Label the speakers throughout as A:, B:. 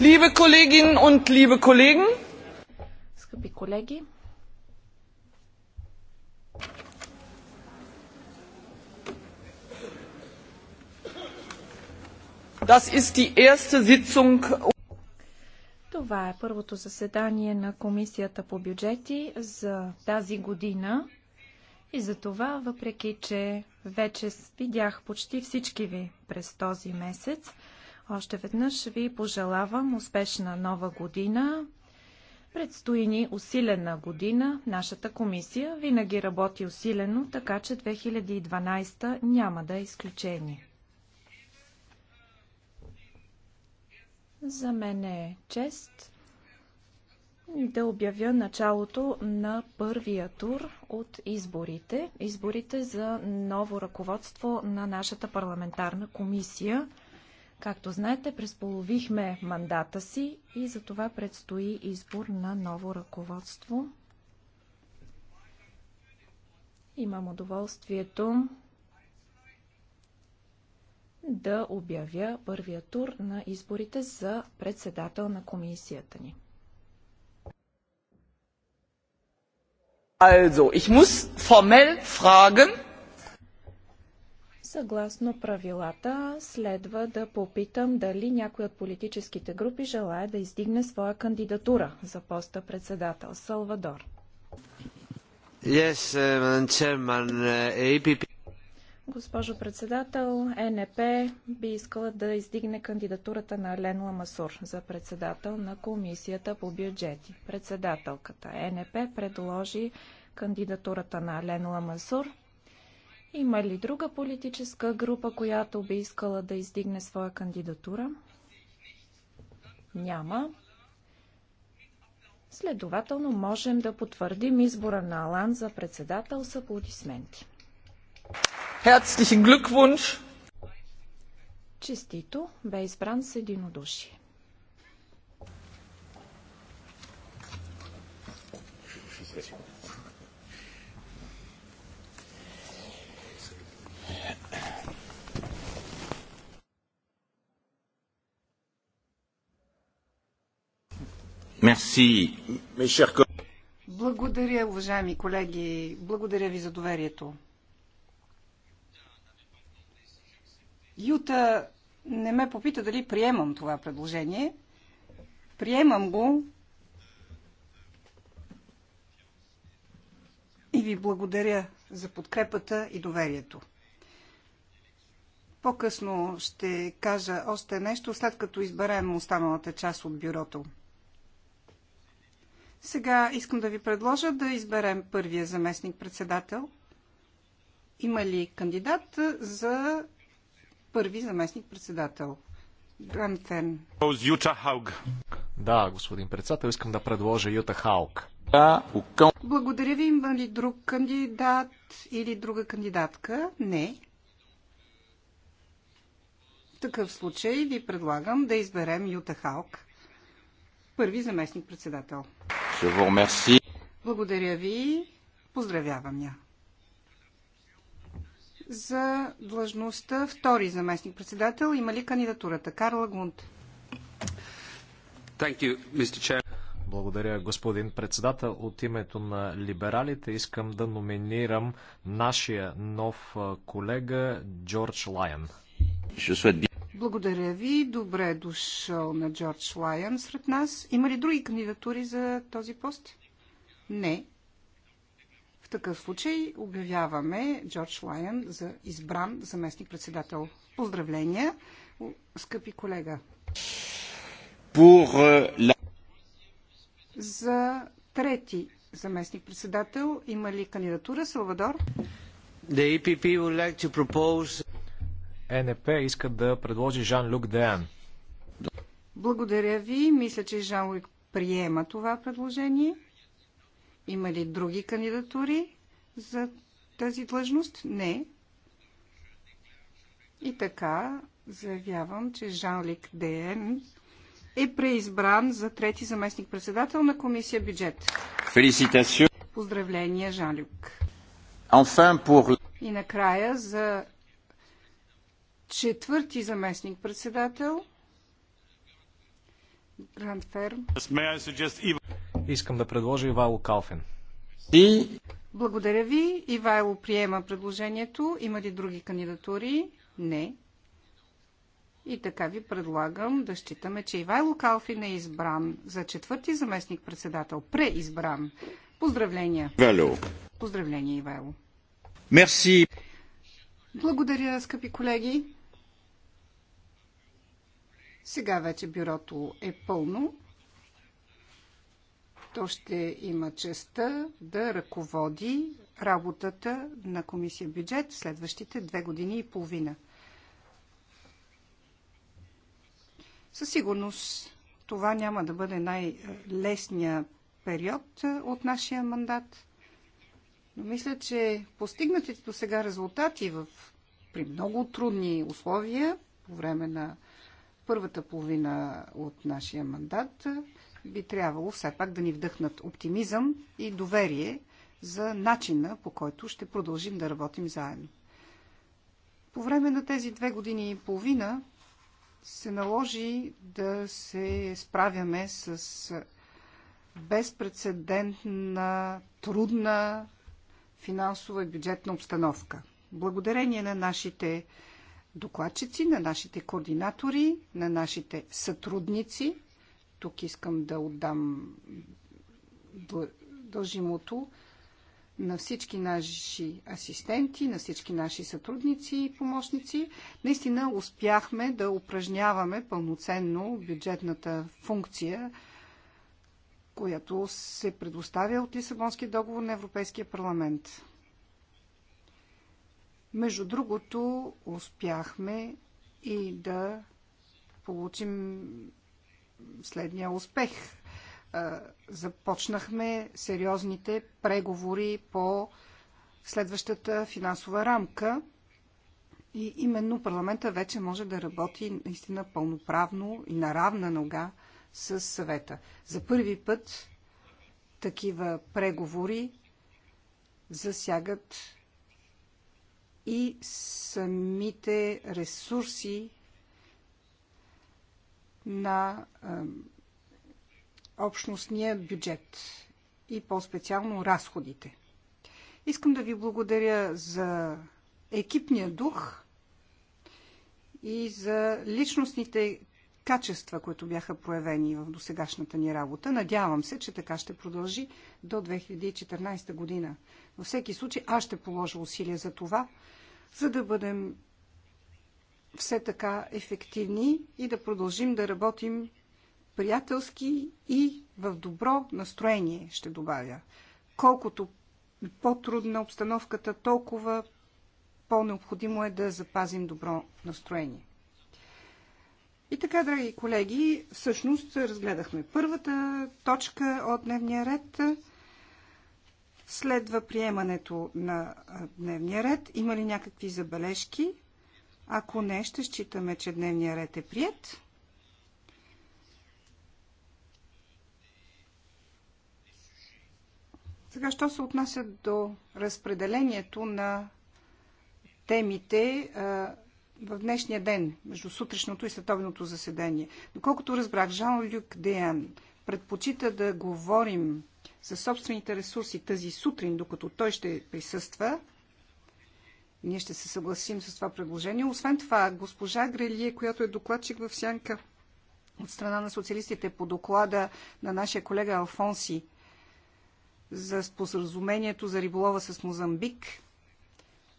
A: Liebe Kolleginnen und liebe Kollegen, колеги, das ist die erste Sitzung
B: това е първото заседание на Комисията по бюджети за тази година. И за това, въпреки че вече видях почти всички ви през този месец, още веднъж ви пожелавам успешна нова година. Предстои ни усилена година. Нашата комисия винаги работи усилено, така че 2012 няма да е изключение. За мен е чест да обявя началото на първия тур от изборите. Изборите за ново ръководство на нашата парламентарна комисия. Както знаете, пресполовихме мандата си и за това предстои избор на ново ръководство. Имам удоволствието да обявя първия тур на изборите за председател на комисията ни.
A: Also, ich muss formell fragen,
B: Съгласно правилата, следва да попитам дали някой от политическите групи желая да издигне своя кандидатура за поста председател. Салвадор.
C: Yes, uh, chairman, uh,
B: Госпожо председател, ЕНП би искала да издигне кандидатурата на Ален Ламасур за председател на Комисията по бюджети. Председателката ЕНП предложи кандидатурата на Ален Ламасур има ли друга политическа група, която би искала да издигне своя кандидатура? Няма. Следователно можем да потвърдим избора на Алан за председател с аплодисменти. Herzlichen Glückwunsch! Честито бе избран с единодушие. Merci,
A: Благодаря, уважаеми колеги. Благодаря ви за доверието. Юта не ме попита дали приемам това предложение. Приемам го и ви благодаря за подкрепата и доверието. По-късно ще кажа още нещо, след като изберем останалата част от бюрото. Сега искам да ви предложа да изберем първия заместник председател. Има ли кандидат за първи заместник председател? Гранфен. Юта
C: Хауг. Да, господин председател, искам да предложа Юта Хауг.
A: Благодаря ви. Има ли друг кандидат или друга кандидатка? Не. В такъв случай ви предлагам да изберем Юта Халк, първи заместник председател. Благодаря ви. Поздравявам я. За длъжността втори заместник председател има ли кандидатурата? Карла Гунт.
C: You, Благодаря, господин председател. От името на либералите искам да номинирам нашия нов колега Джордж Лайън.
A: Благодаря ви. Добре е дошъл на Джордж Лайън сред нас. Има ли други кандидатури за този пост? Не. В такъв случай обявяваме Джордж Лайън за избран заместник-председател. Поздравления, скъпи колега.
C: Э,
A: за трети заместник-председател има ли кандидатура, Салвадор?
C: E like propose... ЕНП иска да предложи Жан-Люк Деян.
A: Благодаря ви. Мисля, че Жан-Люк приема това предложение. Има ли други кандидатури за тази длъжност? Не. И така заявявам, че жан Люк Деен е преизбран за трети заместник-председател на комисия бюджет. Поздравления, Жан-Люк.
B: Enfin pour...
A: И накрая за четвърти заместник председател. Гранд Ферм.
C: Искам да предложа Ивайло Калфин. И...
A: Благодаря ви. Ивайло приема предложението. Има ли други кандидатури? Не. И така ви предлагам да считаме, че Ивайло Калфин е избран за четвърти заместник председател. Преизбран. Поздравления. Ивайло. Поздравления, Ивайло. Мерси. Благодаря, скъпи колеги. Сега вече бюрото е пълно. То ще има честа да ръководи работата на комисия бюджет следващите две години и половина. Със сигурност това няма да бъде най-лесният период от нашия мандат. Но мисля, че постигнатите до сега резултати в, при много трудни условия по време на първата половина от нашия мандат би трябвало все пак да ни вдъхнат оптимизъм и доверие за начина по който ще продължим да работим заедно. По време на тези две години и половина се наложи да се справяме с безпредседентна, трудна финансова и бюджетна обстановка. Благодарение на нашите докладчици, на нашите координатори, на нашите сътрудници. Тук искам да отдам дължимото на всички наши асистенти, на всички наши сътрудници и помощници. Наистина успяхме да упражняваме пълноценно бюджетната функция, която се предоставя от Лисабонския договор на Европейския парламент. Между другото, успяхме и да получим следния успех. Започнахме сериозните преговори по следващата финансова рамка и именно парламента вече може да работи наистина пълноправно и на равна нога с съвета. За първи път такива преговори засягат и самите ресурси на общностния бюджет и по-специално разходите. Искам да ви благодаря за екипния дух и за личностните качества, които бяха проявени в досегашната ни работа. Надявам се, че така ще продължи до 2014 година. Във всеки случай аз ще положа усилия за това за да бъдем все така ефективни и да продължим да работим приятелски и в добро настроение, ще добавя. Колкото по-трудна обстановката, толкова по-необходимо е да запазим добро настроение. И така, драги колеги, всъщност разгледахме първата точка от дневния ред – Следва приемането на дневния ред. Има ли някакви забележки? Ако не, ще считаме, че дневния ред е прият. Сега, що се отнася до разпределението на темите в днешния ден, между сутрешното и световното заседание. Доколкото разбрах, Жан-Люк Деян предпочита да говорим със собствените ресурси тази сутрин, докато той ще присъства, ние ще се съгласим с това предложение. Освен това, госпожа Грелие, която е докладчик в Сянка от страна на социалистите по доклада на нашия колега Алфонси за споразумението за риболова с Мозамбик,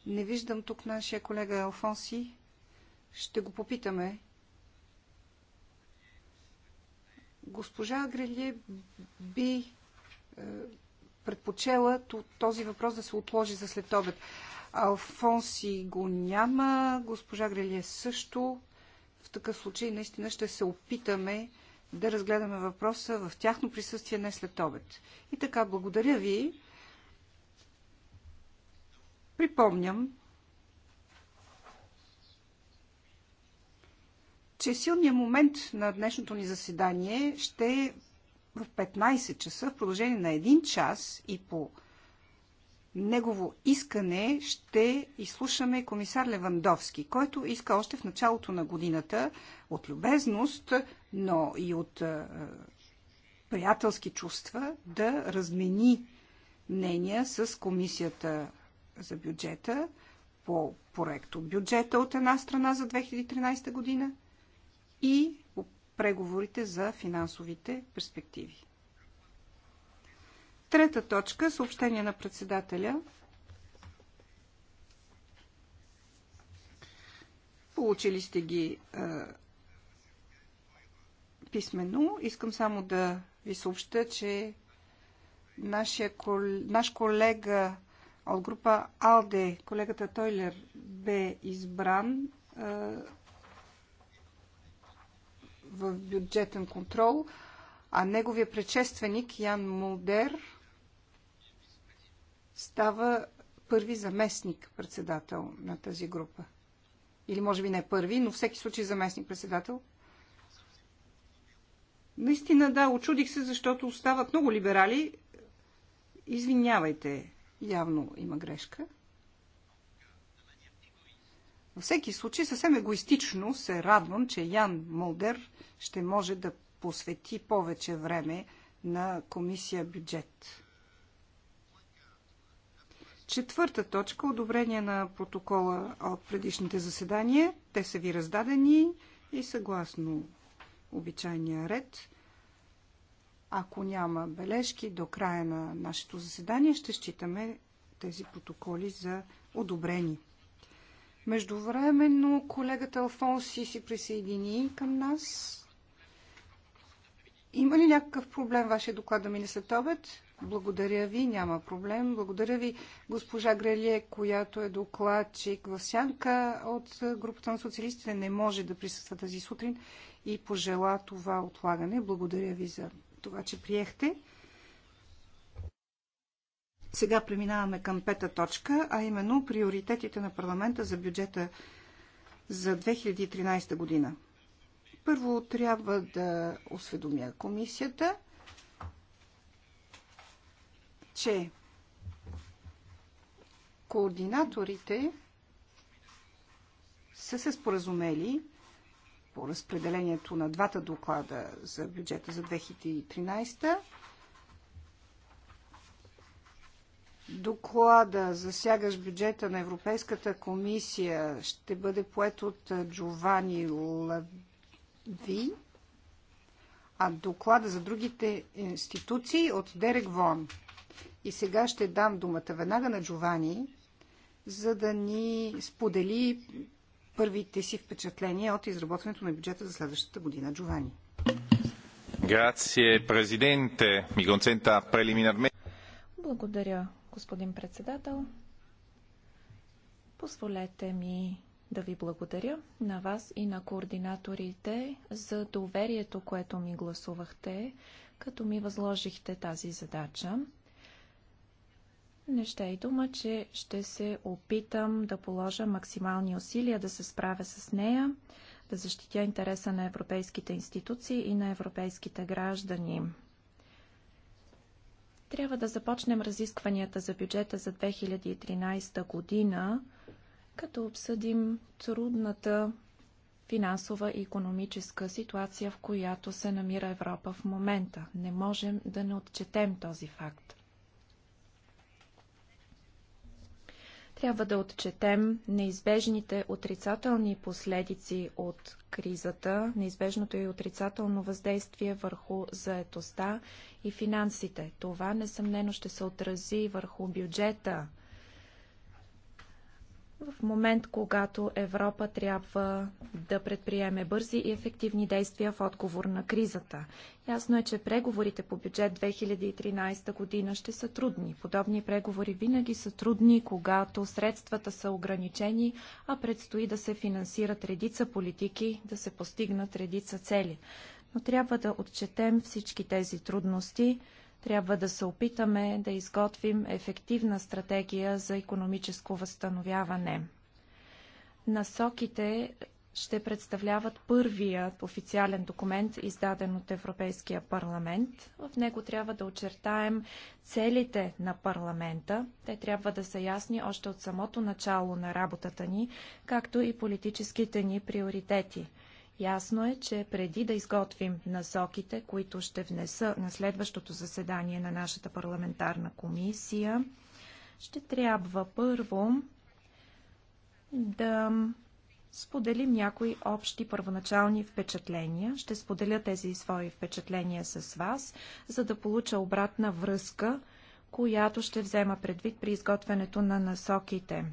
A: не виждам тук нашия колега Алфонси. Ще го попитаме. Госпожа Грелие би е, предпочела този въпрос да се отложи за след обед. Алфонси го няма, госпожа Грелие също. В такъв случай наистина ще се опитаме да разгледаме въпроса в тяхно присъствие не след обед. И така, благодаря ви. Припомням, че силният момент на днешното ни заседание ще в 15 часа в продължение на един час и по негово искане ще изслушаме комисар Левандовски, който иска още в началото на годината от любезност, но и от е, приятелски чувства да размени мнения с комисията за бюджета по проекто бюджета от една страна за 2013 година и преговорите за финансовите перспективи. Трета точка – съобщение на председателя. Получили сте ги е, писменно. Искам само да ви съобща, че нашия, наш колега от група АЛДЕ, колегата Тойлер, бе избран е, в бюджетен контрол, а неговия предшественик Ян Мулдер става първи заместник председател на тази група. Или може би не първи, но всеки случай заместник председател. Наистина, да, очудих се, защото остават много либерали. Извинявайте, явно има грешка. Във всеки случай, съвсем егоистично се радвам, че Ян Молдер ще може да посвети повече време на комисия бюджет. Четвърта точка – одобрение на протокола от предишните заседания. Те са ви раздадени и съгласно обичайния ред. Ако няма бележки до края на нашето заседание, ще считаме тези протоколи за одобрени. Междувременно колегата Алфонси си присъедини към нас. Има ли някакъв проблем вашия доклад да мине след обед? Благодаря ви, няма проблем. Благодаря ви госпожа Грелие, която е докладчик в сянка от групата на социалистите, не може да присъства тази сутрин и пожела това отлагане. Благодаря ви за това, че приехте. Сега преминаваме към пета точка, а именно приоритетите на парламента за бюджета за 2013 година. Първо трябва да осведомя комисията, че координаторите са се споразумели по разпределението на двата доклада за бюджета за 2013 доклада, засягаш бюджета на Европейската комисия, ще бъде поет от Джовани Лави, а доклада за другите институции от Дерек Вон. И сега ще дам думата веднага на Джовани, за да ни сподели първите си впечатления от изработването на бюджета за следващата година. Джовани.
C: Грация, президенте. Ми консента прелиминарmente.
A: Благодаря,
B: Господин председател, позволете ми да ви благодаря на вас и на координаторите за доверието, което ми гласувахте, като ми възложихте тази задача. Не ще е и дума, че ще се опитам да положа максимални усилия да се справя с нея, да защитя интереса на европейските институции и на европейските граждани. Трябва да започнем разискванията за бюджета за 2013 година, като обсъдим трудната финансова и економическа ситуация, в която се намира Европа в момента. Не можем да не отчетем този факт. Трябва да отчетем неизбежните отрицателни последици от кризата, неизбежното и отрицателно въздействие върху заетостта и финансите. Това несъмнено ще се отрази върху бюджета в момент, когато Европа трябва да предприеме бързи и ефективни действия в отговор на кризата. Ясно е, че преговорите по бюджет 2013 година ще са трудни. Подобни преговори винаги са трудни, когато средствата са ограничени, а предстои да се финансират редица политики, да се постигнат редица цели. Но трябва да отчетем всички тези трудности, трябва да се опитаме да изготвим ефективна стратегия за економическо възстановяване. Насоките ще представляват първият официален документ, издаден от Европейския парламент. В него трябва да очертаем целите на парламента. Те трябва да са ясни още от самото начало на работата ни, както и политическите ни приоритети – Ясно е, че преди да изготвим насоките, които ще внеса на следващото заседание на нашата парламентарна комисия, ще трябва първо да споделим някои общи първоначални впечатления. Ще споделя тези свои впечатления с вас, за да получа обратна връзка, която ще взема предвид при изготвянето на насоките.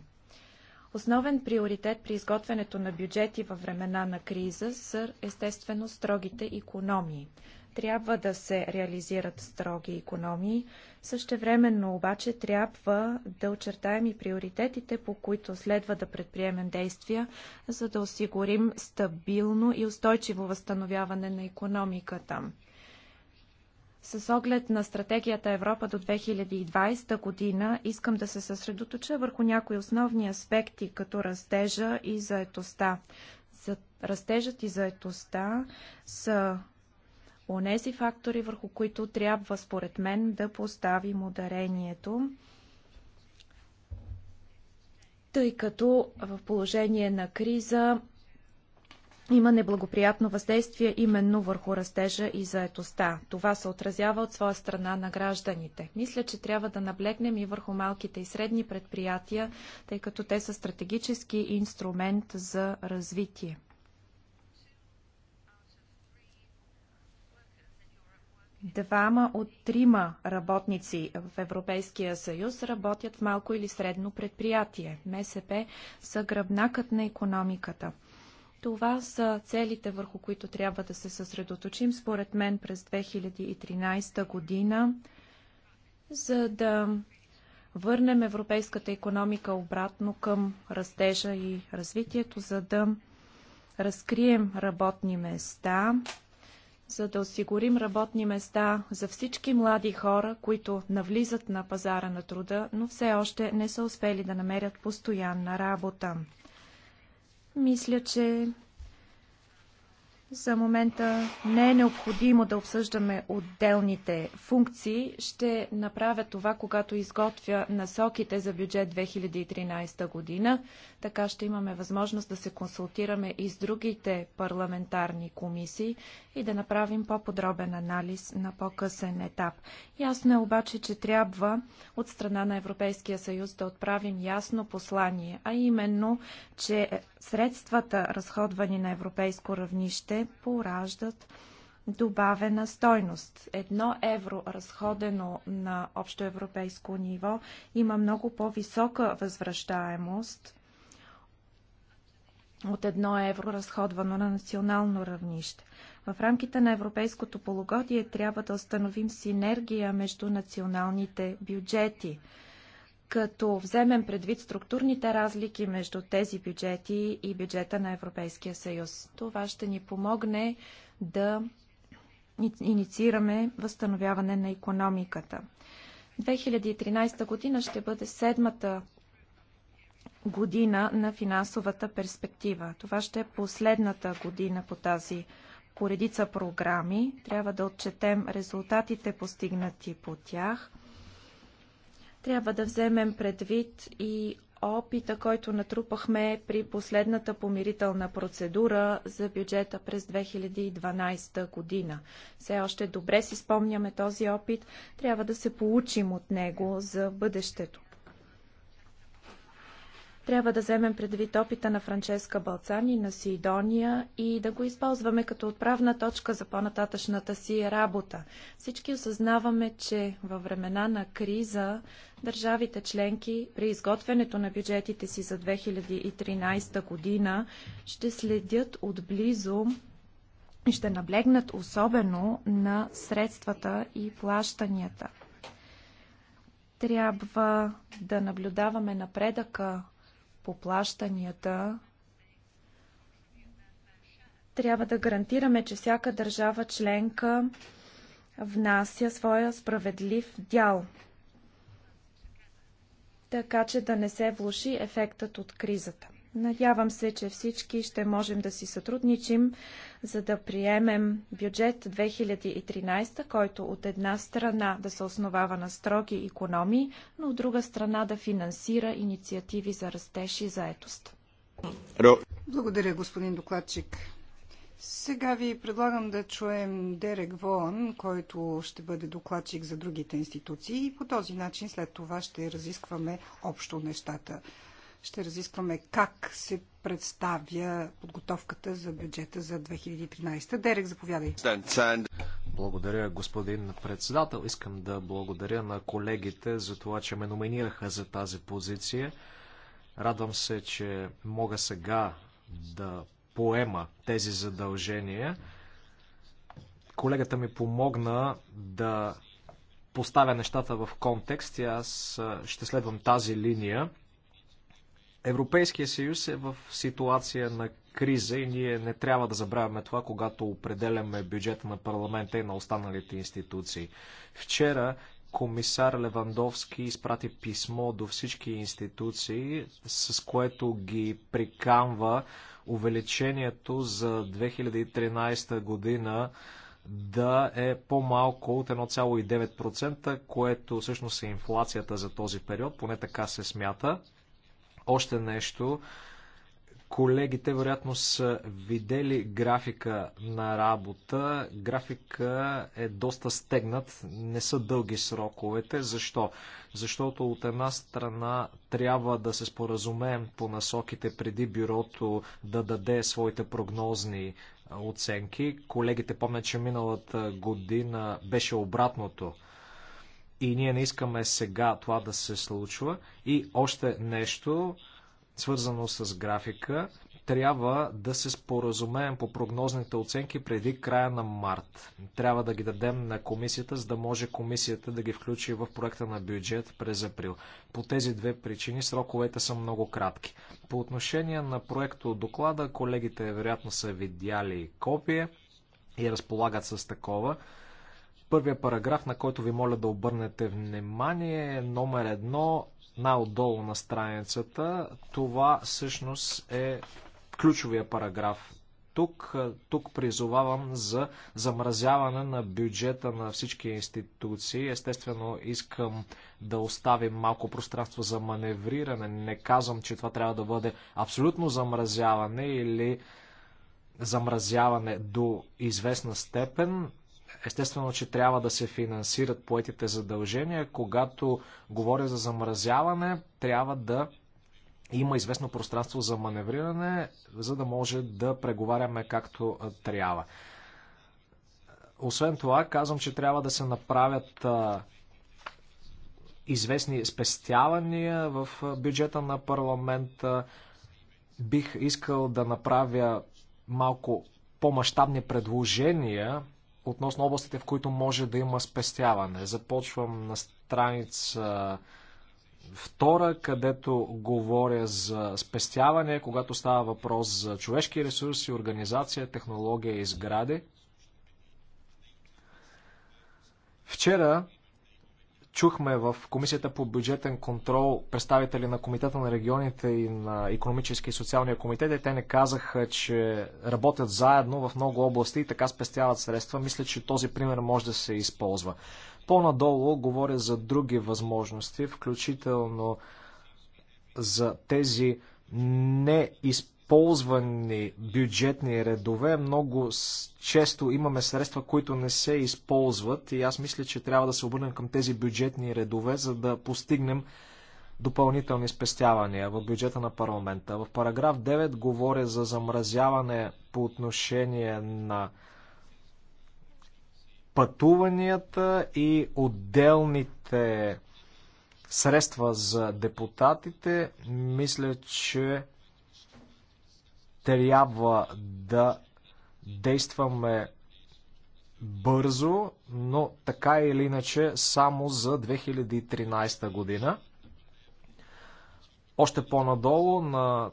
B: Основен приоритет при изготвянето на бюджети във времена на криза са естествено строгите економии. Трябва да се реализират строги економии, същевременно обаче трябва да очертаем и приоритетите, по които следва да предприемем действия, за да осигурим стабилно и устойчиво възстановяване на економиката. С оглед на стратегията Европа до 2020 година искам да се съсредоточа върху някои основни аспекти, като растежа и заетостта. За растежът и заетостта са онези фактори, върху които трябва, според мен, да поставим ударението, тъй като в положение на криза има неблагоприятно въздействие именно върху растежа и заетостта. Това се отразява от своя страна на гражданите. Мисля, че трябва да наблегнем и върху малките и средни предприятия, тъй като те са стратегически инструмент за развитие. Двама от трима работници в Европейския съюз работят в малко или средно предприятие. МСП са гръбнакът на економиката – това са целите, върху които трябва да се съсредоточим, според мен, през 2013 година, за да върнем европейската економика обратно към растежа и развитието, за да разкрием работни места, за да осигурим работни места за всички млади хора, които навлизат на пазара на труда, но все още не са успели да намерят постоянна работа. Мисля, че за момента не е необходимо да обсъждаме отделните функции. Ще направя това, когато изготвя насоките за бюджет 2013 година. Така ще имаме възможност да се консултираме и с другите парламентарни комисии и да направим по-подробен анализ на по-късен етап. Ясно е обаче, че трябва от страна на Европейския съюз да отправим ясно послание, а именно, че средствата, разходвани на европейско равнище, пораждат добавена стойност. Едно евро, разходено на общоевропейско ниво, има много по-висока възвръщаемост от едно евро, разходвано на национално равнище. В рамките на европейското полугодие трябва да установим синергия между националните бюджети – като вземем предвид структурните разлики между тези бюджети и бюджета на Европейския съюз. Това ще ни помогне да инициираме възстановяване на економиката. 2013 година ще бъде седмата година на финансовата перспектива. Това ще е последната година по тази поредица програми. Трябва да отчетем резултатите постигнати по тях. Трябва да вземем предвид и опита, който натрупахме при последната помирителна процедура за бюджета през 2012 година. Все още добре си спомняме този опит, трябва да се получим от него за бъдещето. Трябва да вземем предвид опита на Франческа Балцани, на Сидония и да го използваме като отправна точка за по-нататъчната си работа. Всички осъзнаваме, че във времена на криза държавите членки при изготвянето на бюджетите си за 2013 година ще следят отблизо и ще наблегнат особено на средствата и плащанията. Трябва да наблюдаваме напредъка по плащанията, трябва да гарантираме, че всяка държава членка внася своя справедлив дял, така че да не се влуши ефектът от кризата. Надявам се, че всички ще можем да си сътрудничим, за да приемем бюджет 2013, който от една страна да се основава на строги економии, но
A: от друга страна да финансира инициативи за растеж и заетост. Благодаря, господин докладчик. Сега ви предлагам да чуем Дерек Вон, който ще бъде докладчик за другите институции и по този начин след това ще разискваме общо нещата ще разискваме как се представя подготовката за бюджета за 2013. Дерек, заповядай.
C: Благодаря, господин председател. Искам да благодаря на колегите за това, че ме номинираха за тази позиция. Радвам се, че мога сега да поема тези задължения. Колегата ми помогна да поставя нещата в контекст и аз ще следвам тази линия. Европейския съюз е в ситуация на криза и ние не трябва да забравяме това, когато определяме бюджета на парламента и на останалите институции. Вчера комисар Левандовски изпрати писмо до всички институции, с което ги приканва увеличението за 2013 година да е по-малко от 1,9%, което всъщност е инфлацията за този период, поне така се смята. Още нещо. Колегите вероятно са видели графика на работа. Графика е доста стегнат, не са дълги сроковете. Защо? Защото от една страна трябва да се споразумеем по насоките преди бюрото да даде своите прогнозни оценки. Колегите помнят, че миналата година беше обратното и ние не искаме сега това да се случва. И още нещо, свързано с графика, трябва да се споразумеем по прогнозните оценки преди края на март. Трябва да ги дадем на комисията, за да може комисията да ги включи в проекта на бюджет през април. По тези две причини сроковете са много кратки. По отношение на проекто доклада, колегите вероятно са видяли копие и разполагат с такова. Първия параграф, на който ви моля да обърнете внимание, е номер едно, най-отдолу на страницата. Това всъщност е ключовия параграф. Тук, тук призовавам за замразяване на бюджета на всички институции. Естествено, искам да оставим малко пространство за маневриране. Не казвам, че това трябва да бъде абсолютно замразяване или замразяване до известна степен. Естествено, че трябва да се финансират поетите задължения. Когато говоря за замразяване, трябва да има известно пространство за маневриране, за да може да преговаряме както трябва. Освен това, казвам, че трябва да се направят известни спестявания в бюджета на парламента. Бих искал да направя малко по-масштабни предложения относно областите, в които може да има спестяване. Започвам на страница втора, където говоря за спестяване, когато става въпрос за човешки ресурси, организация, технология и сгради. Вчера чухме в Комисията по бюджетен контрол представители на Комитета на регионите и на Економически и социалния комитет и те не казаха, че работят заедно в много области и така спестяват средства. Мисля, че този пример може да се използва. По-надолу говоря за други възможности, включително за тези неизпълнени използвани бюджетни редове. Много често имаме средства, които не се използват и аз мисля, че трябва да се обърнем към тези бюджетни редове, за да постигнем допълнителни спестявания в бюджета на парламента. В параграф 9 говоря за замразяване по отношение на пътуванията и отделните средства за депутатите. Мисля, че трябва да действаме бързо, но така или иначе само за 2013 година. Още по-надолу на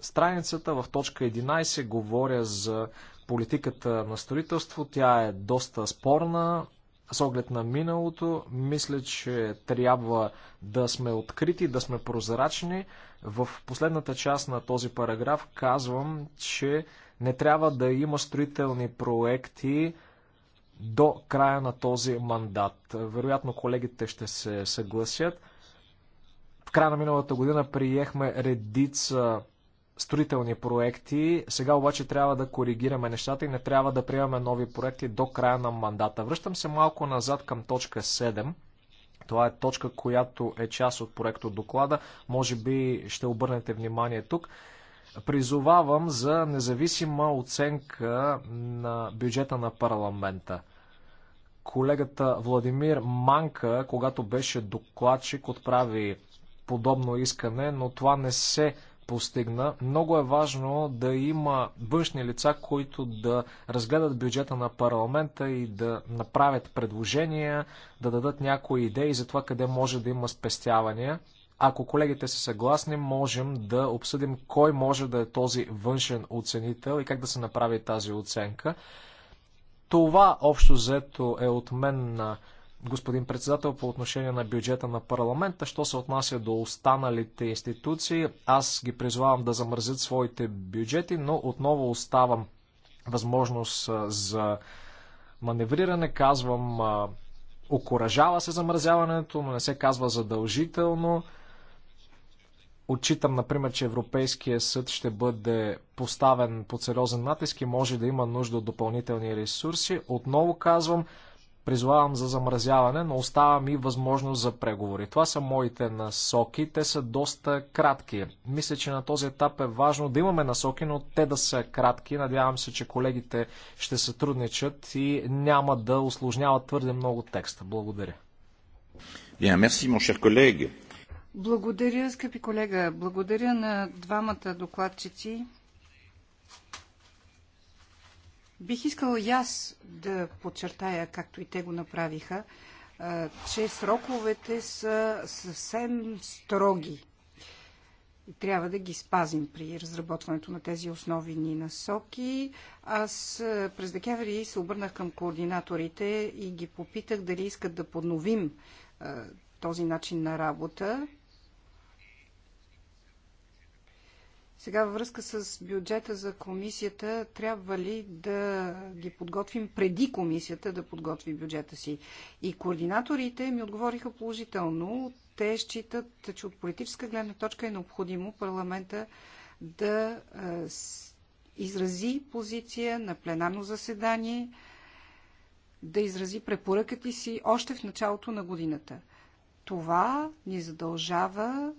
C: страницата в точка 11 говоря за политиката на строителство. Тя е доста спорна с оглед на миналото, мисля, че трябва да сме открити, да сме прозрачни. В последната част на този параграф казвам, че не трябва да има строителни проекти до края на този мандат. Вероятно колегите ще се съгласят. В края на миналата година приехме редица строителни проекти. Сега обаче трябва да коригираме нещата и не трябва да приемаме нови проекти до края на мандата. Връщам се малко назад към точка 7. Това е точка, която е част от проекто доклада. Може би ще обърнете внимание тук. Призовавам за независима оценка на бюджета на парламента. Колегата Владимир Манка, когато беше докладчик, отправи подобно искане, но това не се постигна. Много е важно да има външни лица, които да разгледат бюджета на парламента и да направят предложения, да дадат някои идеи за това къде може да има спестявания. Ако колегите са съгласни, можем да обсъдим кой може да е този външен оценител и как да се направи тази оценка. Това общо взето е от мен на господин председател, по отношение на бюджета на парламента. Що се отнася до останалите институции, аз ги призвавам да замързят своите бюджети, но отново оставам възможност за маневриране. Казвам, окоръжава се замразяването, но не се казва задължително. Отчитам, например, че Европейския съд ще бъде поставен под сериозен натиск и може да има нужда от допълнителни ресурси. Отново казвам, призовавам за замразяване, но оставам и възможност за преговори. Това са моите насоки. Те са доста кратки. Мисля, че на този етап е важно да имаме насоки, но те да са кратки. Надявам се, че колегите ще сътрудничат и няма да осложняват твърде много текста. Благодаря.
A: Благодаря, скъпи колега. Благодаря на двамата докладчици. Бих искала и аз да подчертая, както и те го направиха, че сроковете са съвсем строги. И трябва да ги спазим при разработването на тези основни насоки. Аз през декември се обърнах към координаторите и ги попитах дали искат да подновим този начин на работа Сега във връзка с бюджета за комисията, трябва ли да ги подготвим преди комисията да подготви бюджета си? И координаторите ми отговориха положително. Те считат, че от политическа гледна точка е необходимо парламента да изрази позиция на пленарно заседание, да изрази препоръката си още в началото на годината. Това ни задължава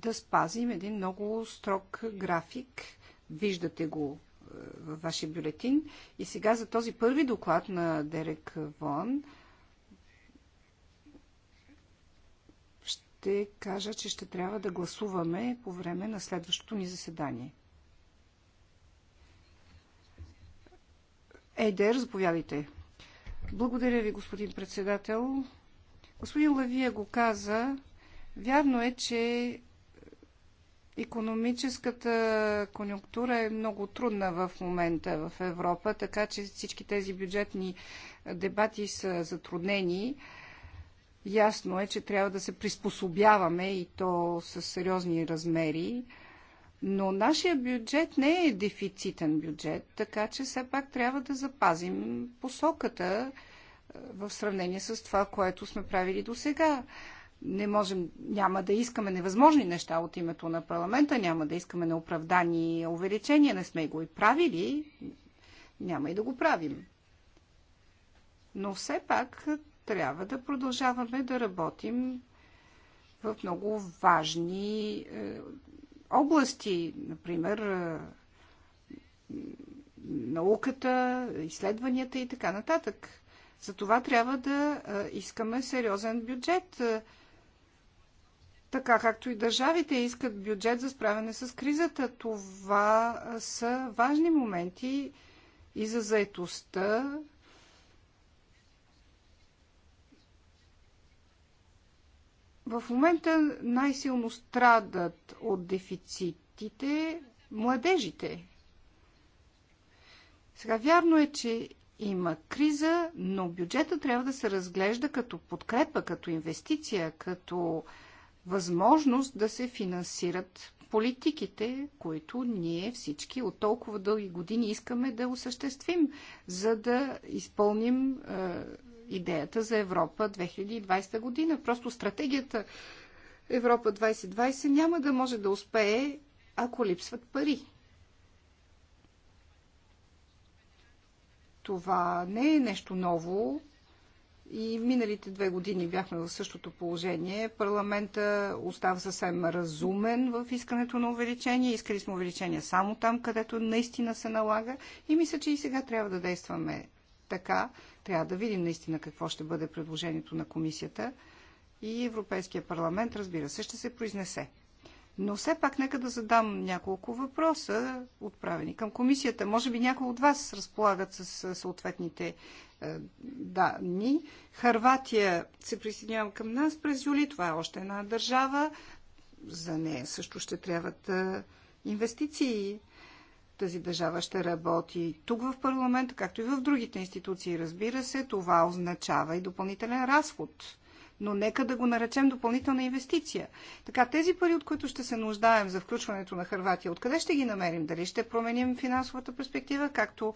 A: да спазим един много строг график. Виждате го е, във вашия бюлетин. И сега за този първи доклад на Дерек Вон ще кажа, че ще трябва да гласуваме по време на следващото ни заседание. Ейдер, заповядайте. Благодаря ви, господин председател. Господин Лавия го каза. Вярно е, че Економическата конюнктура е много трудна в момента в Европа, така че всички тези бюджетни дебати са затруднени. Ясно е, че трябва да се приспособяваме и то с сериозни размери. Но нашия бюджет не е дефицитен бюджет, така че все пак трябва да запазим посоката в сравнение с това, което сме правили до сега не можем, няма да искаме невъзможни неща от името на парламента, няма да искаме неоправдани увеличения, не сме го и правили, няма и да го правим. Но все пак трябва да продължаваме да работим в много важни е, области, например е, науката, изследванията и така нататък. За това трябва да е, искаме сериозен бюджет. Е, така както и държавите искат бюджет за справяне с кризата. Това са важни моменти и за заетостта, В момента най-силно страдат от дефицитите младежите. Сега вярно е, че има криза, но бюджета трябва да се разглежда като подкрепа, като инвестиция, като възможност да се финансират политиките, които ние всички от толкова дълги години искаме да осъществим, за да изпълним е, идеята за Европа 2020 година. Просто стратегията Европа 2020 няма да може да успее, ако липсват пари. Това не е нещо ново. И миналите две години бяхме в същото положение. Парламента остава съвсем разумен в искането на увеличение. Искали сме увеличение само там, където наистина се налага. И мисля, че и сега трябва да действаме така. Трябва да видим наистина какво ще бъде предложението на комисията. И Европейския парламент, разбира се, ще се произнесе. Но все пак нека да задам няколко въпроса, отправени към комисията. Може би някои от вас разполагат с съответните е, данни. Харватия се присъединява към нас през юли. Това е още една държава. За нея също ще трябват е, инвестиции. Тази държава ще работи тук в парламента, както и в другите институции. Разбира се, това означава и допълнителен разход но нека да го наречем допълнителна инвестиция. Така, тези пари, от които ще се нуждаем за включването на Харватия, откъде ще ги намерим? Дали ще променим финансовата перспектива, както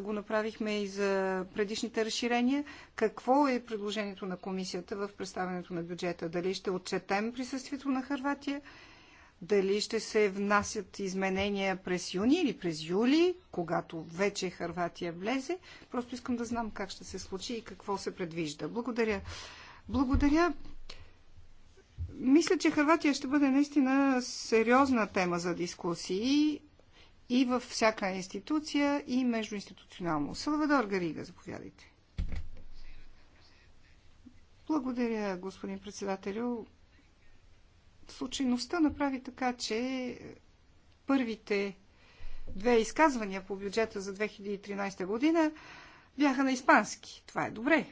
A: го направихме и за предишните разширения? Какво е предложението на комисията в представянето на бюджета? Дали ще отчетем присъствието на Харватия? дали ще се внасят изменения през юни или през юли, когато вече Харватия влезе. Просто искам да знам как ще се случи и какво се предвижда. Благодаря благодаря. Мисля, че Харватия ще бъде наистина сериозна тема за дискусии и във всяка институция, и междуинституционално. Салвадор Гарига, заповядайте. Благодаря, господин председателю. Случайността направи така, че първите две изказвания по бюджета за 2013 година бяха на испански. Това е добре.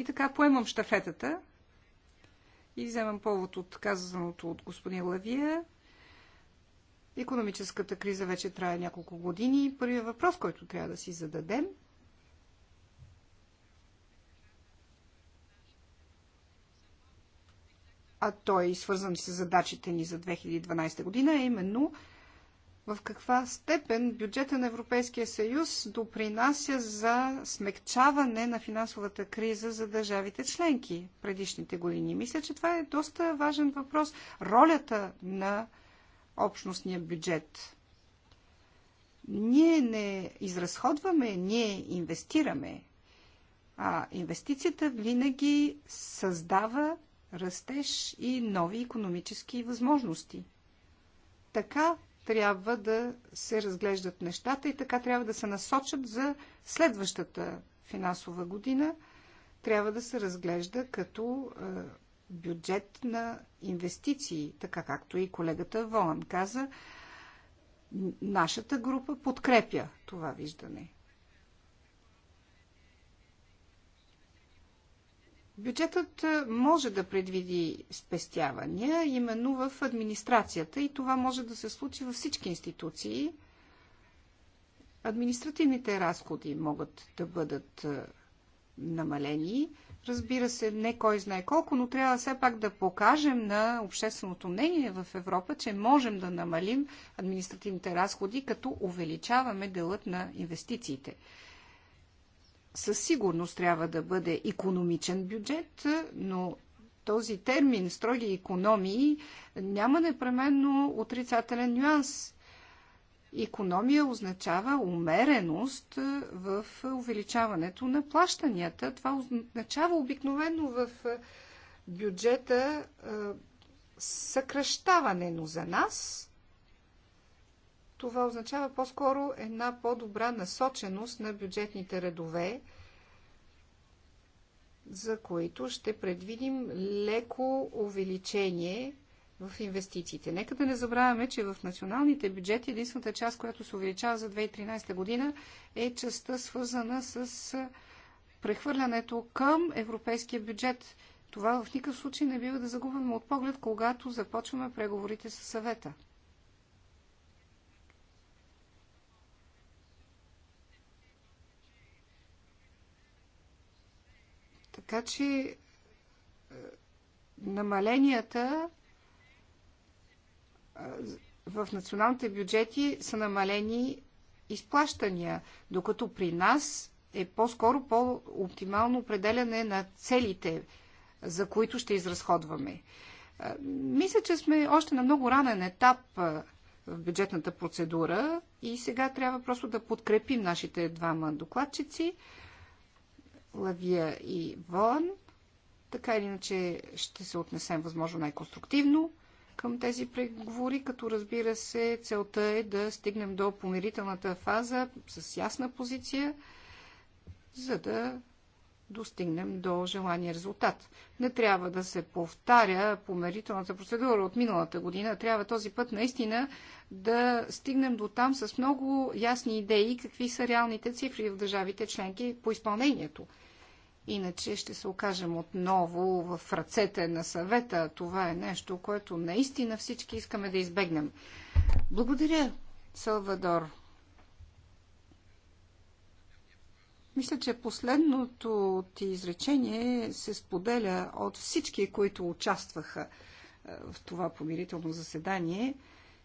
A: И така поемам штафетата и вземам повод от казаното от господин Лавия. Економическата криза вече трае няколко години. Първият въпрос, който трябва да си зададем а той е свързан с задачите ни за 2012 година, е именно в каква степен бюджета на Европейския съюз допринася за смекчаване на финансовата криза за държавите членки предишните години. Мисля, че това е доста важен въпрос. Ролята на общностния бюджет. Ние не изразходваме, ние инвестираме. А инвестицията винаги създава растеж и нови економически възможности. Така трябва да се разглеждат нещата и така трябва да се насочат за следващата финансова година. Трябва да се разглежда като бюджет на инвестиции, така както и колегата Волан каза. Нашата група подкрепя това виждане. Бюджетът е, може да предвиди спестявания именно в администрацията и това може да се случи във всички институции. Административните разходи могат да бъдат е, намалени. Разбира се, не кой знае колко, но трябва все пак да покажем на общественото мнение в Европа, че можем да намалим административните разходи, като увеличаваме делът на инвестициите със сигурност трябва да бъде економичен бюджет, но този термин строги економии няма непременно отрицателен нюанс. Економия означава умереност в увеличаването на плащанията. Това означава обикновено в бюджета съкръщаване, но за нас това означава по-скоро една по-добра насоченост на бюджетните редове, за които ще предвидим леко увеличение в инвестициите. Нека да не забравяме, че в националните бюджети единствената част, която се увеличава за 2013 година, е частта свързана с прехвърлянето към европейския бюджет. Това в никакъв случай не бива да загубваме от поглед, когато започваме преговорите с съвета. Така че е, намаленията е, в националните бюджети са намалени изплащания, докато при нас е по-скоро по-оптимално определяне на целите, за които ще изразходваме. Е, мисля, че сме още на много ранен етап в бюджетната процедура и сега трябва просто да подкрепим нашите двама докладчици. Лавия и Вон. Така или иначе ще се отнесем възможно най-конструктивно към тези преговори, като разбира се целта е да стигнем до помирителната фаза с ясна позиция, за да достигнем до желания резултат. Не трябва да се повтаря померителната процедура от миналата година. Трябва този път наистина да стигнем до там с много ясни идеи какви са реалните цифри в държавите членки по изпълнението. Иначе ще се окажем отново в ръцете на съвета. Това е нещо, което наистина всички искаме да избегнем. Благодаря, Салвадор. Мисля, че последното ти изречение се споделя от всички, които участваха е, в това помирително заседание.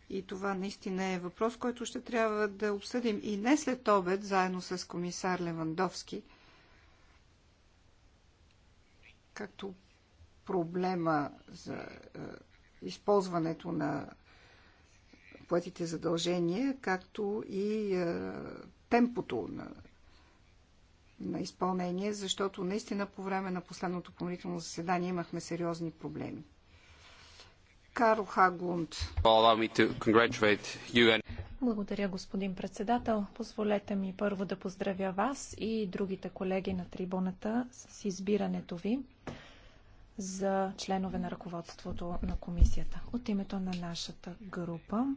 A: И това наистина е въпрос, който ще трябва да обсъдим и не след обед, заедно с комисар Левандовски. Както проблема за е, използването на поетите задължения, както и е, темпото на на изпълнение, защото наистина по време на последното помирително заседание имахме сериозни проблеми. Карл Хаглунд. Благодаря, господин председател.
B: Позволете ми първо да поздравя вас и другите колеги на трибуната с избирането ви за членове на ръководството на комисията. От името на нашата група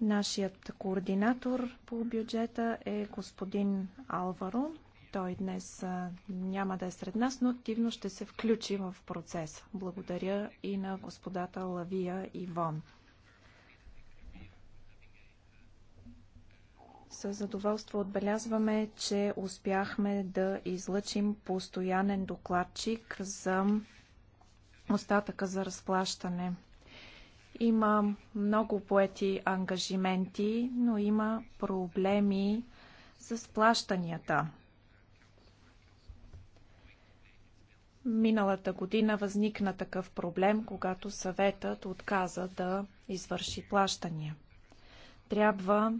B: Нашият координатор по бюджета е господин Алваро. Той днес няма да е сред нас, но активно ще се включи в процеса. Благодаря и на господата Лавия и Вон. С задоволство отбелязваме, че успяхме да излъчим постоянен докладчик за остатъка за разплащане. Има много поети ангажименти, но има проблеми с плащанията. Миналата година възникна такъв проблем, когато съветът отказа да извърши плащания. Трябва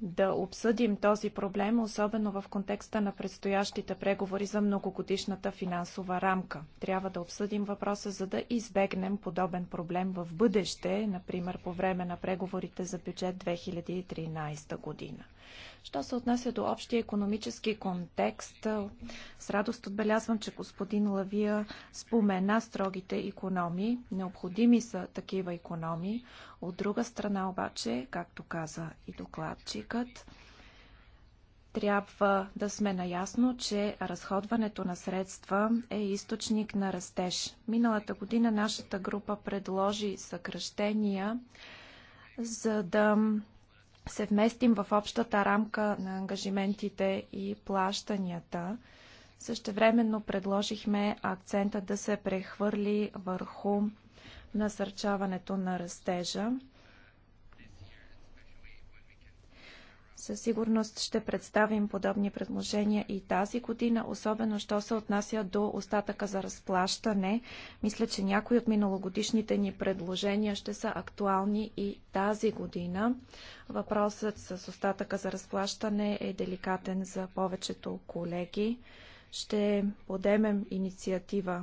B: да обсъдим този проблем, особено в контекста на предстоящите преговори за многогодишната финансова рамка. Трябва да обсъдим въпроса, за да избегнем подобен проблем в бъдеще, например по време на преговорите за бюджет 2013 година. Що се отнася до общия економически контекст, с радост отбелязвам, че господин Лавия спомена строгите економии. Необходими са такива економии. От друга страна обаче, както каза и докладчикът, трябва да сме наясно, че разходването на средства е източник на растеж. Миналата година нашата група предложи съкръщения, за да се вместим в общата рамка на ангажиментите и плащанията. Същевременно предложихме акцента да се прехвърли върху насърчаването на растежа. Със сигурност ще представим подобни предложения и тази година, особено що се отнася до остатъка за разплащане. Мисля, че някои от миналогодишните ни предложения ще са актуални и тази година. Въпросът с остатъка за разплащане е деликатен за повечето колеги. Ще подемем инициатива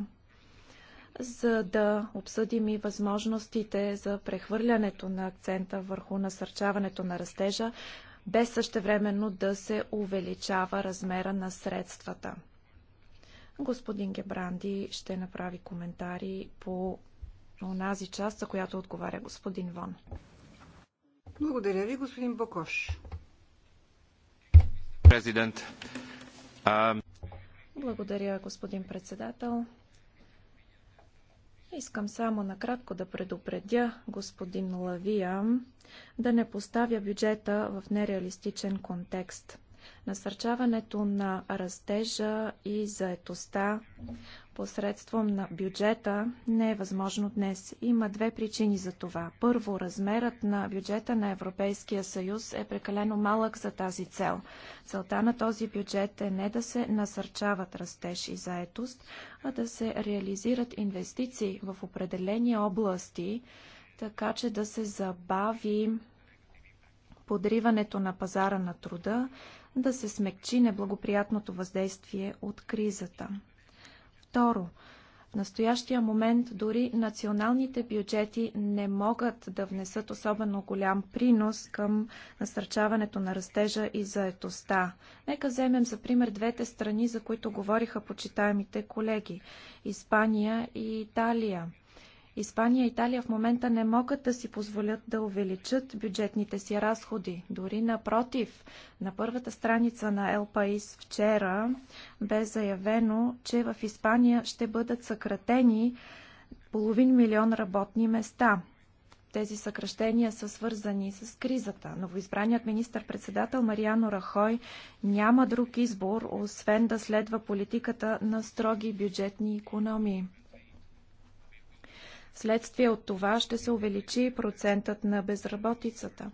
B: за да обсъдим и възможностите за прехвърлянето на акцента върху насърчаването на растежа без същевременно да се увеличава размера на средствата. Господин Гебранди ще направи коментари по онази част, за която отговаря господин Вон.
A: Благодаря ви, господин Бокош. Президент.
B: Благодаря, господин председател. Искам само накратко да предупредя господин Лавия да не поставя бюджета в нереалистичен контекст. Насърчаването на растежа и заетостта посредством на бюджета не е възможно днес. Има две причини за това. Първо, размерът на бюджета на Европейския съюз е прекалено малък за тази цел. Целта на този бюджет е не да се насърчават растеж и заетост, а да се реализират инвестиции в определени области, така че да се забави подриването на пазара на труда, да се смекчи неблагоприятното въздействие от кризата. Второ, в настоящия момент дори националните бюджети не могат да внесат особено голям принос към насърчаването на растежа и заетостта. Нека вземем за пример двете страни, за които говориха почитаемите колеги – Испания и Италия. Испания и Италия в момента не могат да си позволят да увеличат бюджетните си разходи. Дори напротив, на първата страница на El País вчера бе заявено, че в Испания ще бъдат съкратени половин милион работни места. Тези съкръщения са свързани с кризата. Новоизбраният министр-председател Мариано Рахой няма друг избор, освен да следва политиката на строги бюджетни економии. Вследствие от това ще се увеличи процентът на безработицата.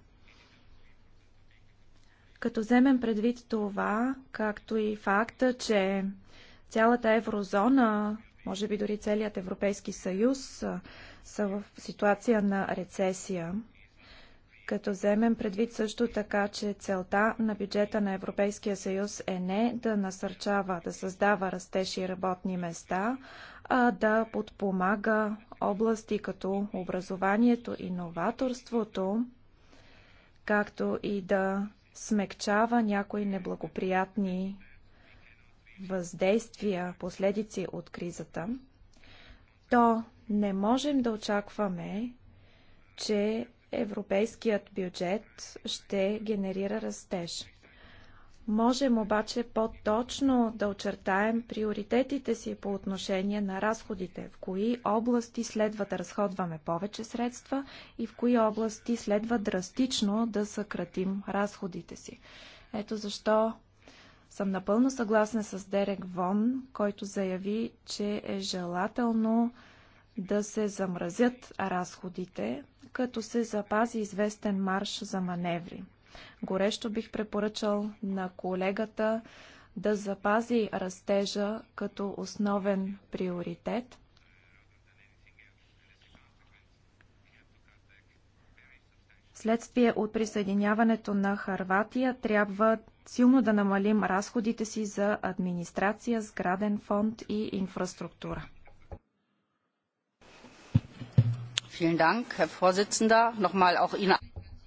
B: Като вземем предвид това, както и факта, че цялата еврозона, може би дори целият Европейски съюз, са в ситуация на рецесия, като вземем предвид също така, че целта на бюджета на Европейския съюз е не да насърчава, да създава растеж и работни места, а да подпомага области като образованието и новаторството, както и да смекчава някои неблагоприятни въздействия, последици от кризата, то не можем да очакваме, че европейският бюджет ще генерира растеж. Можем обаче по-точно да очертаем приоритетите си по отношение на разходите, в кои области следва да разходваме повече средства и в кои области следва драстично да съкратим разходите си. Ето защо съм напълно съгласна с Дерек Вон, който заяви, че е желателно да се замразят разходите, като се запази известен марш за маневри. Горещо бих препоръчал на колегата да запази растежа като основен приоритет. Следствие от присъединяването на Харватия трябва силно да намалим разходите си за администрация, сграден фонд и инфраструктура.
A: Vielen Dank, Herr Vorsitzender. Nochmal auch Ihnen.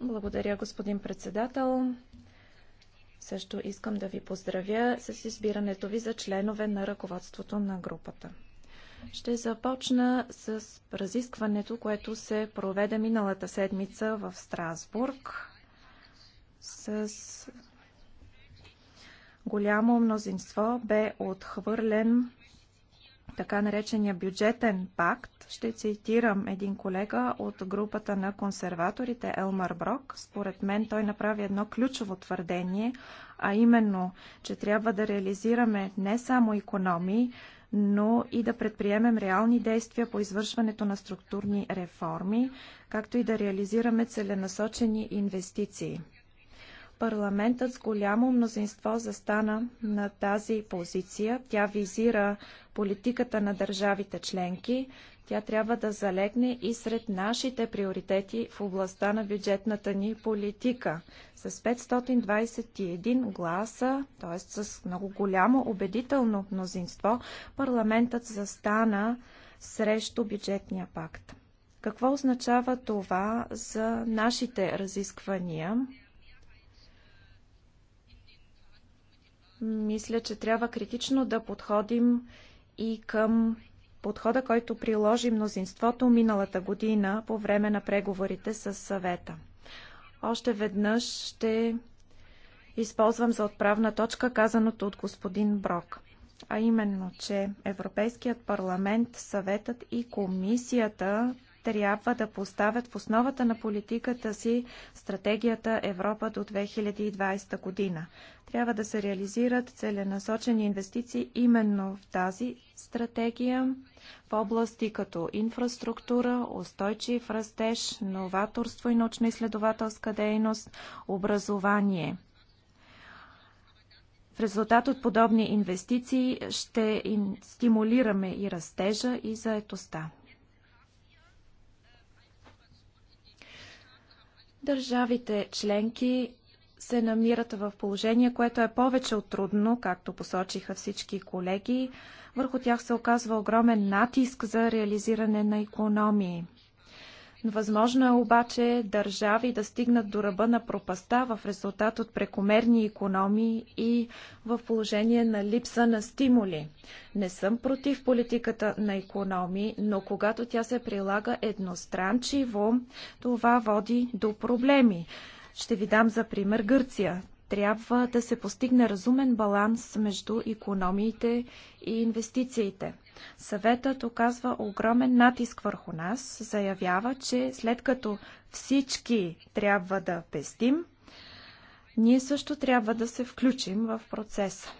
B: Благодаря, господин председател. Също искам да ви поздравя с избирането ви за членове на ръководството на групата. Ще започна с разискването, което се проведе миналата седмица в Страсбург с голямо мнозинство бе отхвърлен така наречения бюджетен пакт, ще цитирам един колега от групата на консерваторите Елмар Брок. Според мен той направи едно ключово твърдение, а именно, че трябва да реализираме не само економии, но и да предприемем реални действия по извършването на структурни реформи, както и да реализираме целенасочени инвестиции. Парламентът с голямо мнозинство застана на тази позиция. Тя визира политиката на държавите членки. Тя трябва да залегне и сред нашите приоритети в областта на бюджетната ни политика. С 521 гласа, т.е. с много голямо убедително мнозинство, парламентът застана срещу бюджетния пакт. Какво означава това за нашите разисквания? мисля, че трябва критично да подходим и към подхода, който приложи мнозинството миналата година по време на преговорите с съвета. Още веднъж ще използвам за отправна точка казаното от господин Брок, а именно, че Европейският парламент, съветът и комисията трябва да поставят в основата на политиката си стратегията Европа до 2020 година. Трябва да се реализират целенасочени инвестиции именно в тази стратегия в области като инфраструктура, устойчив растеж, новаторство и научно-изследователска дейност, образование. В резултат от подобни инвестиции ще стимулираме и растежа и заетостта. Държавите членки се намират в положение, което е повече от трудно, както посочиха всички колеги. Върху тях се оказва огромен натиск за реализиране на економии. Възможно е обаче държави да стигнат до ръба на пропаста в резултат от прекомерни економии и в положение на липса на стимули. Не съм против политиката на економии, но когато тя се прилага едностранчиво, това води до проблеми. Ще ви дам за пример Гърция. Трябва да се постигне разумен баланс между економиите и инвестициите. Съветът оказва огромен натиск върху нас, заявява, че след като всички трябва да пестим, ние също трябва да се включим в процеса.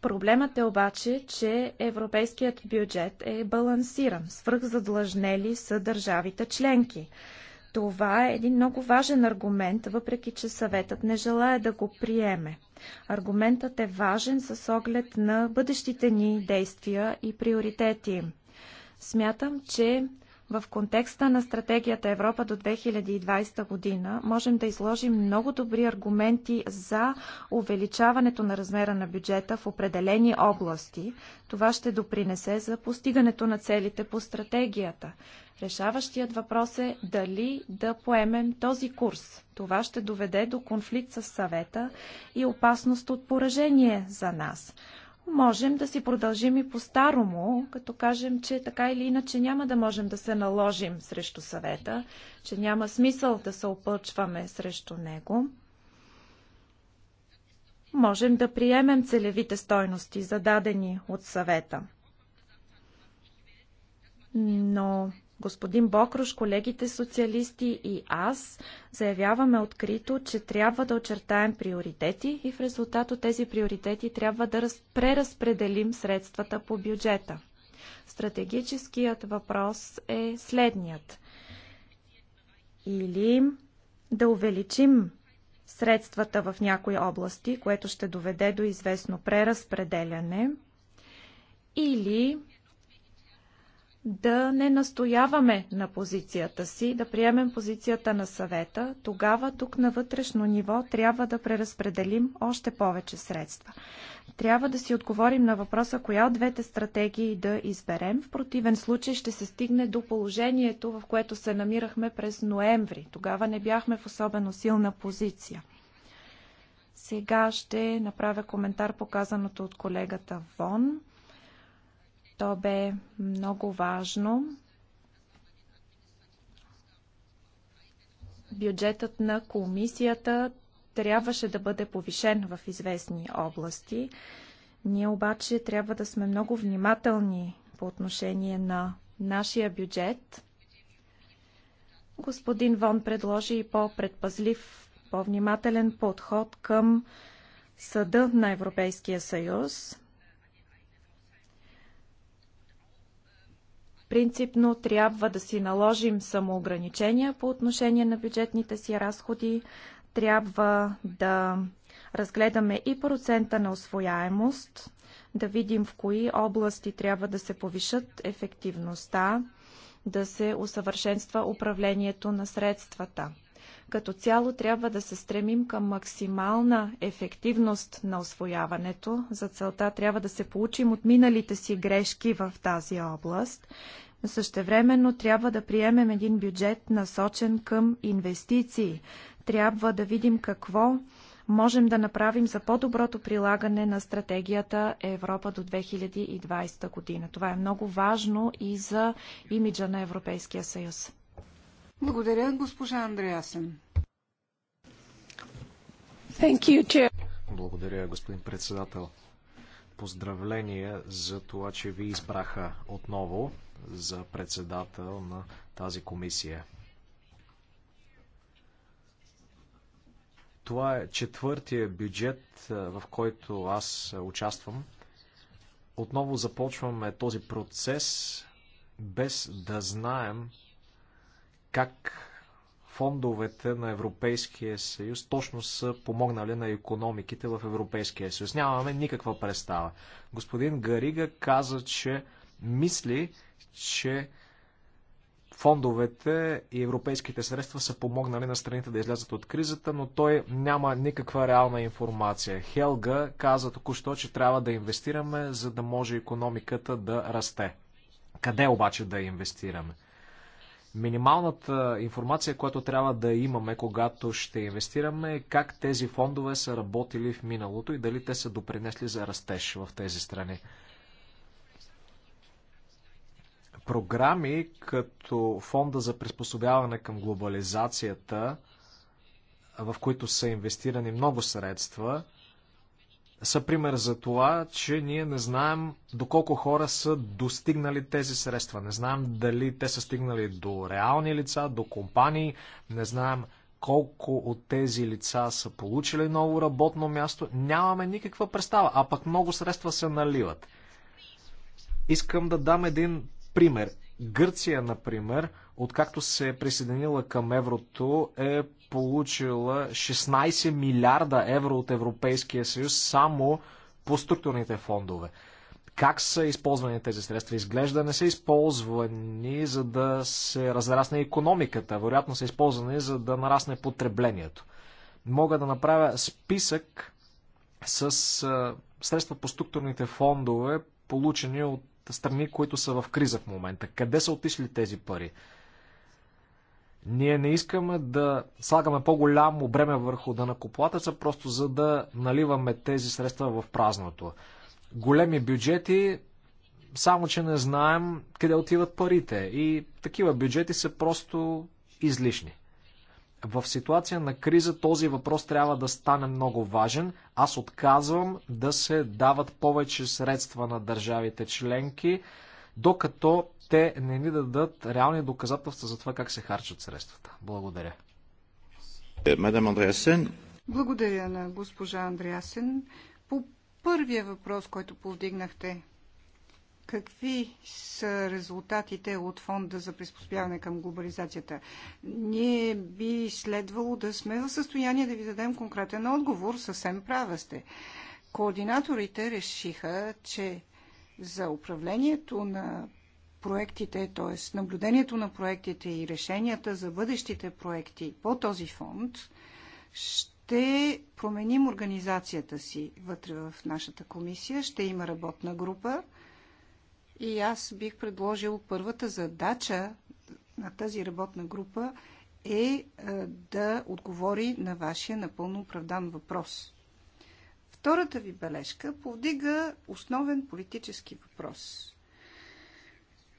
B: Проблемът е обаче, че европейският бюджет е балансиран. Свръхзадлъжнели са държавите членки. Това е един много важен аргумент, въпреки че съветът не желая да го приеме. Аргументът е важен с оглед на бъдещите ни действия и приоритети. Смятам, че в контекста на стратегията Европа до 2020 година можем да изложим много добри аргументи за увеличаването на размера на бюджета в определени области. Това ще допринесе за постигането на целите по стратегията. Решаващият въпрос е дали да поемем този курс. Това ще доведе до конфликт с съвета и опасност от поражение за нас можем да си продължим и по-старому, като кажем, че така или иначе няма да можем да се наложим срещу съвета, че няма смисъл да се опълчваме срещу него. Можем да приемем целевите стойности, зададени от съвета. Но Господин Бокруш, колегите социалисти и аз заявяваме открито, че трябва да очертаем приоритети и в резултат от тези приоритети трябва да преразпределим средствата по бюджета. Стратегическият въпрос е следният. Или да увеличим средствата в някои области, което ще доведе до известно преразпределяне, или да не настояваме на позицията си, да приемем позицията на съвета, тогава тук на вътрешно ниво трябва да преразпределим още повече средства. Трябва да си отговорим на въпроса, коя от двете стратегии да изберем. В противен случай ще се стигне до положението, в което се намирахме през ноември. Тогава не бяхме в особено силна позиция. Сега ще направя коментар показаното от колегата Вон. То бе много важно. Бюджетът на комисията трябваше да бъде повишен в известни области. Ние обаче трябва да сме много внимателни по отношение на нашия бюджет. Господин Вон предложи и по-предпазлив, по-внимателен подход към Съда на Европейския съюз. Принципно трябва да си наложим самоограничения по отношение на бюджетните си разходи, трябва да разгледаме и процента на освояемост, да видим в кои области трябва да се повишат ефективността, да се усъвършенства управлението на средствата. Като цяло трябва да се стремим към максимална ефективност на освояването. За целта трябва да се получим от миналите си грешки в тази област. Но същевременно трябва да приемем един бюджет насочен към инвестиции. Трябва да видим какво можем да направим за по-доброто прилагане на стратегията Европа до 2020 година. Това е много важно и за имиджа на Европейския съюз.
A: Благодаря, госпожа Андреасен. You,
C: Благодаря, господин председател. Поздравления за това, че ви избраха отново за председател на тази комисия. Това е четвъртия бюджет, в който аз участвам. Отново започваме този процес без да знаем как фондовете на Европейския съюз точно са помогнали на економиките в Европейския съюз. Нямаме никаква представа. Господин Гарига каза, че мисли, че фондовете и европейските средства са помогнали на страните да излязат от кризата, но той няма никаква реална информация. Хелга каза току-що, че трябва да инвестираме, за да може економиката да расте. Къде обаче да инвестираме? Минималната информация, която трябва да имаме, когато ще инвестираме, е как тези фондове са работили в миналото и дали те са допринесли за растеж в тези страни. Програми като Фонда за приспособяване към глобализацията, в които са инвестирани много средства, са пример за това, че ние не знаем доколко хора са достигнали тези средства. Не знаем дали те са стигнали до реални лица, до компании, не знаем колко от тези лица са получили ново работно място. Нямаме никаква представа, а пък много средства се наливат. Искам да дам един пример. Гърция, например, откакто се е присъединила към еврото, е получила 16 милиарда евро от Европейския съюз само по структурните фондове. Как са използвани тези средства? Изглежда не са използвани за да се разрасне економиката. Вероятно са използвани за да нарасне потреблението. Мога да направя списък с средства по структурните фондове, получени от страни, които са в криза в момента. Къде са отишли тези пари? Ние не искаме да слагаме по-голямо бреме върху данакоплатеца, просто за да наливаме тези средства в празното. Големи бюджети, само че не знаем къде отиват парите. И такива бюджети са просто излишни. В ситуация на криза този въпрос трябва да стане много важен. Аз отказвам да се дават повече средства на държавите членки, докато те не ни дадат реални доказателства за това как се харчат средствата. Благодаря.
B: Е, мадам Андреасен.
A: Благодаря на госпожа Андреасен. По първия въпрос, който повдигнахте, Какви са резултатите от фонда за приспособяване към глобализацията? Ние би следвало да сме в състояние да ви дадем конкретен отговор. Съвсем права сте. Координаторите решиха, че за управлението на проектите, т.е. наблюдението на проектите и решенията за бъдещите проекти по този фонд, ще променим организацията си вътре в нашата комисия. Ще има работна група и аз бих предложил първата задача на тази работна група е, е да отговори на вашия напълно оправдан въпрос. Втората ви бележка повдига основен политически въпрос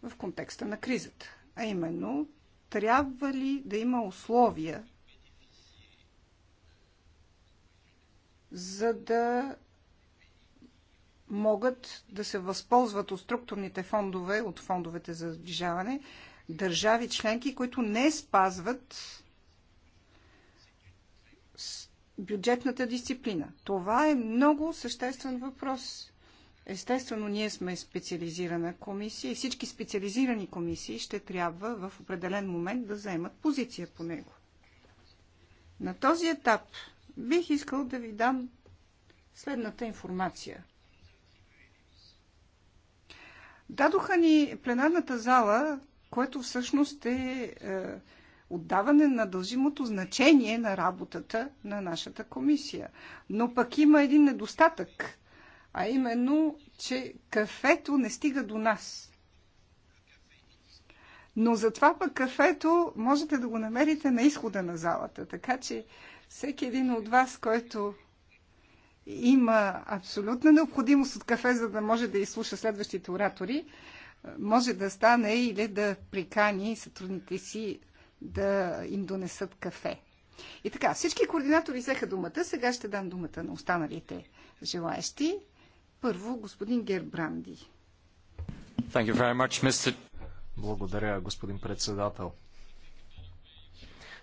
A: в контекста на кризата. А именно, трябва ли да има условия, за да могат да се възползват от структурните фондове, от фондовете за сближаване, държави членки, които не спазват бюджетната дисциплина. Това е много съществен въпрос. Естествено, ние сме специализирана комисия и всички специализирани комисии ще трябва в определен момент да вземат позиция по него. На този етап бих искал да ви дам следната информация. Дадоха ни пленарната зала, което всъщност е, е отдаване на дължимото значение на работата на нашата комисия. Но пък има един недостатък – а именно, че кафето не стига до нас. Но затова пък кафето можете да го намерите на изхода на залата. Така че всеки един от вас, който има абсолютна необходимост от кафе, за да може да изслуша следващите оратори, може да стане или да прикани сътрудните си да им донесат кафе. И така, всички координатори взеха думата. Сега ще дам думата на останалите желаящи. Първо, господин Гербранди.
C: Благодаря, господин председател.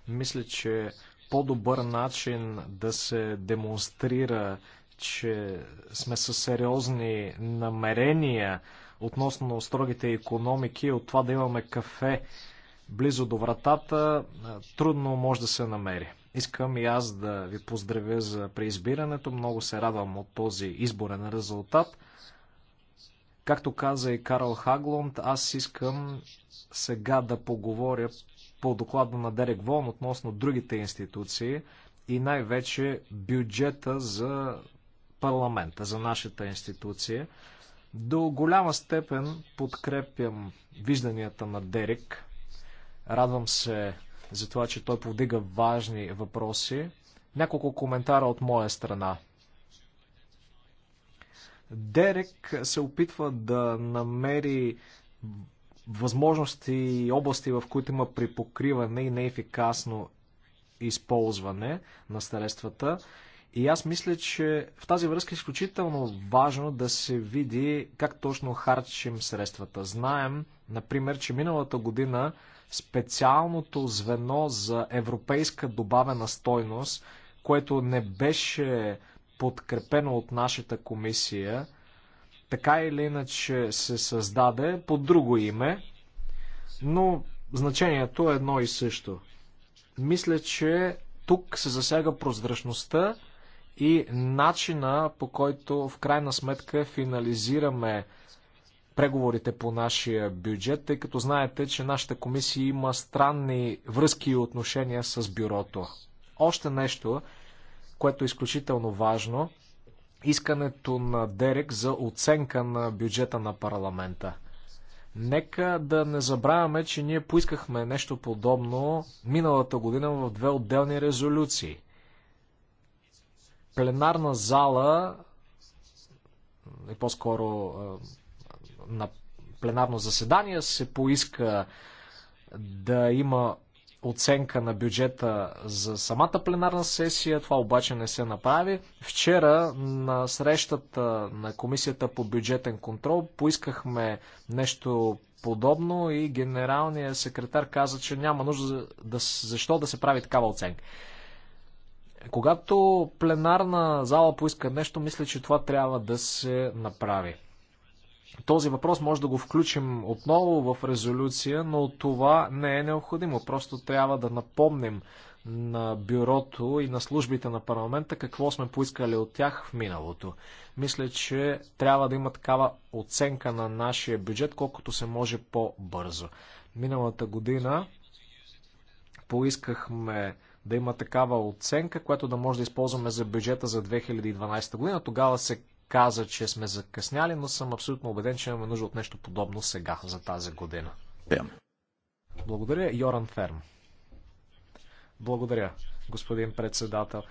C: Мисля, че по-добър начин да се демонстрира, че сме със сериозни намерения относно строгите економики, от това да имаме кафе близо до вратата, трудно може да се намери. Искам и аз да ви поздравя за преизбирането. Много се радвам от този изборен резултат. Както каза и Карл Хаглунд, аз искам сега да поговоря по доклада на Дерек Вон относно другите институции и най-вече бюджета за парламента, за нашата институция. До голяма степен подкрепям вижданията на Дерек. Радвам се за това, че той повдига важни въпроси. Няколко коментара от моя страна. Дерек се опитва да намери възможности и области, в които има припокриване и неефикасно използване на средствата. И аз мисля, че в тази връзка е изключително важно да се види как точно харчим средствата. Знаем, например, че миналата година специалното звено за европейска добавена стойност, което не беше подкрепено от нашата комисия, така или иначе се създаде под друго име, но значението е едно и също. Мисля, че тук се засяга прозрачността и начина по който в крайна сметка финализираме преговорите по нашия бюджет, тъй като знаете, че нашата комисия има странни връзки и отношения с бюрото. Още нещо, което е изключително важно, искането на Дерек за оценка на бюджета на парламента. Нека да не забравяме, че ние поискахме нещо подобно миналата година в две отделни резолюции. Пленарна зала, и е по-скоро е, на пленарно заседание се поиска да има оценка на бюджета за самата пленарна сесия. Това обаче не се направи. Вчера на срещата на Комисията по бюджетен контрол поискахме нещо подобно и генералният секретар каза, че няма нужда да, защо да се прави такава оценка. Когато пленарна зала поиска нещо, мисля, че това трябва да се направи. Този въпрос може да го включим отново в резолюция, но това не е необходимо. Просто трябва да напомним на бюрото и на службите на парламента какво сме поискали от тях в миналото. Мисля, че трябва да има такава оценка на нашия бюджет, колкото се може по-бързо. Миналата година поискахме да има такава оценка, която да може да използваме за бюджета за 2012 година. Тогава се каза, че сме закъсняли, но съм абсолютно убеден, че имаме нужда от нещо подобно сега, за тази година. Благодаря, Йоран Ферм. Благодаря, господин председател.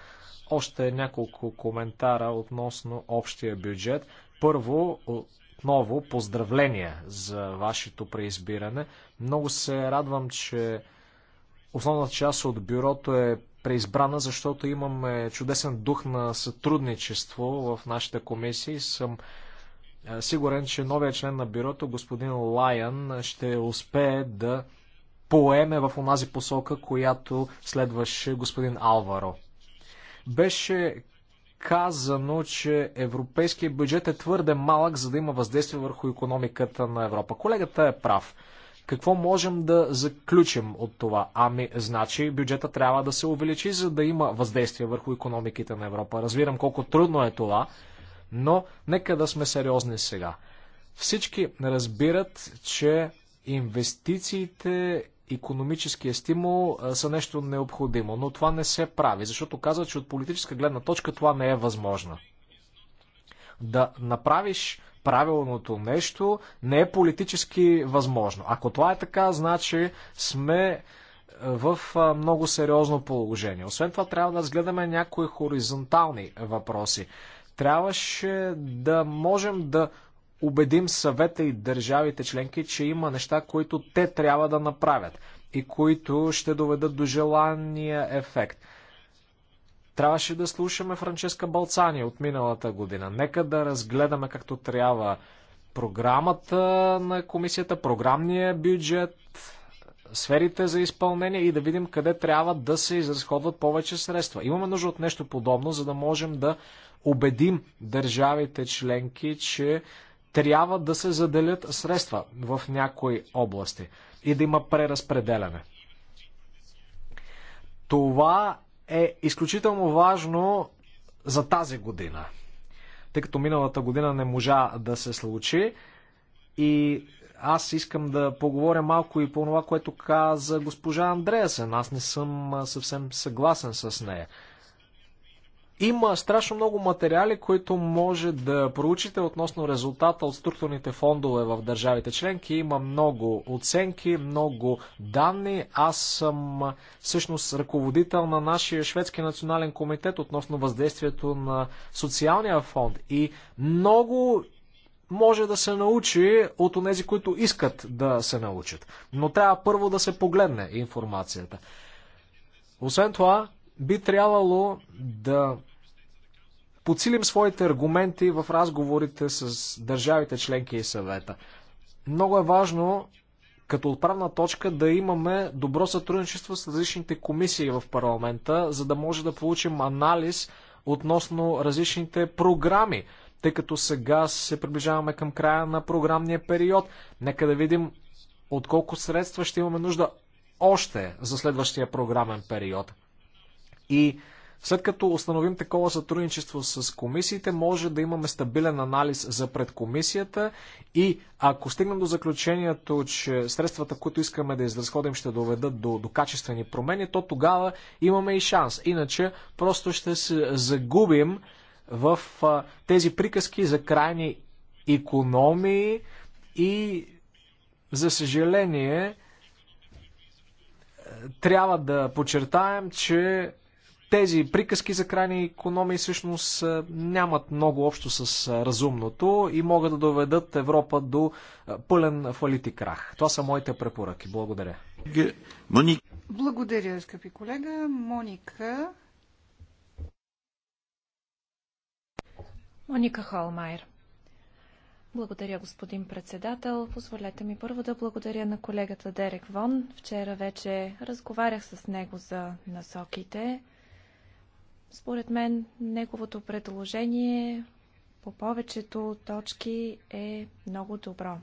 C: Още няколко коментара относно общия бюджет. Първо, отново поздравления за вашето преизбиране. Много се радвам, че основната част от бюрото е преизбрана, защото имаме чудесен дух на сътрудничество в нашата комисия и съм е, сигурен, че новия член на бюрото, господин Лайън, ще успее да поеме в онази посока, която следваше господин Алваро. Беше казано, че европейският бюджет е твърде малък, за да има въздействие върху економиката на Европа. Колегата е прав. Какво можем да заключим от това? Ами, значи, бюджета трябва да се увеличи, за да има въздействие върху економиките на Европа. Разбирам колко трудно е това, но нека да сме сериозни сега. Всички разбират, че инвестициите економическия стимул са нещо необходимо, но това не се прави, защото казват, че от политическа гледна точка това не е възможно да направиш правилното нещо не е политически възможно. Ако това е така, значи сме е, в е, много сериозно положение. Освен това, трябва да разгледаме някои хоризонтални въпроси. Трябваше да можем да убедим съвета и държавите членки, че има неща, които те трябва да направят и които ще доведат до желания ефект. Трябваше да слушаме Франческа Балцани от миналата година. Нека да разгледаме както трябва програмата на комисията, програмния бюджет, сферите за изпълнение и да видим къде трябва да се изразходват повече средства. Имаме нужда от нещо подобно, за да можем да убедим държавите членки, че трябва да се заделят средства в някои области и да има преразпределяне. Това е изключително важно за тази година. Тъй като миналата година не можа да се случи и аз искам да поговоря малко и по това, което каза госпожа Андреасен. Аз не съм съвсем съгласен с нея. Има страшно много материали, които може да проучите относно резултата от структурните фондове в държавите членки. Има много оценки, много данни. Аз съм всъщност ръководител на нашия шведски национален комитет относно въздействието на социалния фонд. И много може да се научи от тези, които искат да се научат. Но трябва първо да се погледне информацията. Освен това, би трябвало да подсилим своите аргументи в разговорите с държавите членки и съвета. Много е важно като отправна точка да имаме добро сътрудничество с различните комисии в парламента, за да може да получим анализ относно различните програми, тъй като сега се приближаваме към края на програмния период. Нека да видим отколко средства ще имаме нужда още за следващия програмен период. И след като установим такова сътрудничество с комисиите, може да имаме стабилен анализ за предкомисията, и ако стигнем до заключението, че средствата, които искаме да изразходим, ще доведат до, до качествени промени, то тогава имаме и шанс. Иначе просто ще се загубим в а, тези приказки за крайни економии и за съжаление трябва да подчертаем, че тези приказки за крайни економии всъщност нямат много общо с разумното и могат да доведат Европа до пълен фалит и крах. Това са моите препоръки. Благодаря.
A: Благодаря, скъпи колега. Моника.
B: Моника Холмайер. Благодаря, господин председател. Позволете ми първо да благодаря на колегата Дерек Вон. Вчера вече разговарях с него за насоките. Според мен неговото предложение по повечето точки е много добро.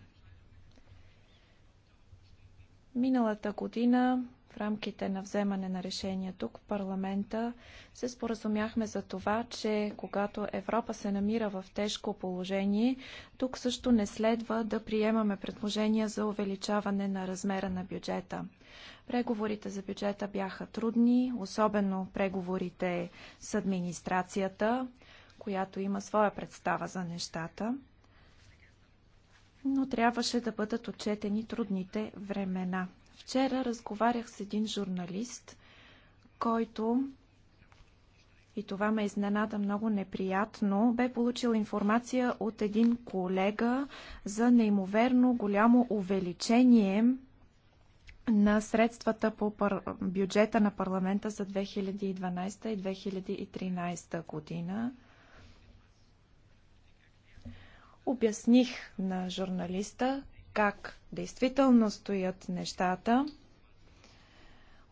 B: Миналата година в рамките на вземане на решение тук в парламента се споразумяхме за това, че когато Европа се намира в тежко положение, тук също не следва да приемаме предложения за увеличаване на размера на бюджета. Преговорите за бюджета бяха трудни, особено преговорите с администрацията, която има своя представа за нещата но трябваше да бъдат отчетени трудните времена. Вчера разговарях с един журналист, който и това ме изненада много неприятно, бе получил информация от един колега за неимоверно голямо увеличение на средствата по пар... бюджета на парламента за 2012 и 2013 година. Обясних на журналиста как действително стоят нещата.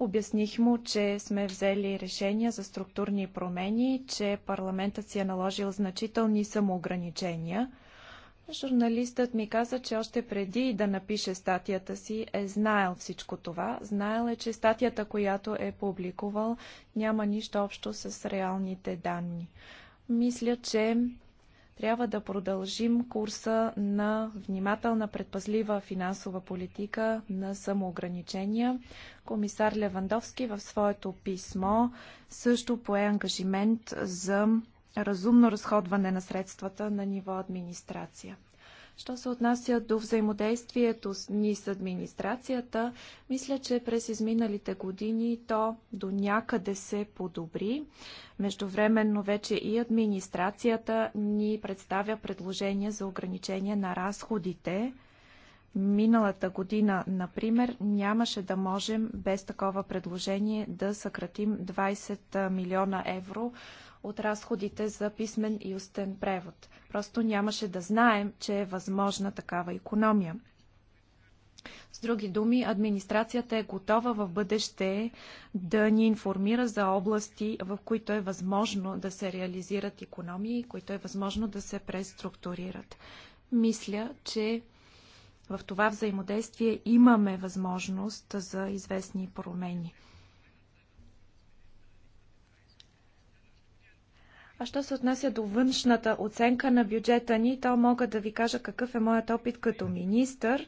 B: Обясних му, че сме взели решения за структурни промени, че парламентът си е наложил значителни самоограничения. Журналистът ми каза, че още преди да напише статията си е знаел всичко това. Знаел е, че статията, която е публикувал, няма нищо общо с реалните данни. Мисля, че трябва да продължим курса на внимателна, предпазлива финансова политика на самоограничения. Комисар Левандовски в своето писмо също пое ангажимент за разумно разходване на средствата на ниво администрация. Що се отнася до взаимодействието ни с администрацията, мисля, че през изминалите години то до някъде се подобри. Междувременно вече и администрацията ни представя предложения за ограничение на разходите. Миналата година, например, нямаше да можем без такова предложение да съкратим 20 милиона евро от разходите за писмен и устен превод. Просто нямаше да знаем, че е възможна такава економия. С други думи, администрацията е готова в бъдеще да ни информира за области, в които е възможно да се реализират економии, които е възможно да се преструктурират. Мисля, че в това взаимодействие имаме възможност за известни промени. А що се отнася до външната оценка на бюджета ни, то мога да ви кажа какъв е моят опит като министър.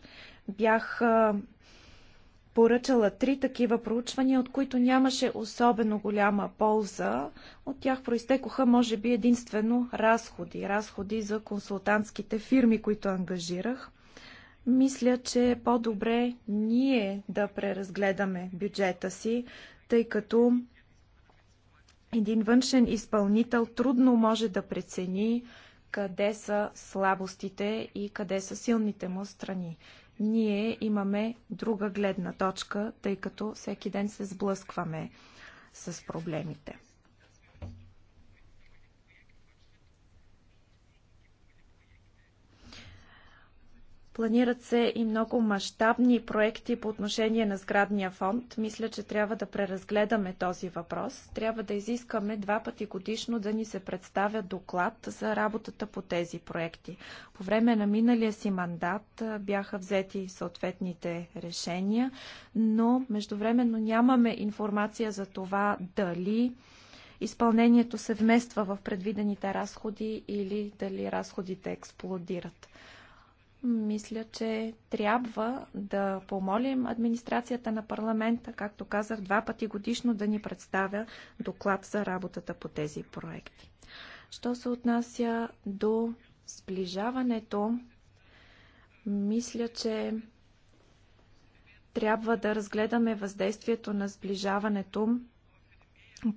B: Бях поръчала три такива проучвания, от които нямаше особено голяма полза. От тях проистекоха, може би, единствено разходи. Разходи за консултантските фирми, които ангажирах. Мисля, че е по-добре ние да преразгледаме бюджета си, тъй като един външен изпълнител трудно може да прецени къде са слабостите и къде са силните му страни. Ние имаме друга гледна точка, тъй като всеки ден се сблъскваме с проблемите. Планират се и много мащабни проекти по отношение на сградния фонд. Мисля, че трябва да преразгледаме този въпрос. Трябва да изискаме два пъти годишно да ни се представя доклад за работата по тези проекти. По време на миналия си мандат бяха взети съответните решения, но междувременно нямаме информация за това дали изпълнението се вмества в предвидените разходи или дали разходите експлодират. Мисля, че трябва да помолим администрацията на парламента, както казах, два пъти годишно да ни представя доклад за работата по тези проекти. Що се отнася до сближаването, мисля, че трябва да разгледаме въздействието на сближаването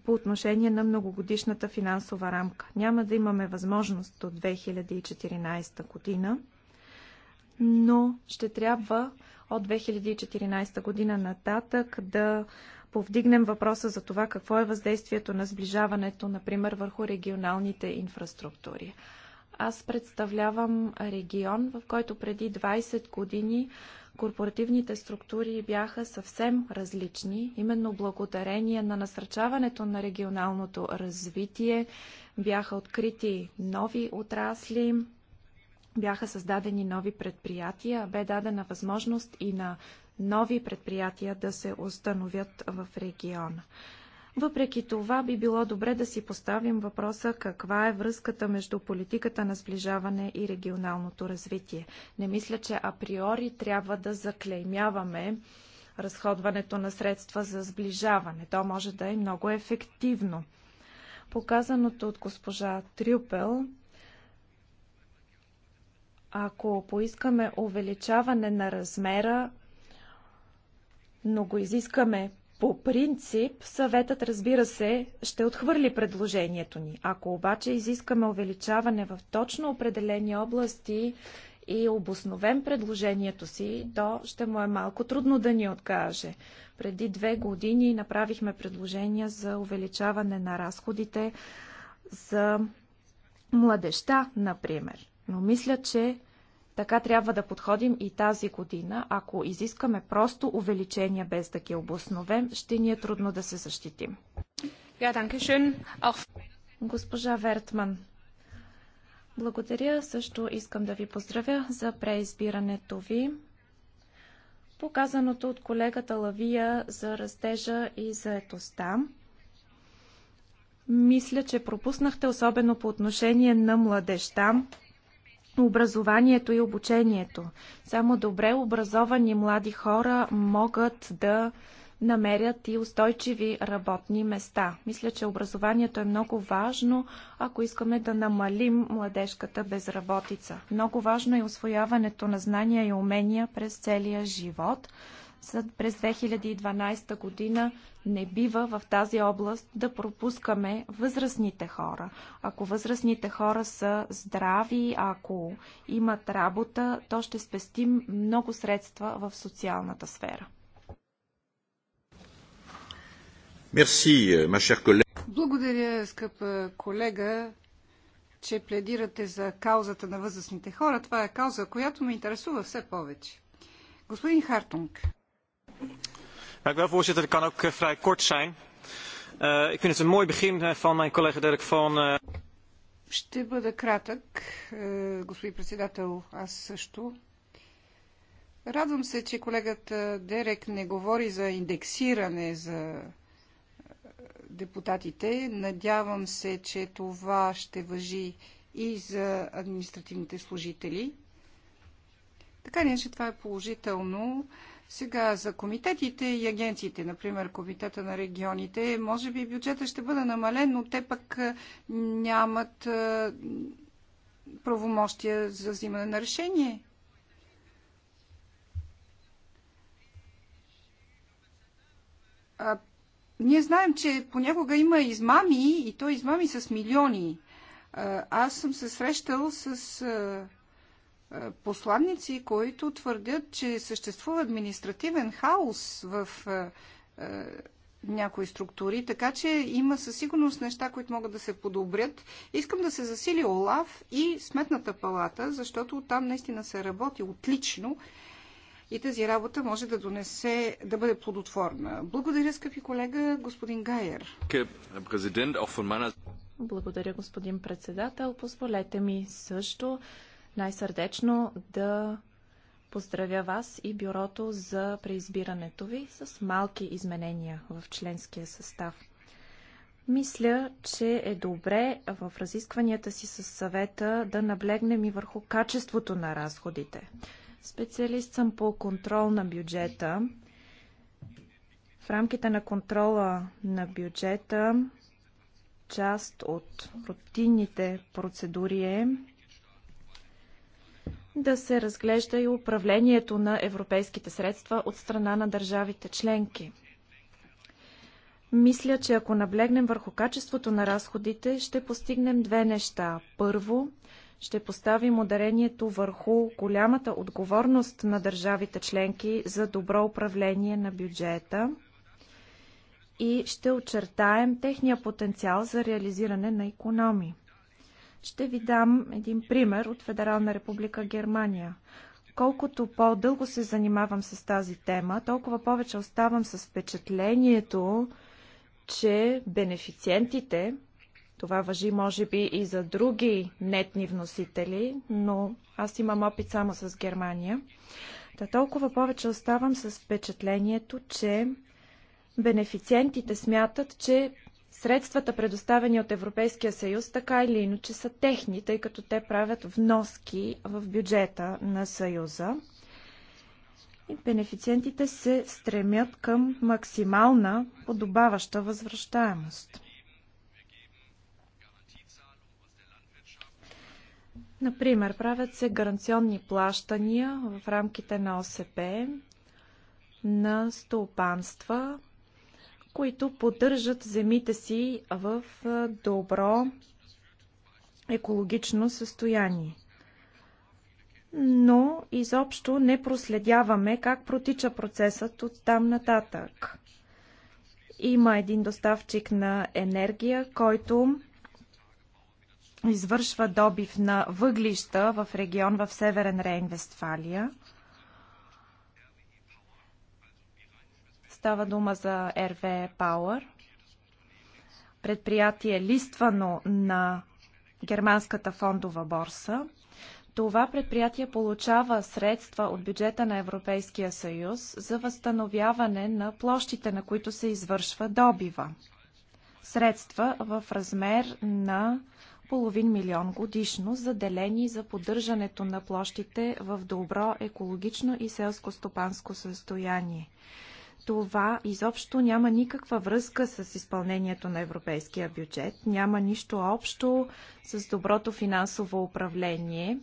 B: по отношение на многогодишната финансова рамка. Няма да имаме възможност до 2014 година но ще трябва от 2014 година нататък да повдигнем въпроса за това какво е въздействието на сближаването, например, върху регионалните инфраструктури. Аз представлявам регион, в който преди 20 години корпоративните структури бяха съвсем различни. Именно благодарение на насърчаването на регионалното развитие бяха открити нови отрасли, бяха създадени нови предприятия, бе дадена възможност и на нови предприятия да се установят в региона. Въпреки това би било добре да си поставим въпроса каква е връзката между политиката на сближаване и регионалното развитие. Не мисля, че априори трябва да заклеймяваме разходването на средства за сближаване. То може да е много ефективно. Показаното от госпожа Трюпел ако поискаме увеличаване на размера, но го изискаме по принцип, съветът, разбира се, ще отхвърли предложението ни. Ако обаче изискаме увеличаване в точно определени области и обосновем предложението си, то ще му е малко трудно да ни откаже. Преди две години направихме предложения за увеличаване на разходите за младеща, например. Но мисля, че така трябва да подходим и тази година. Ако изискаме просто увеличения без да ги обосновем, ще ни е трудно да се защитим. schön. Auch... Госпожа Вертман, благодаря. Също искам да ви поздравя за преизбирането ви. Показаното от колегата Лавия за растежа и заетостта. Мисля, че пропуснахте, особено по отношение на младеща, образованието и обучението. Само добре образовани млади хора могат да намерят и устойчиви работни места. Мисля, че образованието е много важно, ако искаме да намалим младежката безработица. Много важно е освояването на знания и умения през целия живот. Съд през 2012 година не бива в тази област да пропускаме възрастните хора. Ако възрастните хора са здрави, ако имат работа, то ще спестим много
A: средства в социалната сфера.
B: Merci, euh, ma chère
A: Благодаря, скъпа колега, че пледирате за каузата на възрастните хора. Това е кауза, която ме интересува все повече. Господин Хартунг
C: voorzitter. Ik kan ook eh, vrij kort zijn. Eh, ik vind het een mooi begin eh, van mijn collega Dirk van... Ще
A: бъда кратък, е, господин председател, аз също. Радвам се, че колегата Дерек не говори за индексиране за е, депутатите. Надявам се, че това ще въжи и за административните служители. Така не, че това е положително. Сега за комитетите и агенциите, например комитета на регионите, може би бюджета ще бъде намален, но те пък нямат правомощия за взимане на решение. А, ние знаем, че понякога има измами и то измами с милиони. Аз съм се срещал с е, посланници, които твърдят, че съществува административен хаос в е, е, някои структури, така че има със сигурност неща, които могат да се подобрят. Искам да се засили ОЛАВ и Сметната палата, защото там наистина се работи отлично и тази работа може да донесе, да бъде плодотворна. Благодаря, скъпи колега, господин Гайер. Благодаря, господин председател.
B: Позволете ми също най-сърдечно да поздравя вас и бюрото за преизбирането ви с малки изменения в членския състав. Мисля, че е добре в разискванията си с съвета да наблегнем и върху качеството на разходите. Специалист съм по контрол на бюджета. В рамките на контрола на бюджета част от рутинните процедури е да се разглежда и управлението на европейските средства от страна на държавите членки. Мисля, че ако наблегнем върху качеството на разходите, ще постигнем две неща. Първо, ще поставим ударението върху голямата отговорност на държавите членки за добро управление на бюджета и ще очертаем техния потенциал за реализиране на економии. Ще ви дам един пример от Федерална република Германия. Колкото по-дълго се занимавам с тази тема, толкова повече оставам с впечатлението, че бенефициентите, това въжи може би и за други нетни вносители, но аз имам опит само с Германия, да толкова повече оставам с впечатлението, че бенефициентите смятат, че Средствата, предоставени от Европейския съюз, така или иначе са техни, тъй като те правят вноски в бюджета на съюза. И бенефициентите се стремят към максимална подобаваща възвръщаемост. Например, правят се гаранционни плащания в рамките на ОСП на стопанства, които поддържат земите си в добро екологично състояние. Но изобщо не проследяваме как протича процесът от там нататък. Има един доставчик на енергия, който извършва добив на въглища в регион в Северен Рейн-Вестфалия – Става дума за RV Power, предприятие е листвано на германската фондова борса. Това предприятие получава средства от бюджета на Европейския съюз за възстановяване на площите, на които се извършва добива. Средства в размер на половин милион годишно, заделени за поддържането на площите в добро екологично и селско-стопанско състояние това изобщо няма никаква връзка с изпълнението на европейския бюджет, няма нищо общо с доброто финансово управление.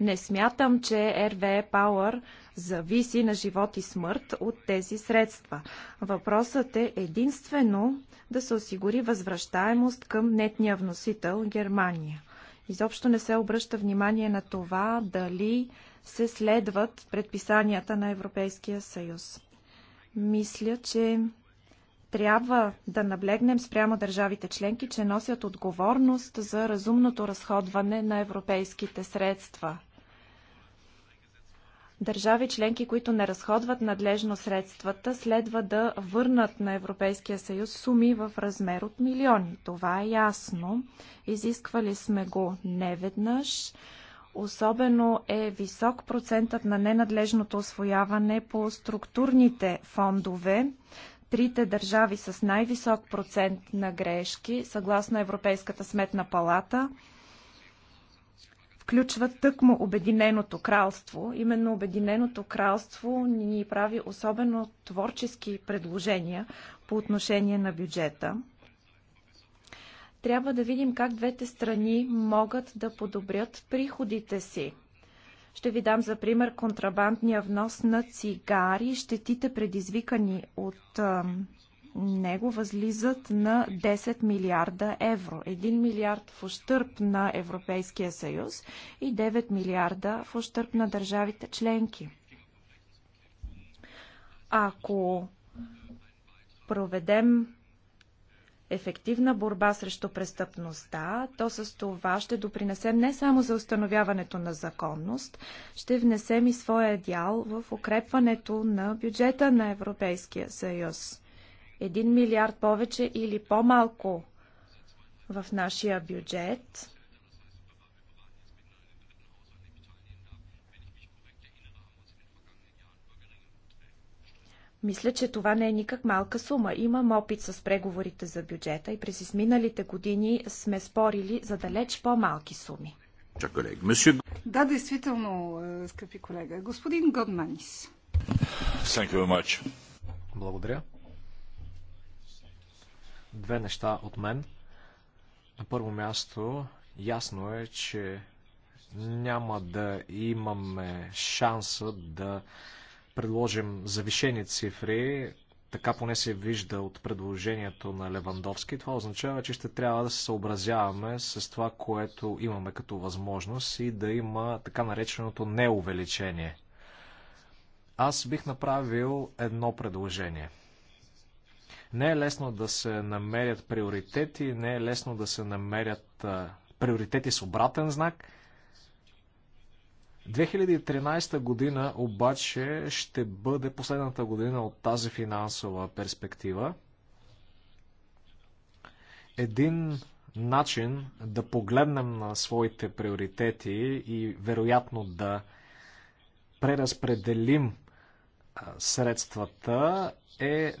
B: Не смятам, че RWE Power зависи на живот и смърт от тези средства. Въпросът е единствено да се осигури възвръщаемост към нетния вносител Германия. Изобщо не се обръща внимание на това дали се следват предписанията на Европейския съюз. Мисля, че трябва да наблегнем спрямо държавите членки, че носят отговорност за разумното разходване на европейските средства. Държави членки, които не разходват надлежно средствата, следва да върнат на Европейския съюз суми в размер от милиони. Това е ясно. Изисквали сме го неведнъж. веднъж Особено е висок процентът на ненадлежното освояване по структурните фондове. Трите държави с най-висок процент на грешки, съгласно Европейската сметна палата, включват тъкмо Обединеното кралство. Именно Обединеното кралство ни прави особено творчески предложения по отношение на бюджета. Трябва да видим как двете страни могат да подобрят приходите си. Ще ви дам за пример контрабандния внос на цигари. Щетите предизвикани от а, него възлизат на 10 милиарда евро. 1 милиард в ощърп на Европейския съюз и 9 милиарда в ощърп на държавите членки. Ако проведем ефективна борба срещу престъпността, то с това ще допринесем не само за установяването на законност, ще внесем и своя дял в укрепването на бюджета на Европейския съюз. Един милиард повече или по-малко в нашия бюджет Мисля, че това не е никак малка сума. Имам опит с преговорите за бюджета и през изминалите години сме спорили за далеч по-малки суми.
A: Да, действително, е, скъпи колега. Господин Годманис.
C: Благодаря. Две неща от мен. На първо място, ясно е, че няма да имаме шанса да предложим завишени цифри, така поне се вижда от предложението на Левандовски, това означава, че ще трябва да се съобразяваме с това, което имаме като възможност и да има така нареченото неувеличение. Аз бих направил едно предложение. Не е лесно да се намерят приоритети, не е лесно да се намерят приоритети с обратен знак – 2013 година обаче ще бъде последната година от тази финансова перспектива. Един начин да погледнем на своите приоритети и вероятно да преразпределим средствата е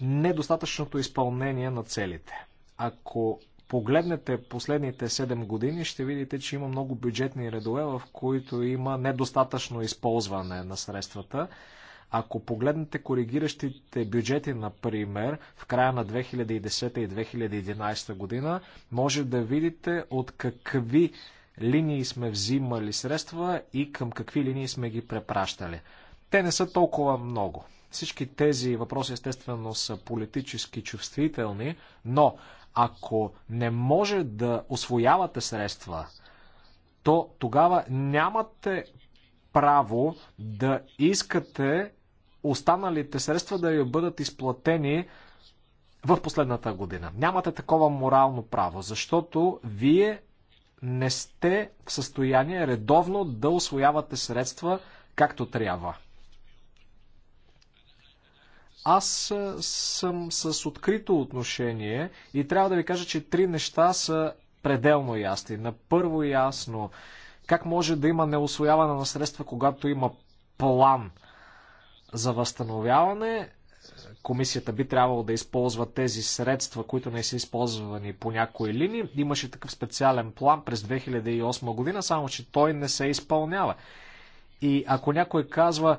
C: недостатъчното изпълнение на целите. Ако погледнете последните 7 години, ще видите, че има много бюджетни редове, в които има недостатъчно използване на средствата. Ако погледнете коригиращите бюджети, например, в края на 2010 и 2011 година, може да видите от какви линии сме взимали средства и към какви линии сме ги препращали. Те не са толкова много. Всички тези въпроси естествено са политически чувствителни, но ако не може да освоявате средства, то тогава нямате право да искате останалите средства да ви бъдат изплатени в последната година. Нямате такова морално право, защото вие не сте в състояние редовно да освоявате средства както трябва. Аз съм с открито отношение и трябва да ви кажа, че три неща са пределно ясни. На първо ясно, как може да има неосвояване на средства, когато има план за възстановяване, комисията би трябвало да използва тези средства, които не са използвани по някои линии. Имаше такъв специален план през 2008 година, само че той не се изпълнява. И ако някой казва,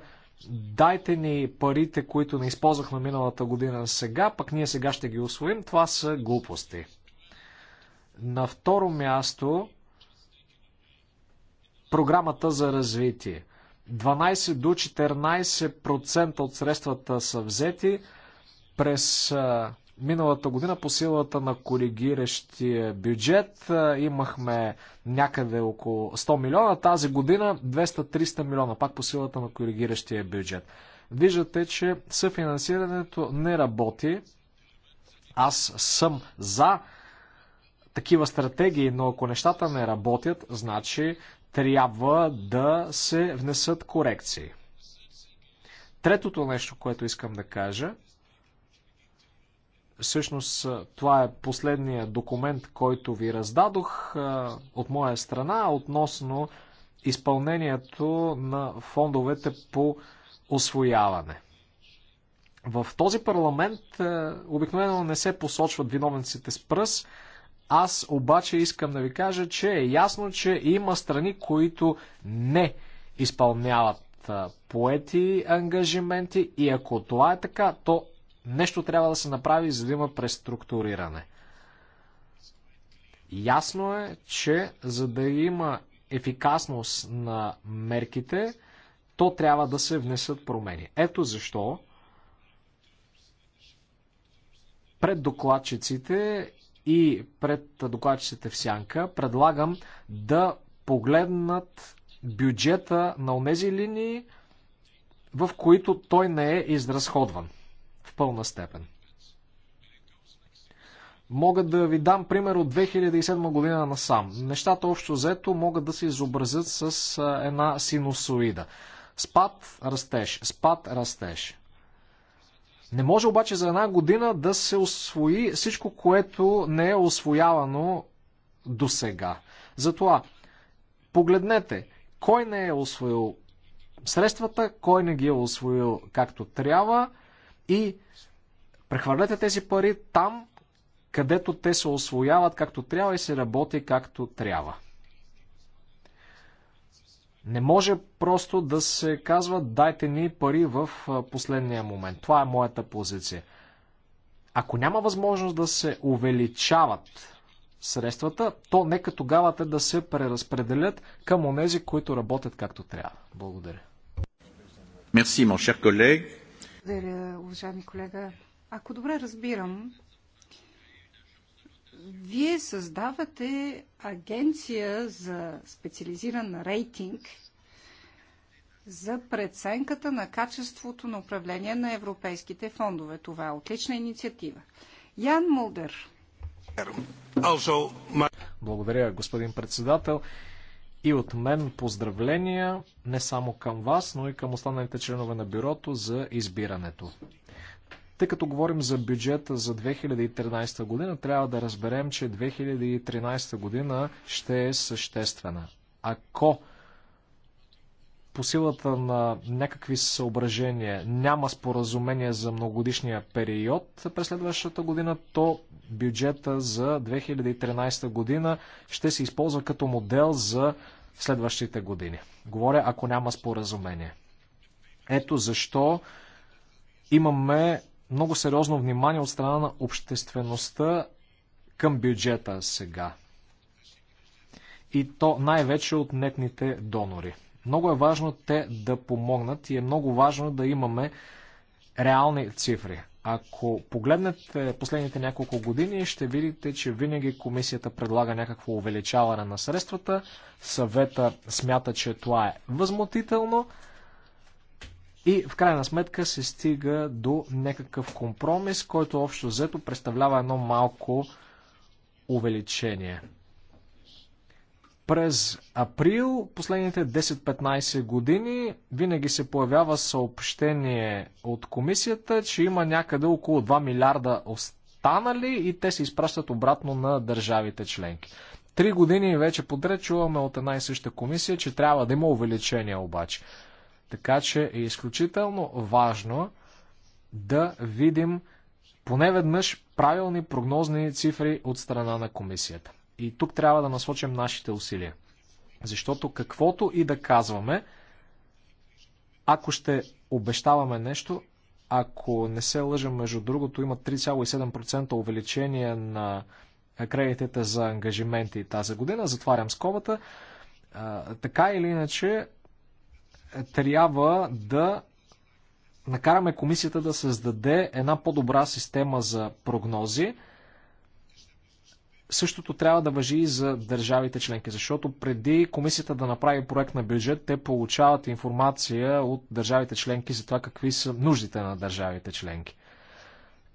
C: дайте ни парите, които не използвахме миналата година сега, пък ние сега ще ги освоим, това са глупости. На второ място, програмата за развитие. 12 до 14% от средствата са взети. През Миналата година по силата на коригиращия бюджет имахме някъде около 100 милиона, тази година 200-300 милиона, пак по силата на коригиращия бюджет. Виждате, че съфинансирането не работи. Аз съм за такива стратегии, но ако нещата не работят, значи трябва да се внесат корекции. Третото нещо, което искам да кажа – Всъщност това е последния документ, който ви раздадох от моя страна относно изпълнението на фондовете по освояване. В този парламент обикновено не се посочват виновниците с пръст, аз обаче искам да ви кажа, че е ясно, че има страни, които не изпълняват поети ангажименти и ако това е така, то Нещо трябва да се направи, за да има преструктуриране. Ясно е, че за да има ефикасност на мерките, то трябва да се внесат промени. Ето защо пред докладчиците и пред докладчиците в Сянка предлагам да погледнат бюджета на онези линии, в които той не е изразходван пълна степен. Мога да ви дам пример от 2007 година насам. Нещата общо взето могат да се изобразят с една синусоида. Спад, растеж, спад, растеж. Не може обаче за една година да се освои всичко, което не е освоявано до сега. Затова погледнете кой не е освоил средствата, кой не ги е освоил както трябва – и прехвърлете тези пари там, където те се освояват както трябва и се работи както трябва. Не може просто да се казва дайте ни пари в последния момент. Това е моята позиция. Ако няма възможност да се увеличават средствата, то нека тогава те да се преразпределят към онези, които работят както трябва. Благодаря. Мерси,
A: мон колег. Благодаря, уважаеми колега. Ако добре разбирам, вие създавате агенция за специализиран рейтинг за преценката на качеството на управление на европейските фондове. Това е отлична инициатива. Ян Мулдер.
C: Благодаря, господин председател. И от мен поздравления не само към вас, но и към останалите членове на бюрото за избирането. Тъй като говорим за бюджета за 2013 година, трябва да разберем, че 2013 година ще е съществена. Ако по силата на някакви съображения няма споразумение за многогодишния период през следващата година, то бюджета за 2013 година ще се използва като модел за следващите години. Говоря, ако няма споразумение. Ето защо имаме много сериозно внимание от страна на обществеността към бюджета сега. И то най-вече от нетните донори. Много е важно те да помогнат и е много важно да имаме реални цифри. Ако погледнете последните няколко години, ще видите, че винаги комисията предлага някакво увеличаване на средствата. Съвета смята, че това е възмутително. И в крайна сметка се стига до някакъв компромис, който общо взето представлява едно малко увеличение. През април, последните 10-15 години, винаги се появява съобщение от комисията, че има някъде около 2 милиарда останали и те се изпращат обратно на държавите членки. Три години вече подред чуваме от една и съща комисия, че трябва да има увеличение обаче. Така че е изключително важно да видим поне веднъж правилни прогнозни цифри от страна на комисията. И тук трябва да насочим нашите усилия. Защото каквото и да казваме, ако ще обещаваме нещо, ако не се лъжа, между другото, има 3,7% увеличение на кредитите за ангажименти тази година. Затварям скобата. Така или иначе, трябва да накараме комисията да създаде една по-добра система за прогнози. Същото трябва да въжи и за държавите членки, защото преди комисията да направи проект на бюджет, те получават информация от държавите членки за това какви са нуждите на държавите членки.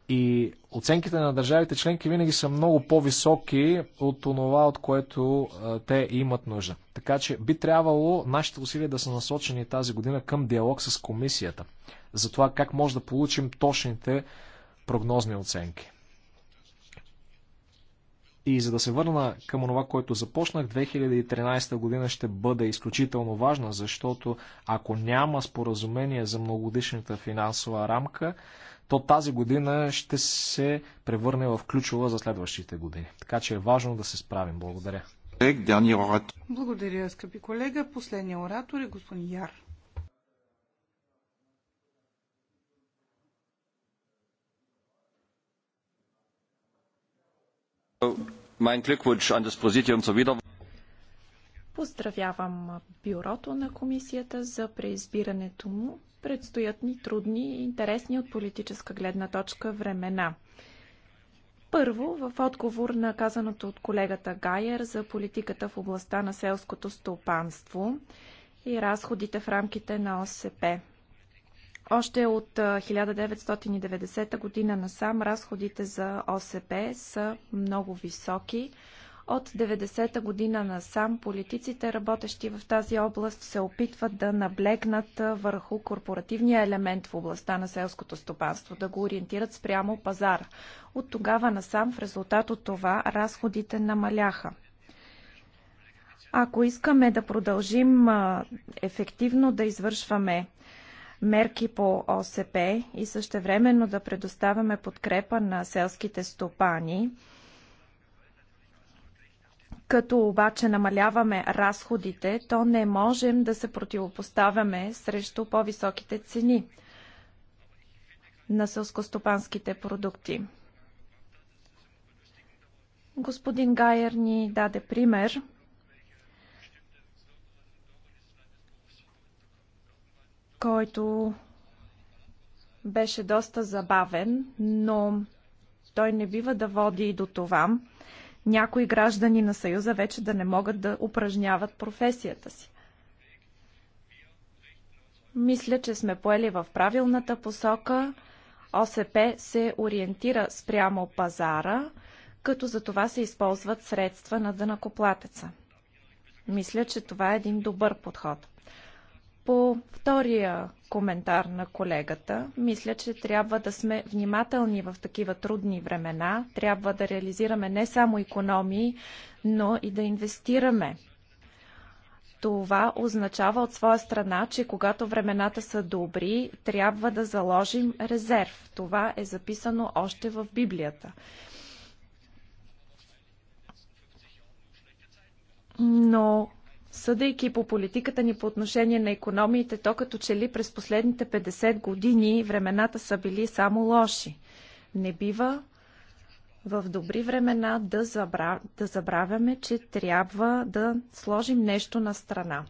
C: И оценките на държавите членки винаги са много по-високи от това, от което те имат нужда. Така че би трябвало нашите усилия да са насочени тази година към диалог с комисията за това как може да получим точните прогнозни оценки. И за да се върна към това, което започнах, 2013 година ще бъде изключително важна, защото ако няма споразумение за многодишната финансова рамка, то тази година ще се превърне в ключова за следващите години. Така че е важно да се справим. Благодаря.
B: Е,
A: Благодаря, скъпи колега. Последният оратор е господин Яр.
C: meinen Glückwunsch an das Präsidium zur Wiederwahl.
B: Поздравявам бюрото на комисията за преизбирането му. Предстоят ни трудни и интересни от политическа гледна точка времена. Първо, в отговор на казаното от колегата Гайер за политиката в областта на селското стопанство и разходите в рамките на ОСП. Още от 1990 година насам разходите за ОСП са много високи. От 90-та година насам политиците, работещи в тази област, се опитват да наблегнат върху корпоративния елемент в областта на селското стопанство, да го ориентират спрямо пазара. От тогава насам, в резултат от това, разходите намаляха. Ако искаме да продължим ефективно да извършваме мерки по ОСП и същевременно да предоставяме подкрепа на селските стопани, като обаче намаляваме разходите, то не можем да се противопоставяме срещу по-високите цени на селскостопанските продукти. Господин Гайер ни даде пример който беше доста забавен, но той не бива да води и до това някои граждани на Съюза вече да не могат да упражняват професията си. Мисля, че сме поели в правилната посока. ОСП се ориентира спрямо пазара, като за това се използват средства на дънакоплатеца. Мисля, че това е един добър подход. По втория коментар на колегата, мисля, че трябва да сме внимателни в такива трудни времена. Трябва да реализираме не само економии, но и да инвестираме. Това означава от своя страна, че когато времената са добри, трябва да заложим резерв. Това е записано още в Библията. Но Съдейки по политиката ни по отношение на економиите, то като че ли през последните 50 години времената са били само лоши. Не бива в добри времена да, забрав... да забравяме, че трябва да сложим нещо на страна.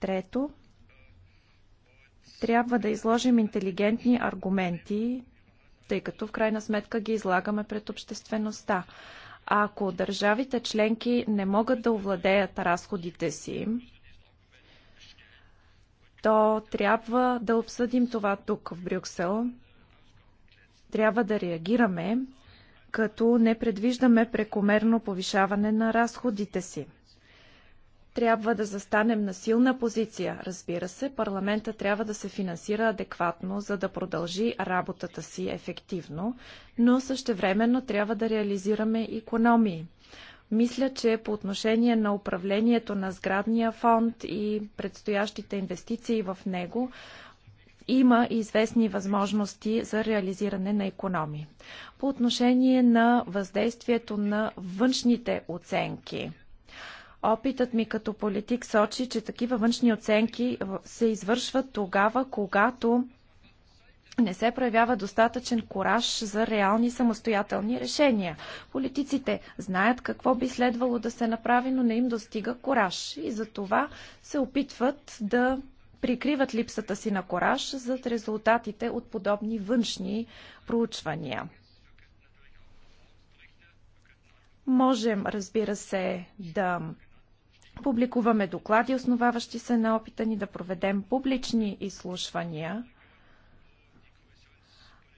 B: Трето, трябва да изложим интелигентни аргументи, тъй като в крайна сметка ги излагаме пред обществеността. Ако държавите членки не могат да овладеят разходите си, то трябва да обсъдим това тук в Брюксел. Трябва да реагираме, като не предвиждаме прекомерно повишаване на разходите си. Трябва да застанем на силна позиция, разбира се. Парламента трябва да се финансира адекватно, за да продължи работата си ефективно, но същевременно трябва да реализираме економии. Мисля, че по отношение на управлението на сградния фонд и предстоящите инвестиции в него, има известни възможности за реализиране на економии. По отношение на въздействието на външните оценки, Опитът ми като политик сочи, че такива външни оценки се извършват тогава, когато не се проявява достатъчен кораж за реални самостоятелни решения. Политиците знаят какво би следвало да се направи, но не им достига кораж и за това се опитват да прикриват липсата си на кораж зад резултатите от подобни външни проучвания. Можем, разбира се, да публикуваме доклади, основаващи се на опита ни да проведем публични изслушвания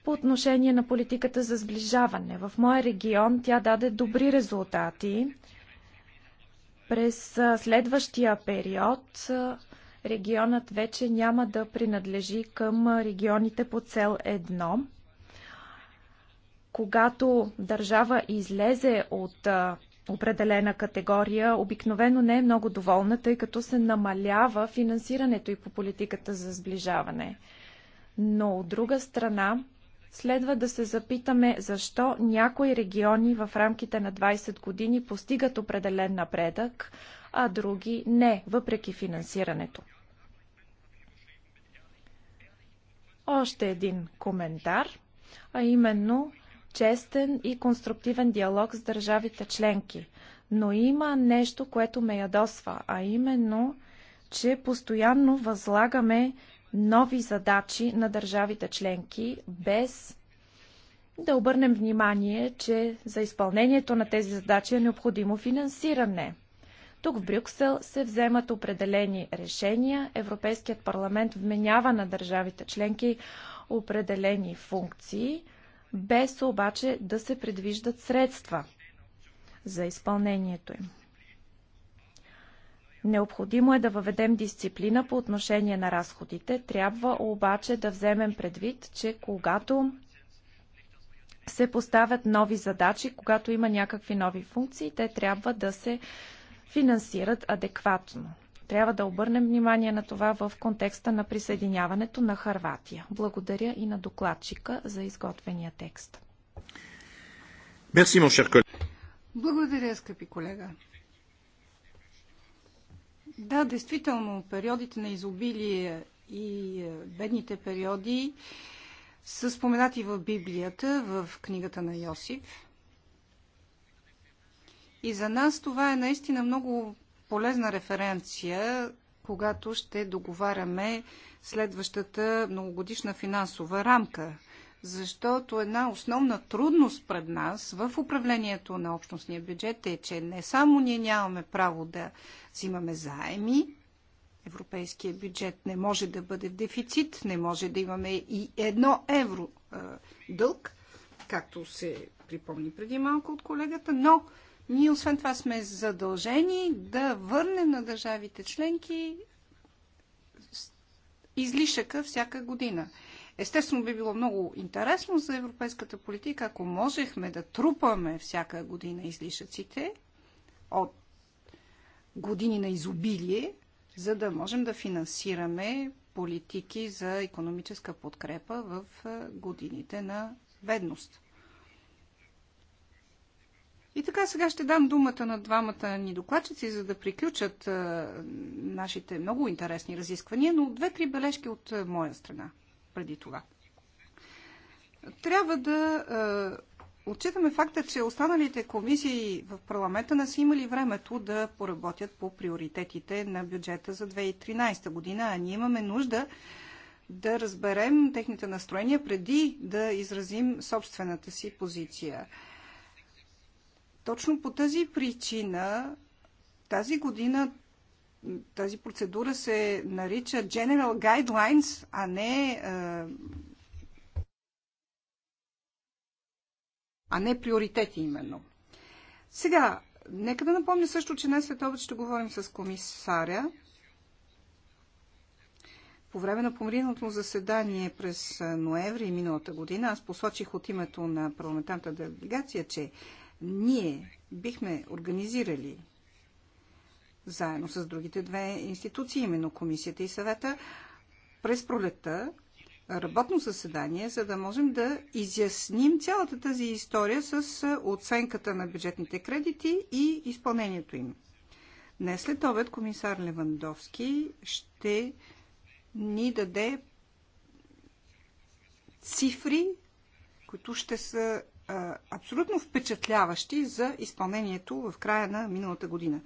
B: по отношение на политиката за сближаване. В моя регион тя даде добри резултати. През следващия период регионът вече няма да принадлежи към регионите по цел 1. Когато държава излезе от определена категория обикновено не е много доволна, тъй като се намалява финансирането и по политиката за сближаване. Но от друга страна, следва да се запитаме защо някои региони в рамките на 20 години постигат определен напредък, а други не, въпреки финансирането. Още един коментар, а именно честен и конструктивен диалог с държавите членки. Но има нещо, което ме ядосва, а именно, че постоянно възлагаме нови задачи на държавите членки, без да обърнем внимание, че за изпълнението на тези задачи е необходимо финансиране. Тук в Брюксел се вземат определени решения. Европейският парламент вменява на държавите членки определени функции – без обаче да се предвиждат средства за изпълнението им. Необходимо е да въведем дисциплина по отношение на разходите. Трябва обаче да вземем предвид, че когато се поставят нови задачи, когато има някакви нови функции, те трябва да се финансират адекватно. Трябва да обърнем внимание на това в контекста на присъединяването на Харватия. Благодаря и на докладчика за
A: изготвения текст. Благодаря, скъпи колега. Да, действително, периодите на изобилие и е, бедните периоди са споменати в Библията, в книгата на Йосиф. И за нас това е наистина много полезна референция, когато ще договаряме следващата многогодишна финансова рамка. Защото една основна трудност пред нас в управлението на общностния бюджет е, че не само ние нямаме право да взимаме заеми, европейския бюджет не може да бъде в дефицит, не може да имаме и едно евро а, дълг, както се припомни преди малко от колегата, но ние освен това сме задължени да върнем на държавите членки излишъка всяка година. Естествено би било много интересно за европейската политика, ако можехме да трупаме всяка година излишъците от години на изобилие, за да можем да финансираме политики за економическа подкрепа в годините на бедност. И така сега ще дам думата на двамата ни докладчици, за да приключат а, нашите много интересни разисквания, но две-три бележки от а, моя страна преди това. Трябва да а, отчитаме факта, че останалите комисии в парламента не са имали времето да поработят по приоритетите на бюджета за 2013 година, а ние имаме нужда да разберем техните настроения преди да изразим собствената си позиция. Точно по тази причина тази година тази процедура се нарича General Guidelines, а не а не приоритети именно. Сега, нека да напомня също, че днес след обед ще говорим с комисаря. По време на помриното заседание през ноември миналата година аз посочих от името на парламентарната делегация, че ние бихме организирали заедно с другите две институции, именно комисията и съвета, през пролетта работно заседание, за да можем да изясним цялата тази история с оценката на бюджетните кредити и изпълнението им. Днес след обед комисар Левандовски ще ни даде цифри, които ще са абсолютно впечатляващи за изпълнението в края на миналата година.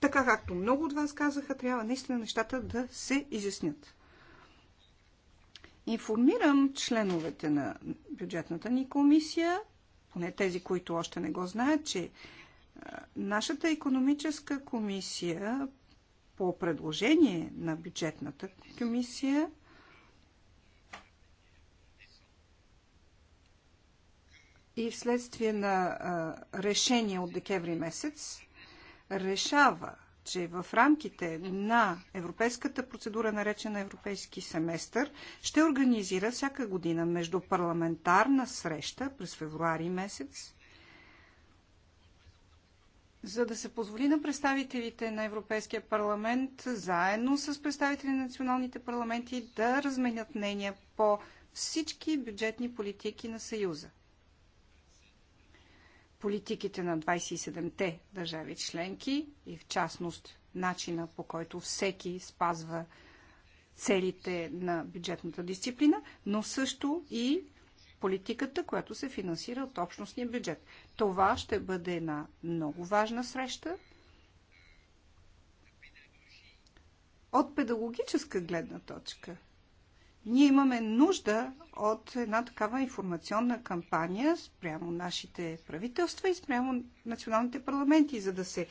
A: Така както много от вас казаха, трябва наистина нещата да се изяснят. Информирам членовете на бюджетната ни комисия, поне тези, които още не го знаят, че нашата економическа комисия по предложение на бюджетната комисия – и вследствие на решение от декември месец решава, че в рамките на европейската процедура, наречена Европейски семестър, ще организира всяка година междупарламентарна среща през февруари месец, за да се позволи на представителите на Европейския парламент, заедно с представители на националните парламенти, да разменят мнения по всички бюджетни политики на Съюза политиките на 27-те държави членки и в частност начина по който всеки спазва целите на бюджетната дисциплина, но също и политиката, която се финансира от общностния бюджет. Това ще бъде една много важна среща. От педагогическа гледна точка – ние имаме нужда от една такава информационна кампания спрямо нашите правителства и спрямо националните парламенти, за да се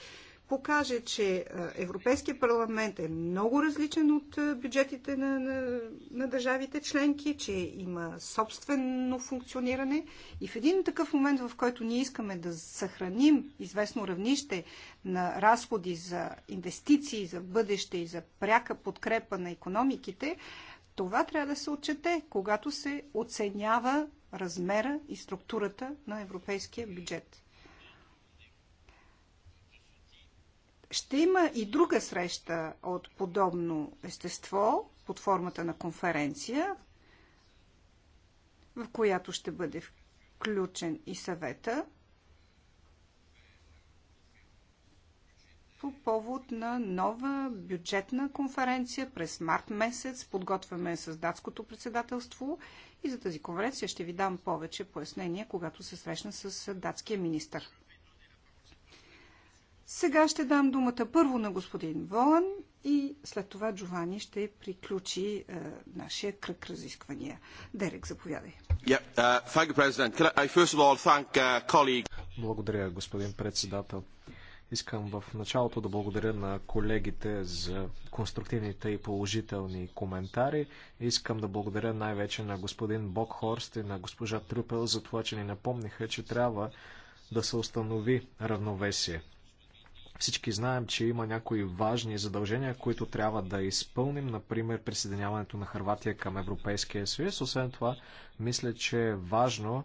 A: покаже, че е, Европейския парламент е много различен от е, бюджетите на, на, на държавите членки, че има собствено функциониране. И в един такъв момент, в който ние искаме да съхраним известно равнище на разходи за инвестиции, за бъдеще и за пряка подкрепа на економиките, това трябва да се отчете, когато се оценява размера и структурата на европейския бюджет. Ще има и друга среща от подобно естество под формата на конференция, в която ще бъде включен и съвета. по повод на нова бюджетна конференция през март месец. Подготвяме с датското председателство и за тази конференция ще ви дам повече пояснения, когато се срещна с датския министр. Сега ще дам думата първо на господин Волан и след това Джовани ще приключи е, нашия кръг разисквания. Дерек, заповядай.
C: Yeah, uh,
A: you, I, all, thank, uh,
C: Благодаря, господин председател. Искам в началото да благодаря на колегите за конструктивните и положителни коментари. Искам да благодаря най-вече на господин Бокхорст и на госпожа Трюпел за това, че ни напомниха, че трябва да се установи равновесие. Всички знаем, че има някои важни задължения, които трябва да изпълним, например присъединяването на Харватия към Европейския съюз. Освен това, мисля, че е важно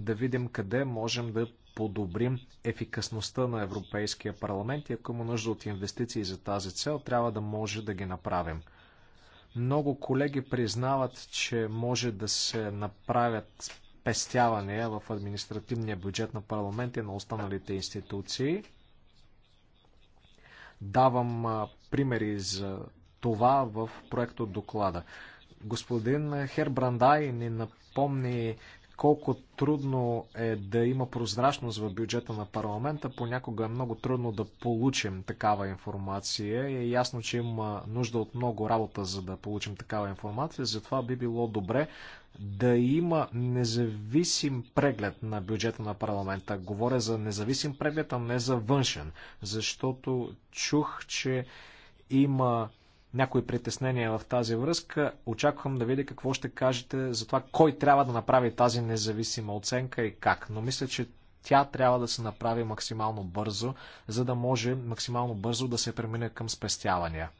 C: да видим къде можем да подобрим ефикасността на Европейския парламент и ако има нужда от инвестиции за тази цел, трябва да може да ги направим. Много колеги признават, че може да се направят пестявания в административния бюджет на парламент и на останалите институции. Давам примери за това в проекто доклада. Господин Хербрандай ни напомни колко трудно е да има прозрачност в бюджета на парламента. Понякога е много трудно да получим такава информация. Е ясно, че има нужда от много работа, за да получим такава информация. Затова би било добре да има независим преглед на бюджета на парламента. Говоря за независим преглед, а не за външен. Защото чух, че има някои притеснения в тази връзка. Очаквам да видя какво ще кажете за това кой трябва да направи тази независима оценка и как. Но мисля, че тя трябва да се направи максимално бързо, за да може максимално бързо да се премине към спестявания.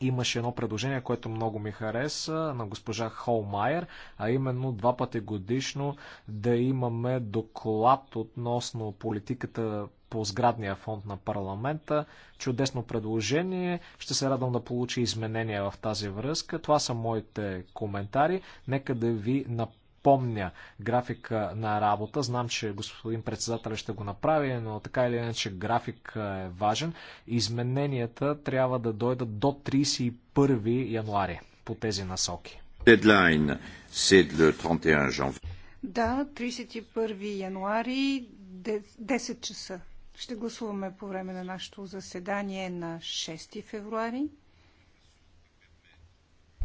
C: Имаше едно предложение, което много ми хареса на госпожа Холмайер, а именно два пъти годишно да имаме доклад относно политиката по сградния фонд на парламента. Чудесно предложение. Ще се радвам да получи изменения в тази връзка. Това са моите коментари. Нека да ви напомня графика на работа. Знам, че господин председател ще го направи, но така или иначе график е важен. Измененията трябва да дойдат до 31 януари по тези насоки.
B: Дедлайн c'est le 31 janvier.
A: Да, 31 януари, 10 часа. Ще гласуваме по време на нашето заседание на 6 февруари,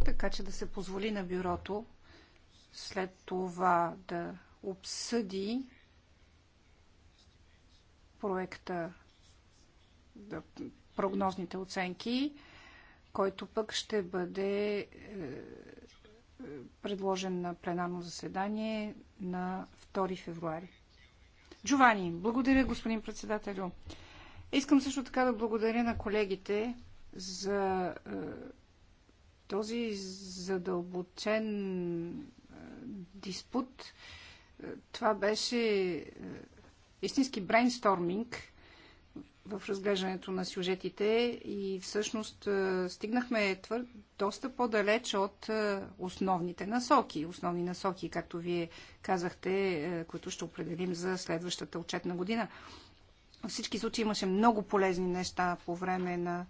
A: така че да се позволи на бюрото след това да обсъди проекта да, прогнозните оценки, който пък ще бъде е, е, предложен на пленарно заседание на 2 февруари. Джовани, благодаря, господин председателю. Искам също така да благодаря на колегите за е, този задълбочен е, диспут. Е, това беше е, истински брейнсторминг в разглеждането на сюжетите и всъщност е, стигнахме твър... доста по-далеч от е, основните насоки. Основни насоки, както вие казахте, е, които ще определим за следващата отчетна година. Във всички случаи имаше много полезни неща по време на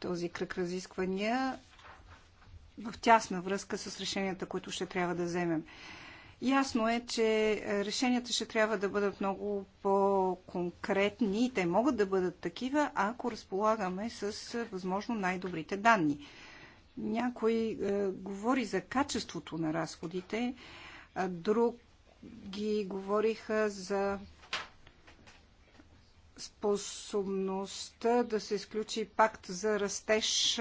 A: този кръг разисквания в тясна връзка с решенията, които ще трябва да вземем. Ясно е, че решенията ще трябва да бъдат много по-конкретни. и Те могат да бъдат такива, ако разполагаме с е, възможно най-добрите данни. Някой е, говори за качеството на разходите, а други говориха за способността да се изключи пакт за растеж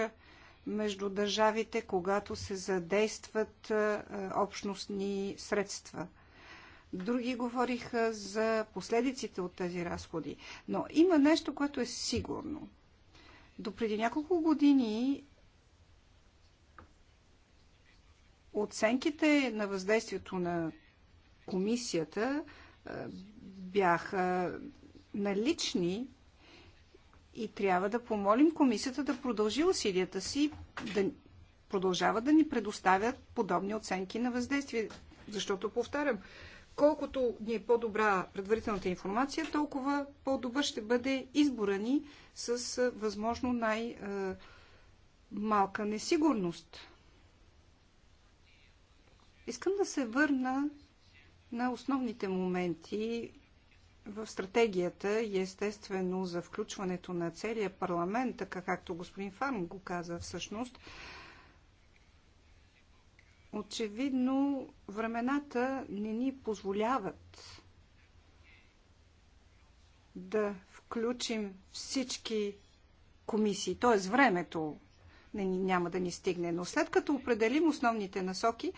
A: между държавите, когато се задействат общностни средства. Други говориха за последиците от тези разходи. Но има нещо, което е сигурно. До преди няколко години оценките на въздействието на комисията бяха налични, и трябва да помолим комисията да продължи усилията си, да продължава да ни предоставят подобни оценки на въздействие. Защото, повтарям, колкото ни е по-добра предварителната информация, толкова по-добър ще бъде избора ни с възможно най-малка несигурност. Искам да се върна на основните моменти в стратегията и естествено за включването на целия парламент, така както господин Фарм го каза всъщност, очевидно времената не ни позволяват да включим всички комисии, т.е. времето не ни, няма да ни стигне. Но след като определим основните насоки,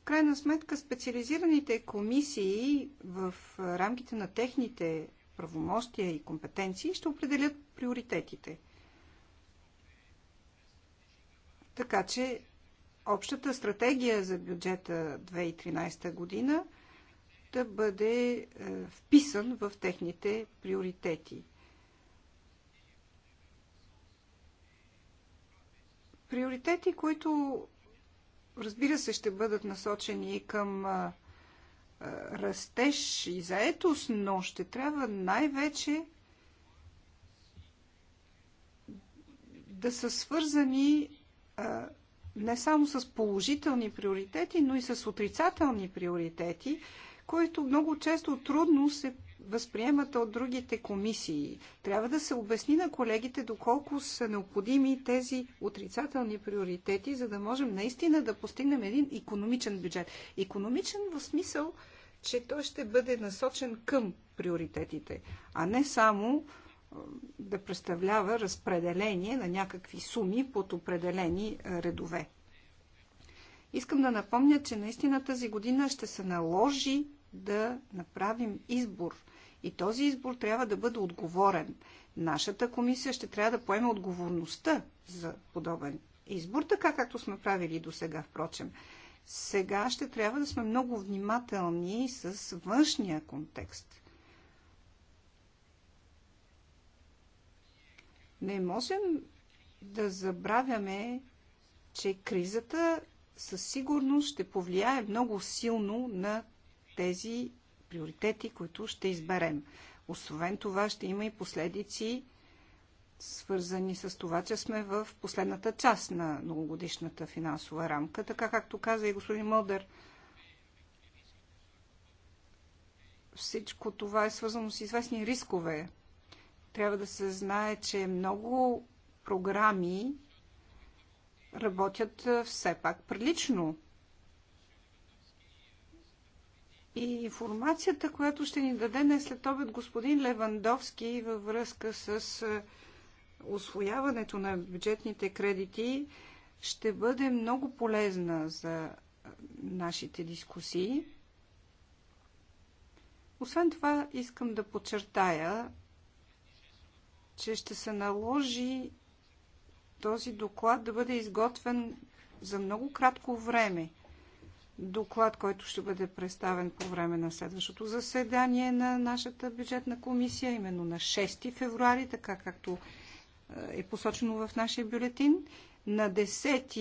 A: в крайна сметка специализираните комисии в рамките на техните правомощия и компетенции ще определят приоритетите. Така че общата стратегия за бюджета 2013 година да бъде е, вписан в техните приоритети. Приоритети, които разбира се, ще бъдат насочени и към растеж и заетост, но ще трябва най-вече да са свързани не само с положителни приоритети, но и с отрицателни приоритети, които много често трудно се възприемат от другите комисии. Трябва да се обясни на колегите доколко са необходими тези отрицателни приоритети, за да можем наистина да постигнем един економичен бюджет. Економичен в смисъл, че той ще бъде насочен към приоритетите, а не само да представлява разпределение на някакви суми под определени е, редове. Искам да напомня, че наистина тази година ще се наложи да направим избор. И този избор трябва да бъде отговорен. Нашата комисия ще трябва да поеме отговорността за подобен избор, така както сме правили до сега, впрочем. Сега ще трябва да сме много внимателни с външния контекст. Не можем да забравяме, че кризата със сигурност ще повлияе много силно на тези приоритети, които ще изберем. Освен това ще има и последици, свързани с това, че сме в последната част на многогодишната финансова рамка. Така както каза и господин Модер, всичко това е свързано с известни рискове. Трябва да се знае, че много програми работят все пак прилично и информацията, която ще ни даде днес след обед господин Левандовски във връзка с е, освояването на бюджетните кредити, ще бъде много полезна за е, нашите дискусии. Освен това, искам да подчертая, че ще се наложи този доклад да бъде изготвен за много кратко време доклад, който ще бъде представен по време на следващото заседание на нашата бюджетна комисия, именно на 6 февруари, така както е, е посочено в нашия бюлетин. На 10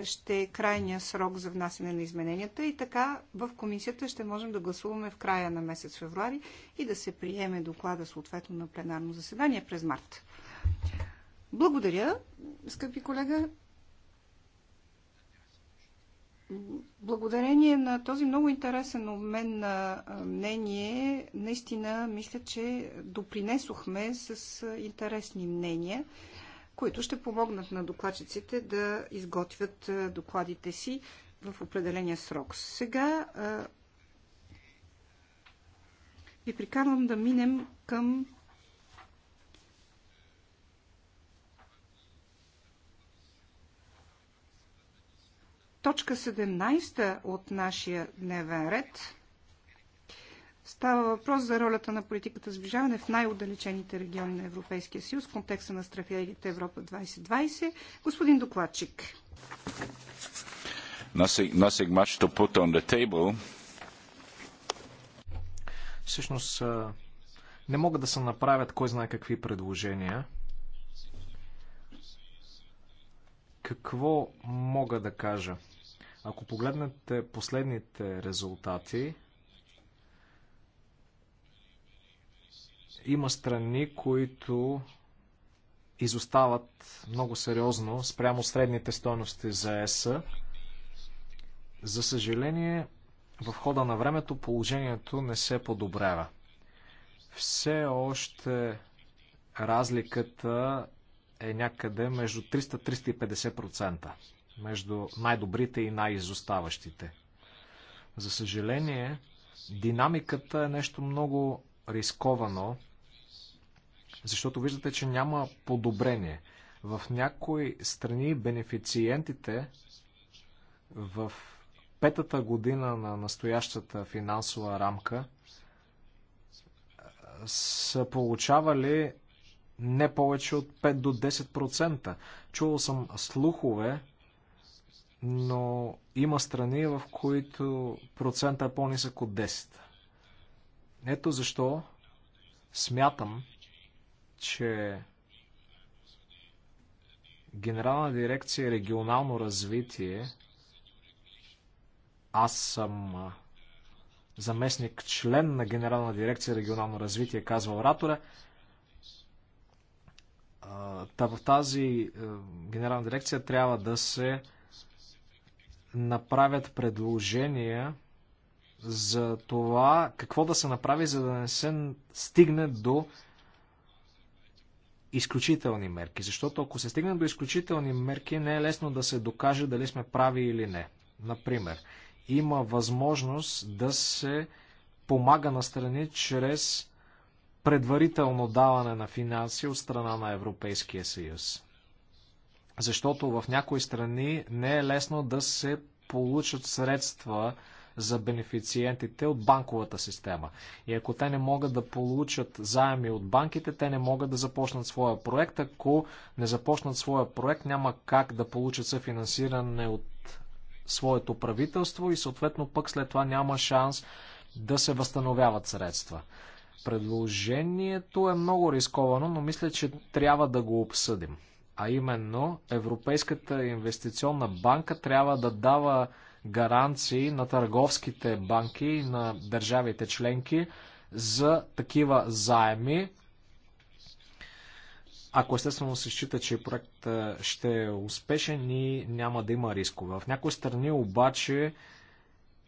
A: е, ще е крайния срок за внасяне на измененията и така в комисията ще можем да гласуваме в края на месец февруари и да се приеме доклада съответно на пленарно заседание през март. Благодаря, скъпи колега благодарение на този много интересен обмен на мнение, наистина мисля, че допринесохме с интересни мнения, които ще помогнат на докладчиците да изготвят докладите си в определения срок. Сега ви приканвам да минем към точка 17 от нашия дневен ред. Става въпрос за ролята на политиката сближаване в най-отдалечените региони на Европейския съюз в контекста на стратегията Европа 2020. Господин докладчик. put on the table.
C: Всъщност, не могат да се направят кой знае какви предложения. Какво мога да кажа? Ако погледнете последните резултати, има страни, които изостават много сериозно спрямо средните стойности за ЕСА. За съжаление, в хода на времето положението не се подобрява. Все още разликата е някъде между 300-350% между най-добрите и най-изоставащите. За съжаление, динамиката е нещо много рисковано, защото виждате, че няма подобрение. В някои страни бенефициентите в петата година на настоящата финансова рамка са получавали не повече от 5 до 10%. Чувал съм слухове, но има страни, в които процента е по-нисък от 10. Ето защо смятам, че Генерална дирекция регионално развитие, аз съм заместник член на Генерална дирекция регионално развитие, казва оратора, Та в тази генерална дирекция трябва да се направят предложения за това какво да се направи, за да не се стигне до изключителни мерки. Защото ако се стигне до изключителни мерки, не е лесно да се докаже дали сме прави или не. Например, има възможност да се помага на страни чрез предварително даване на финанси от страна на Европейския съюз защото в някои страни не е лесно да се получат средства за бенефициентите от банковата система. И ако те не могат да получат заеми от банките, те не могат да започнат своя проект. Ако не започнат своя проект, няма как да получат съфинансиране от своето правителство и съответно пък след това няма шанс да се възстановяват средства. Предложението е много рисковано, но мисля, че трябва да го обсъдим а именно Европейската инвестиционна банка трябва да дава гаранции на търговските банки и на държавите членки за такива заеми, ако естествено се счита, че проект ще е успешен и няма да има рискове. В някои страни обаче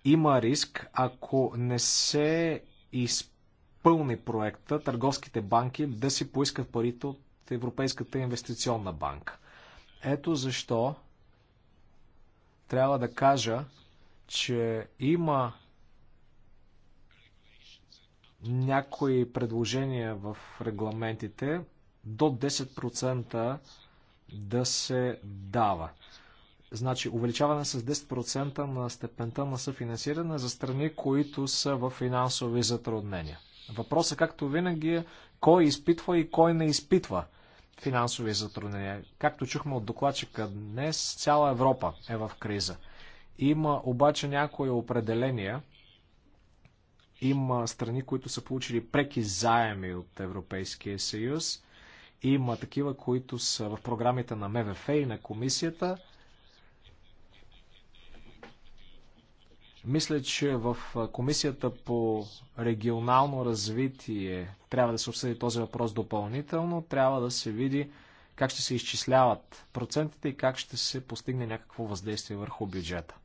C: има риск, ако не се изпълни проекта, търговските банки да си поискат парите от Европейската инвестиционна банка. Ето защо трябва да кажа, че има някои предложения в регламентите до 10% да се дава. Значи увеличаване с 10% на степента на съфинансиране за страни, които са в финансови затруднения. Въпросът, както винаги, е кой изпитва и кой не изпитва финансови затруднения. Както чухме от докладчика днес, цяла Европа е в криза. Има обаче някои определения. Има страни, които са получили преки заеми от Европейския съюз. Има такива, които са в програмите на МВФ и на комисията. Мисля, че в Комисията по регионално развитие трябва да се обсъди този въпрос допълнително. Трябва да се види как ще се изчисляват процентите и как ще се постигне някакво въздействие върху бюджета.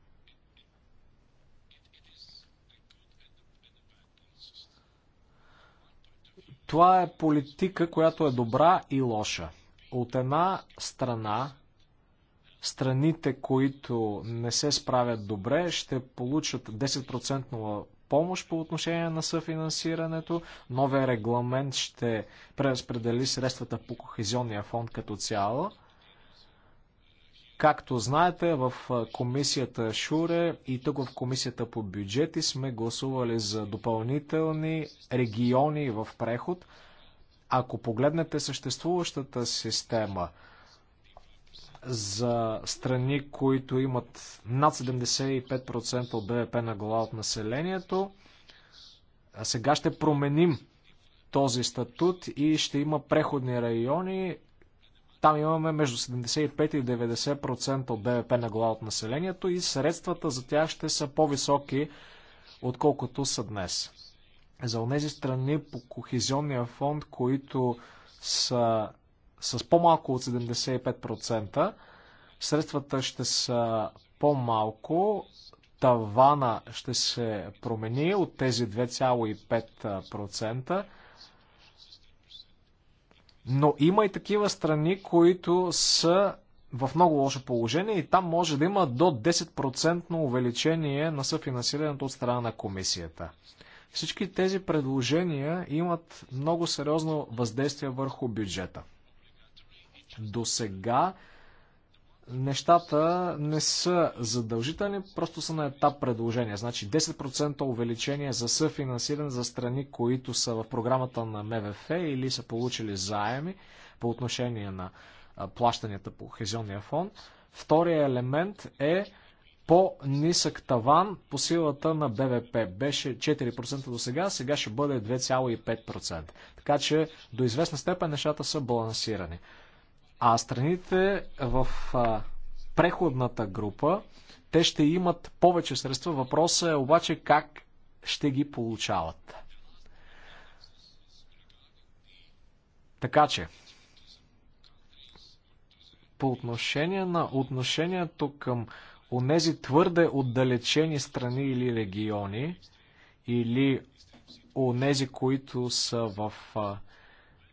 C: Това е политика, която е добра и лоша. От една страна Страните, които не се справят добре, ще получат 10% помощ по отношение на съфинансирането. Новия регламент ще преразпредели средствата по Кохезионния фонд като цяло. Както знаете, в комисията Шуре и тук в комисията по бюджети сме гласували за допълнителни региони в преход. Ако погледнете съществуващата система, за страни, които имат над 75% от БВП на глава от населението. А сега ще променим този статут и ще има преходни райони. Там имаме между 75 и 90% от БВП на глава от населението и средствата за тях ще са по-високи, отколкото са днес. За тези страни по Кохезионния фонд, които са с по-малко от 75%. Средствата ще са по-малко, тавана ще се промени от тези 2,5%. Но има и такива страни, които са в много лошо положение и там може да има до 10% увеличение на съфинансирането от страна на комисията. Всички тези предложения имат много сериозно въздействие върху бюджета. До сега нещата не са задължителни, просто са на етап предложения. Значи 10% увеличение за съфинансиране за страни, които са в програмата на МВФ или са получили заеми по отношение на плащанията по хезионния фонд. Втория елемент е по-нисък таван по силата на БВП. Беше 4% до сега, сега ще бъде 2,5%. Така че до известна степен нещата са балансирани. А страните в преходната група, те ще имат повече средства. Въпросът е обаче как ще ги получават. Така че, по отношение на отношението към онези твърде отдалечени страни или региони, или онези, които са в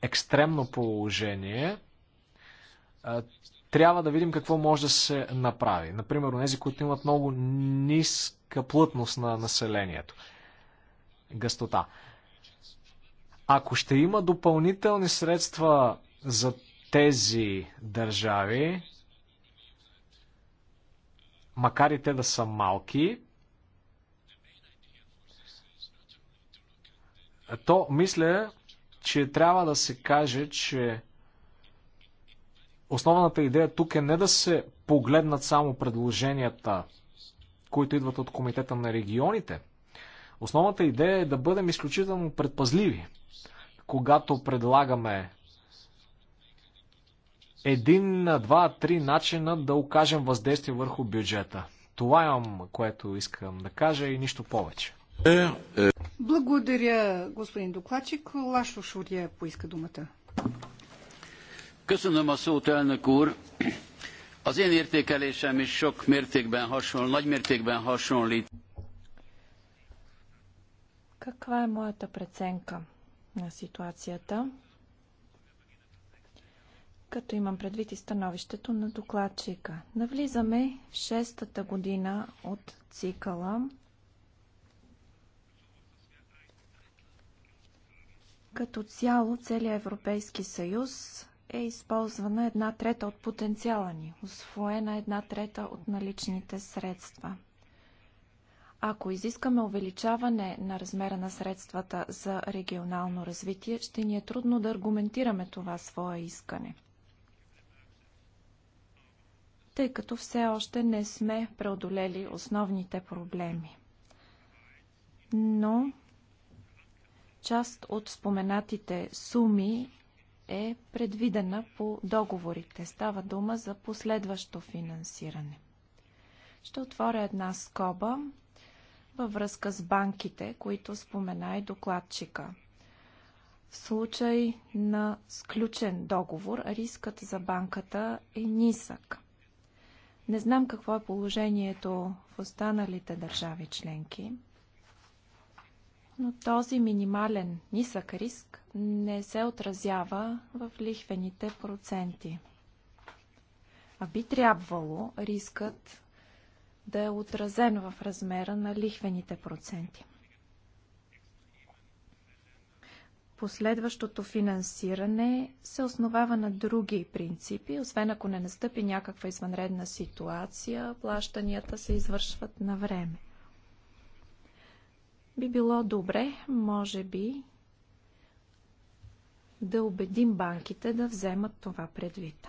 C: екстремно положение – трябва да видим какво може да се направи. Например, тези, които имат много ниска плътност на населението. Гъстота. Ако ще има допълнителни средства за тези държави, макар и те да са малки, то мисля, че трябва да се каже, че Основната идея тук е не да се погледнат само предложенията, които идват от Комитета на регионите. Основната идея е да бъдем изключително предпазливи, когато предлагаме един, два, три начина да окажем въздействие върху бюджета. Това имам, което искам да кажа и нищо повече. Е, е.
A: Благодаря, господин докладчик. Лашо Шурия поиска думата.
C: Köszönöm a szót, elnök úr. Az én értékelésem is sok mértékben hasonl, nagy mértékben hasonlít.
B: Каква е моята преценка на ситуацията? Като имам предвид и становището на докладчика. Навлизаме в шестата година от цикъла. Като цяло целият Европейски съюз е използвана една трета от потенциала ни, освоена една трета от наличните средства. Ако изискаме увеличаване на размера на средствата за регионално развитие, ще ни е трудно да аргументираме това свое искане. Тъй като все още не сме преодолели основните проблеми. Но част от споменатите суми е предвидена по договорите. Става дума за последващо финансиране. Ще отворя една скоба във връзка с банките, които спомена и докладчика. В случай на сключен договор, рискът за банката е нисък. Не знам какво е положението в останалите държави членки но този минимален нисък риск не се отразява в лихвените проценти. А би трябвало рискът да е отразен в размера на лихвените проценти. Последващото финансиране се основава на други принципи. Освен ако не настъпи някаква извънредна ситуация, плащанията се извършват на време. Би било добре, може би, да убедим банките да вземат това предвид.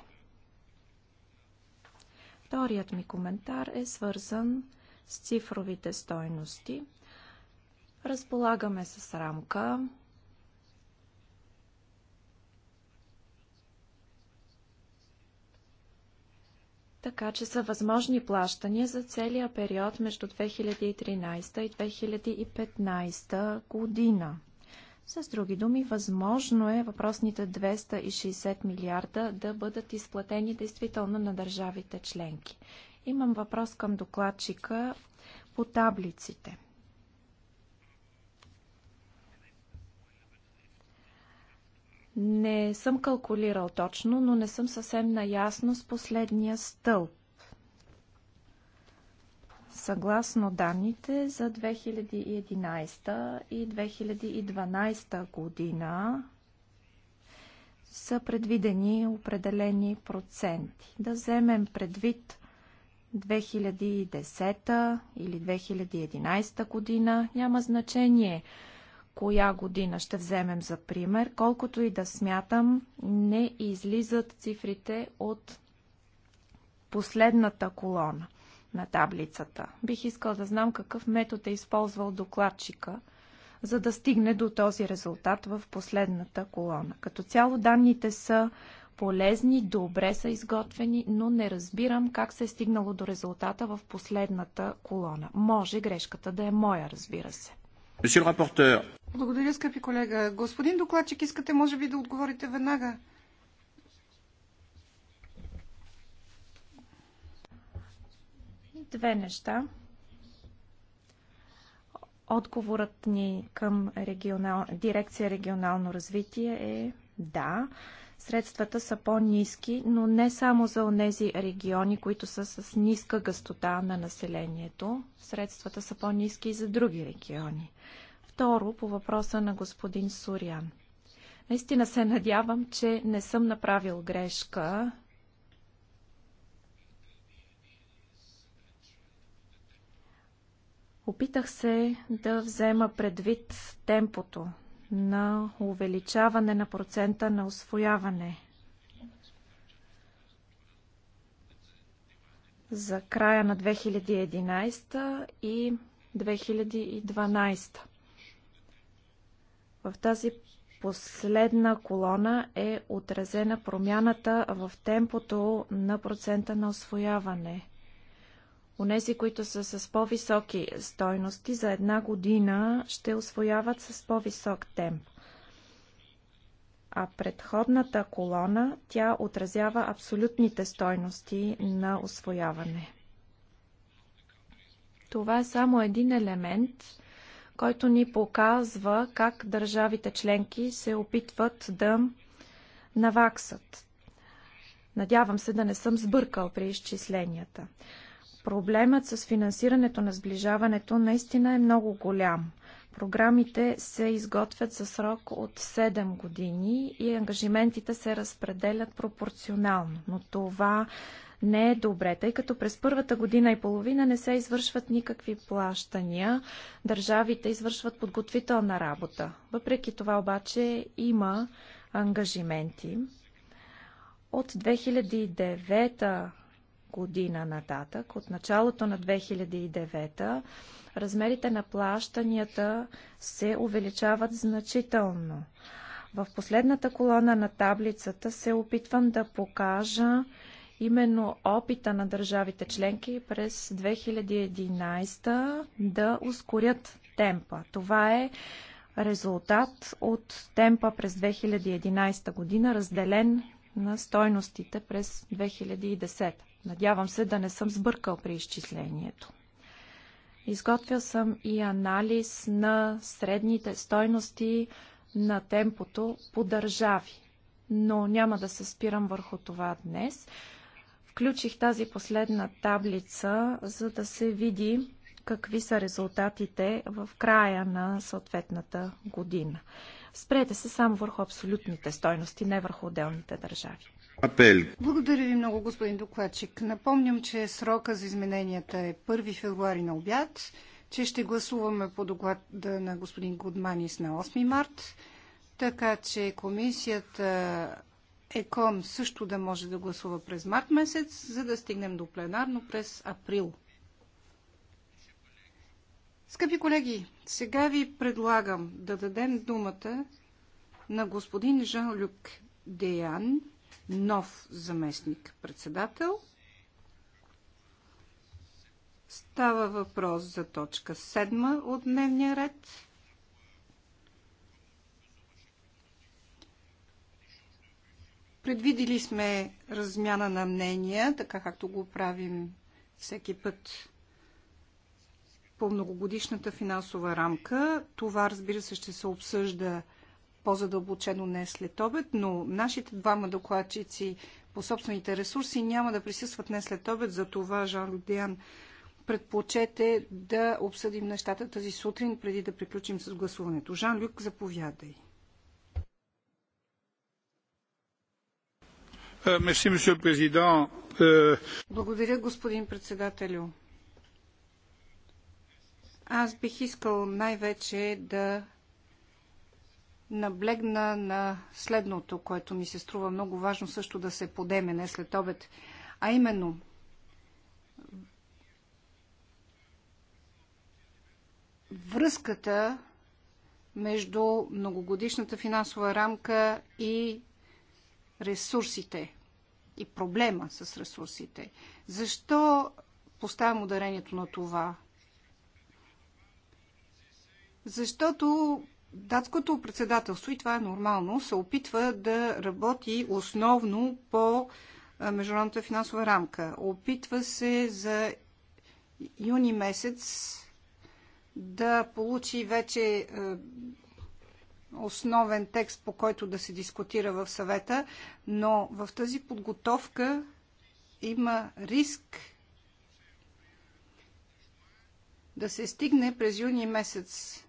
B: Вторият ми коментар е свързан с цифровите стойности. Разполагаме с рамка, така че са възможни плащания за целия период между 2013 и 2015 година. С други думи, възможно е въпросните 260 милиарда да бъдат изплатени действително на държавите членки. Имам въпрос към докладчика по таблиците. Не съм калкулирал точно, но не съм съвсем наясно с последния стълб. Съгласно данните за 2011 и 2012 година са предвидени определени проценти. Да вземем предвид 2010 или 2011 година, няма значение – коя година ще вземем за пример, колкото и да смятам, не излизат цифрите от последната колона на таблицата. Бих искал да знам какъв метод е използвал докладчика, за да стигне до този резултат в последната колона. Като цяло данните са полезни, добре са изготвени, но не разбирам как се е стигнало до резултата
A: в последната колона. Може грешката да е моя, разбира се. Благодаря, скъпи колега. Господин докладчик, искате може би да отговорите веднага?
B: Две неща. Отговорът ни към регионал... дирекция регионално развитие е да. Средствата са по-низки, но не само за онези региони, които са с ниска гъстота на населението. Средствата са по-низки и за други региони. Второ, по въпроса на господин Сурян. Наистина се надявам, че не съм направил грешка. Опитах се да взема предвид темпото на увеличаване на процента на освояване за края на 2011 и 2012. В тази последна колона е отразена промяната в темпото на процента на освояване. Унези, които са с по-високи стойности, за една година ще освояват с по-висок темп. А предходната колона, тя отразява абсолютните стойности на освояване. Това е само един елемент – който ни показва как държавите членки се опитват да наваксат. Надявам се да не съм сбъркал при изчисленията. Проблемът с финансирането на сближаването наистина е много голям. Програмите се изготвят за срок от 7 години и ангажиментите се разпределят пропорционално, но това не е добре, тъй като през първата година и половина не се извършват никакви плащания. Държавите извършват подготвителна работа. Въпреки това обаче има ангажименти. От 2009 година нататък, от началото на 2009, размерите на плащанията се увеличават значително. В последната колона на таблицата се опитвам да покажа именно опита на държавите членки през 2011 да ускорят темпа. Това е резултат от темпа през 2011 година, разделен на стойностите през 2010. Надявам се да не съм сбъркал при изчислението. Изготвил съм и анализ на средните стойности на темпото по държави, но няма да се спирам върху това днес. Включих тази последна таблица, за да се види какви са резултатите в края на съответната година. Спрете се само върху абсолютните стойности, не върху отделните
A: държави. Апел. Благодаря ви много, господин докладчик. Напомням, че срока за измененията е 1 февруари на обяд, че ще гласуваме по доклада на господин Гудманис на 8 март, така че комисията ЕКОН също да може да гласува през март месец, за да стигнем до пленарно през април. Скъпи колеги, сега ви предлагам да дадем думата на господин Жан-Люк Деян, нов заместник-председател. Става въпрос за точка 7 от дневния ред. Предвидили сме размяна на мнения, така както го правим всеки път по многогодишната финансова рамка. Това, разбира се, ще се обсъжда по-задълбочено не след обед, но нашите двама докладчици по собствените ресурси няма да присъстват не след обед. За това, Жан Людиан предпочете да обсъдим нещата тази сутрин, преди да приключим с гласуването. Жан Люк, заповядай. Euh, euh, Благодаря, господин председателю. Аз бих искал най-вече да наблегна на следното, което ми се струва много важно също да се подеме не след обед, а именно връзката между многогодишната финансова рамка и ресурсите и проблема с ресурсите. Защо поставям ударението на това? Защото датското председателство, и това е нормално, се опитва да работи основно по международната финансова рамка. Опитва се за юни месец да получи вече основен текст, по който да се дискутира в съвета, но в тази подготовка има риск да се стигне през юни месец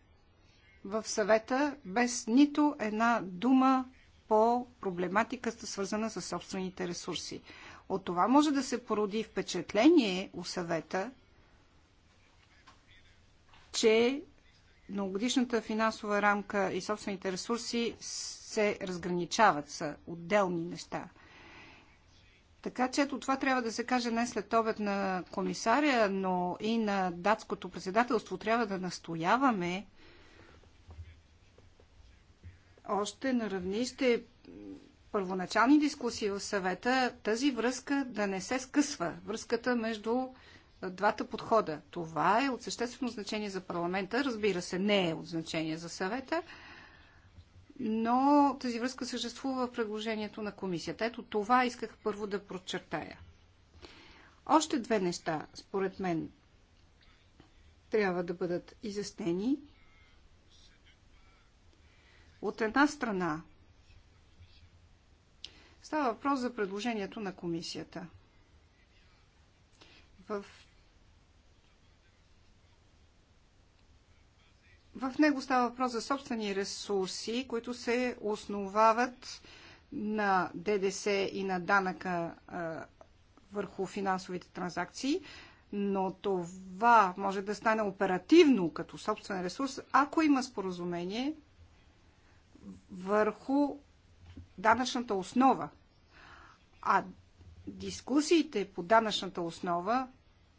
A: в съвета без нито една дума по проблематиката, свързана с собствените ресурси. От това може да се породи впечатление у съвета, че многогодишната финансова рамка и собствените ресурси се разграничават, са отделни неща. Така че ето това трябва да се каже не след обед на комисаря, но и на датското председателство трябва да настояваме още на равнище първоначални дискусии в съвета тази връзка да не се скъсва. Връзката между двата подхода. Това е от съществено значение за парламента, разбира се, не е от значение за съвета, но тази връзка съществува в предложението на комисията. Ето това исках първо да прочертая. Още две неща, според мен, трябва да бъдат изяснени. От една страна, става въпрос за предложението на комисията. В В него става въпрос за собствени ресурси, които се основават на ДДС и на данъка а, върху финансовите транзакции, но това може да стане оперативно като собствен ресурс, ако има споразумение върху данъчната основа. А дискусиите по данъчната основа,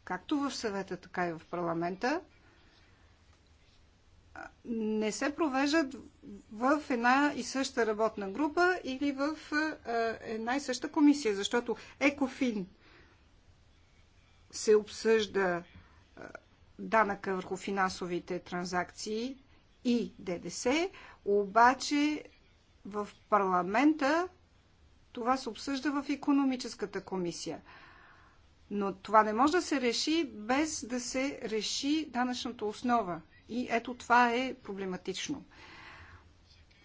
A: както в съвета, така и в парламента, не се провеждат в една и съща работна група или в е, една и съща комисия, защото ЕКОФИН се обсъжда е, данъка върху финансовите транзакции и ДДС, обаче в парламента това се обсъжда в економическата комисия. Но това не може да се реши без да се реши данъчната основа и ето това е проблематично.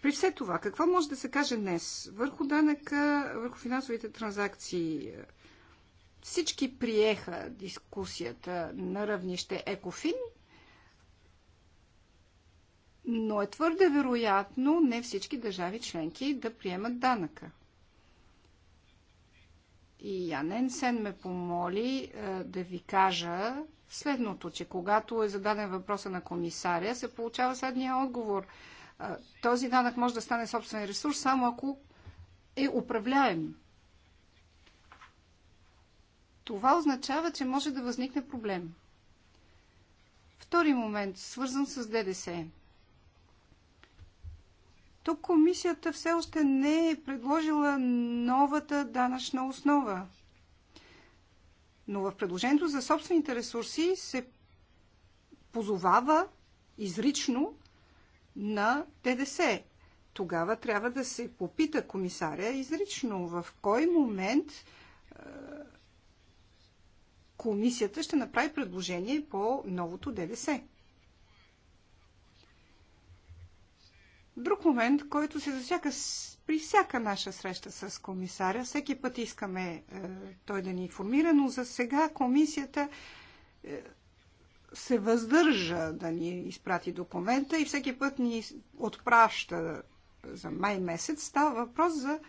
A: При все това, какво може да се каже днес? Върху данъка, върху финансовите транзакции, всички приеха дискусията на равнище Екофин, но е твърде вероятно не всички държави членки да приемат данъка. И Янен Сен ме помоли е, да ви кажа следното, че когато е зададен въпроса на комисаря, се получава следния отговор. Този данък може да стане собствен ресурс, само ако е управляем. Това означава, че може да възникне проблем. Втори момент, свързан с ДДС. Тук комисията все още не е предложила новата данъчна основа. Но в предложението за собствените ресурси се позовава изрично на ДДС. Тогава трябва да се попита комисаря изрично в кой момент е, комисията ще направи предложение по новото ДДС. Друг момент, който се засяга при всяка наша среща с комисаря, всеки път искаме е, той да ни информира, но за сега комисията е, се въздържа да ни изпрати документа и всеки път ни отпраща за май месец. Става въпрос за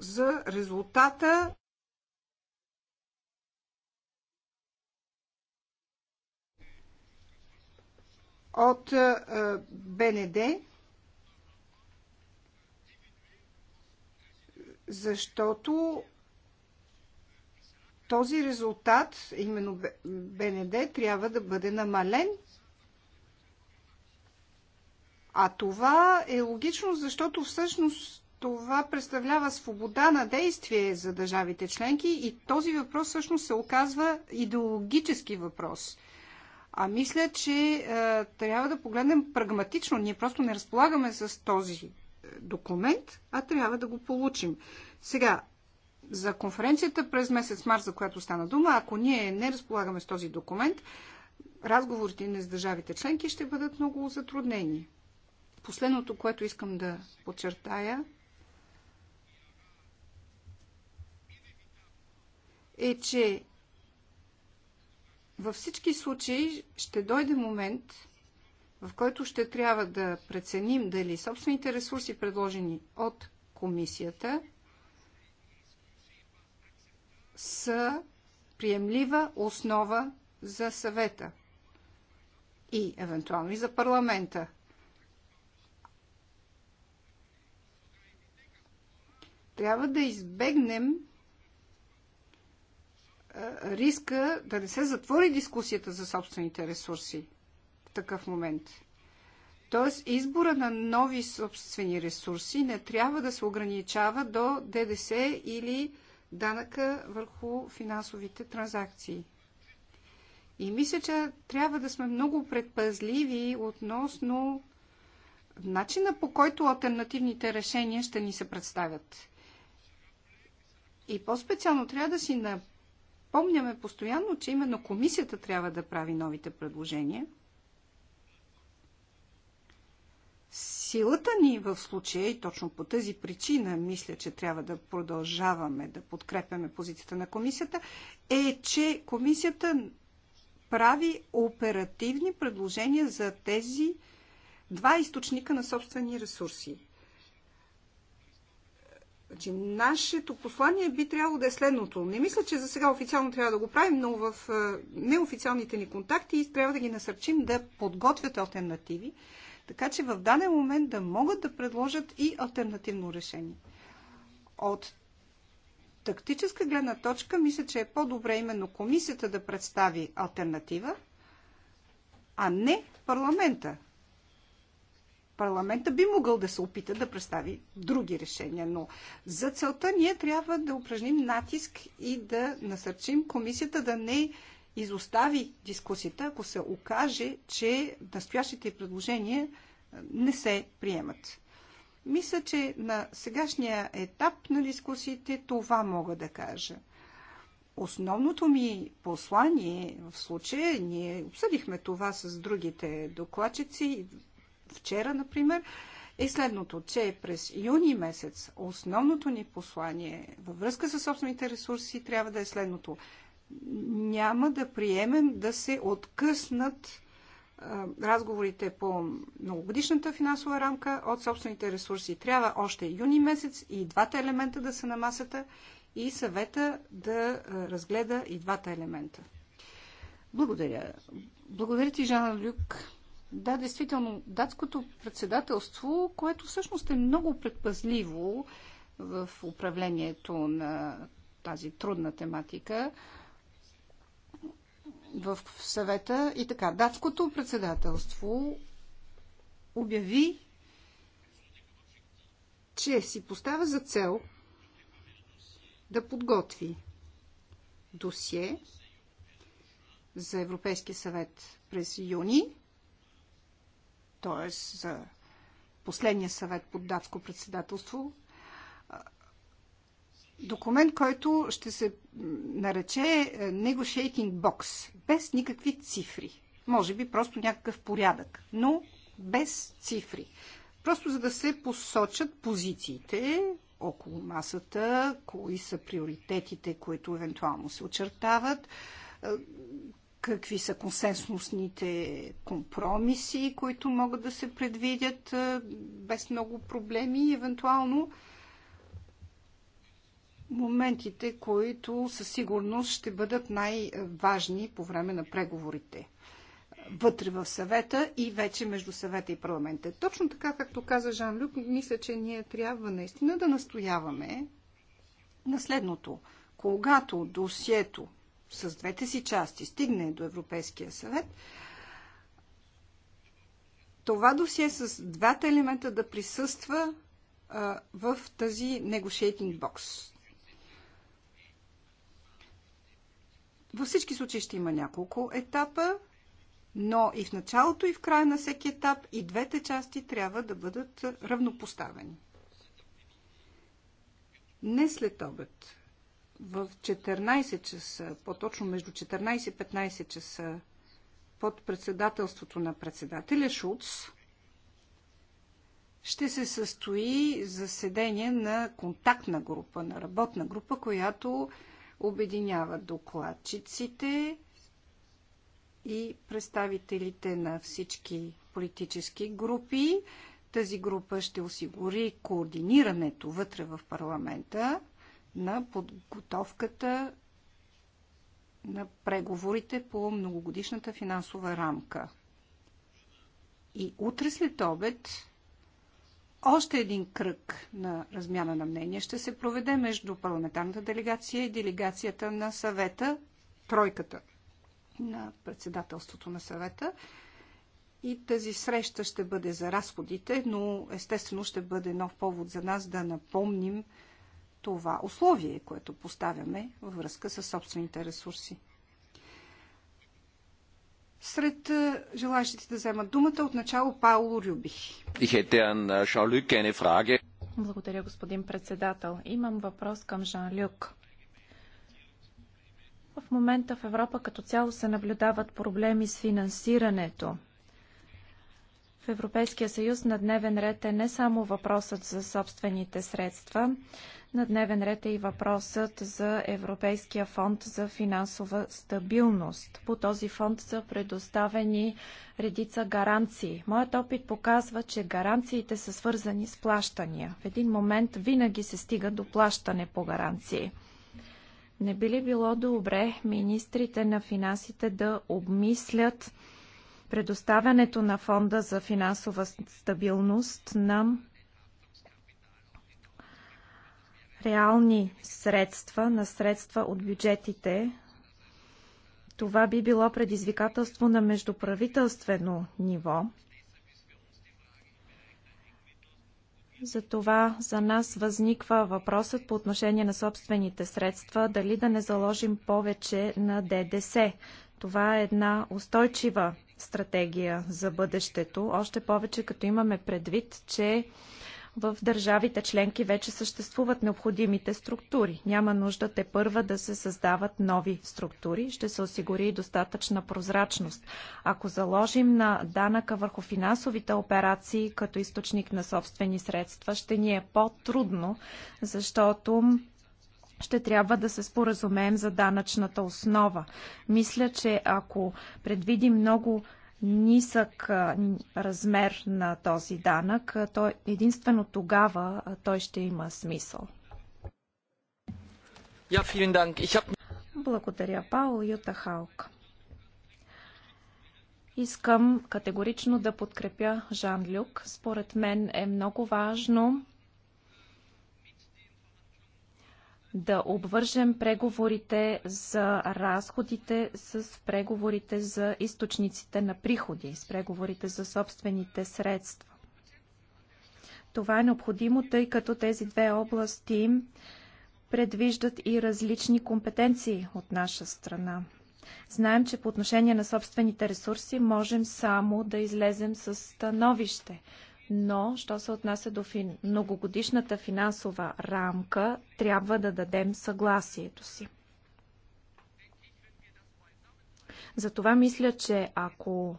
A: за резултата от е, е, БНД, защото този резултат, именно БНД, трябва да бъде намален. А това е логично, защото всъщност това представлява свобода на действие за държавите членки и този въпрос всъщност се оказва идеологически въпрос – а мисля, че е, трябва да погледнем прагматично. Ние просто не разполагаме с този е, документ, а трябва да го получим. Сега, за конференцията през месец март, за която стана дума, ако ние не разполагаме с този документ, разговорите ни с държавите членки ще бъдат много затруднени. Последното, което искам да подчертая, е, че във всички случаи ще дойде момент, в който ще трябва да преценим дали собствените ресурси, предложени от комисията, са приемлива основа за съвета и евентуално и за парламента. Трябва да избегнем риска да не се затвори дискусията за собствените ресурси в такъв момент. Тоест, избора на нови собствени ресурси не трябва да се ограничава до ДДС или данъка върху финансовите транзакции. И мисля, че трябва да сме много предпазливи относно начина по който альтернативните решения ще ни се представят. И по-специално трябва да си напомним, напомняме постоянно, че именно комисията трябва да прави новите предложения. Силата ни в случая и точно по тази причина мисля, че трябва да продължаваме да подкрепяме позицията на комисията, е, че комисията прави оперативни предложения за тези два източника на собствени ресурси. Значи, нашето послание би трябвало да е следното. Не мисля, че за сега официално трябва да го правим, но в е, неофициалните ни контакти трябва да ги насърчим да подготвят альтернативи, така че в даден момент да могат да предложат и альтернативно решение. От тактическа гледна точка, мисля, че е по-добре именно комисията да представи альтернатива, а не парламента парламента би могъл да се опита да представи други решения, но за целта ние трябва да упражним натиск и да насърчим комисията да не изостави дискусията, ако се окаже, че настоящите предложения не се приемат. Мисля, че на сегашния етап на дискусиите това мога да кажа. Основното ми послание в случая, ние обсъдихме това с другите докладчици, вчера, например, е следното, че през юни месец основното ни послание във връзка с собствените ресурси трябва да е следното. Няма да приемем да се откъснат разговорите по многогодишната финансова рамка от собствените ресурси. Трябва още юни месец и двата елемента да са на масата и съвета да разгледа и двата елемента. Благодаря. Благодаря ти, Жанна Люк. Да, действително, датското председателство, което всъщност е много предпазливо в управлението на тази трудна тематика в съвета. И така, датското председателство обяви, че си поставя за цел да подготви досие за Европейския съвет през юни т.е. за последния съвет под датско председателство, документ, който ще се нарече Negotiating е, Box, без никакви цифри. Може би просто някакъв порядък, но без цифри. Просто за да се посочат позициите около масата, кои са приоритетите, които евентуално се очертават, какви са консенсусните компромиси, които могат да се предвидят без много проблеми и евентуално моментите, които със сигурност ще бъдат най-важни по време на преговорите вътре в съвета и вече между съвета и парламента. Точно така, както каза Жан-Люк, мисля, че ние трябва наистина да настояваме на следното. Когато досието с двете си части стигне до Европейския съвет, това досие с двата елемента да присъства а, в тази negotiating box. Във всички случаи ще има няколко етапа, но и в началото, и в края на всеки етап, и двете части трябва да бъдат равнопоставени. Не след обед в 14 часа, по-точно между 14 и 15 часа, под председателството на председателя Шуц, ще се състои заседение на контактна група, на работна група, която обединява докладчиците и представителите на всички политически групи. Тази група ще осигури координирането вътре в парламента на подготовката на преговорите по многогодишната финансова рамка. И утре след обед още един кръг на размяна на мнение ще се проведе между парламентарната делегация и делегацията на съвета, тройката на председателството на съвета. И тази среща ще бъде за разходите, но естествено ще бъде нов повод за нас да напомним това условие, което поставяме във връзка с собствените ресурси. Сред е, желаящите да вземат думата, отначало Пауло Рюбих.
C: Е,
B: Благодаря, господин председател. Имам въпрос към Жан-Люк. В момента в Европа като цяло се наблюдават проблеми с финансирането. В Европейския съюз на дневен ред е не само въпросът за собствените средства, на дневен ред е и въпросът за Европейския фонд за финансова стабилност. По този фонд са предоставени редица гаранции. Моят опит показва, че гаранциите са свързани с плащания. В един момент винаги се стига до плащане по гаранции. Не би ли било добре министрите на финансите да обмислят предоставянето на фонда за финансова стабилност на реални средства, на средства от бюджетите, това би било предизвикателство на междуправителствено ниво. Затова за нас възниква въпросът по отношение на собствените средства, дали да не заложим повече на ДДС. Това е една устойчива стратегия за бъдещето, още повече като имаме предвид, че в държавите членки вече съществуват необходимите структури. Няма нужда те първа да се създават нови структури. Ще се осигури и достатъчна прозрачност. Ако заложим на данъка върху финансовите операции като източник на собствени средства, ще ни е по-трудно, защото ще трябва да се споразумеем за данъчната основа. Мисля, че ако предвидим много нисък размер на този данък, то единствено тогава той ще има смисъл. Благодаря, Пао Юта Халк. Искам категорично да подкрепя Жан Люк. Според мен е много важно да обвържем преговорите за разходите с преговорите за източниците на приходи, с преговорите за собствените средства. Това е необходимо, тъй като тези две области предвиждат и различни компетенции от наша страна. Знаем, че по отношение на собствените ресурси можем само да излезем с становище но що се отнася до фин... многогодишната финансова рамка, трябва да дадем съгласието си. Затова мисля, че ако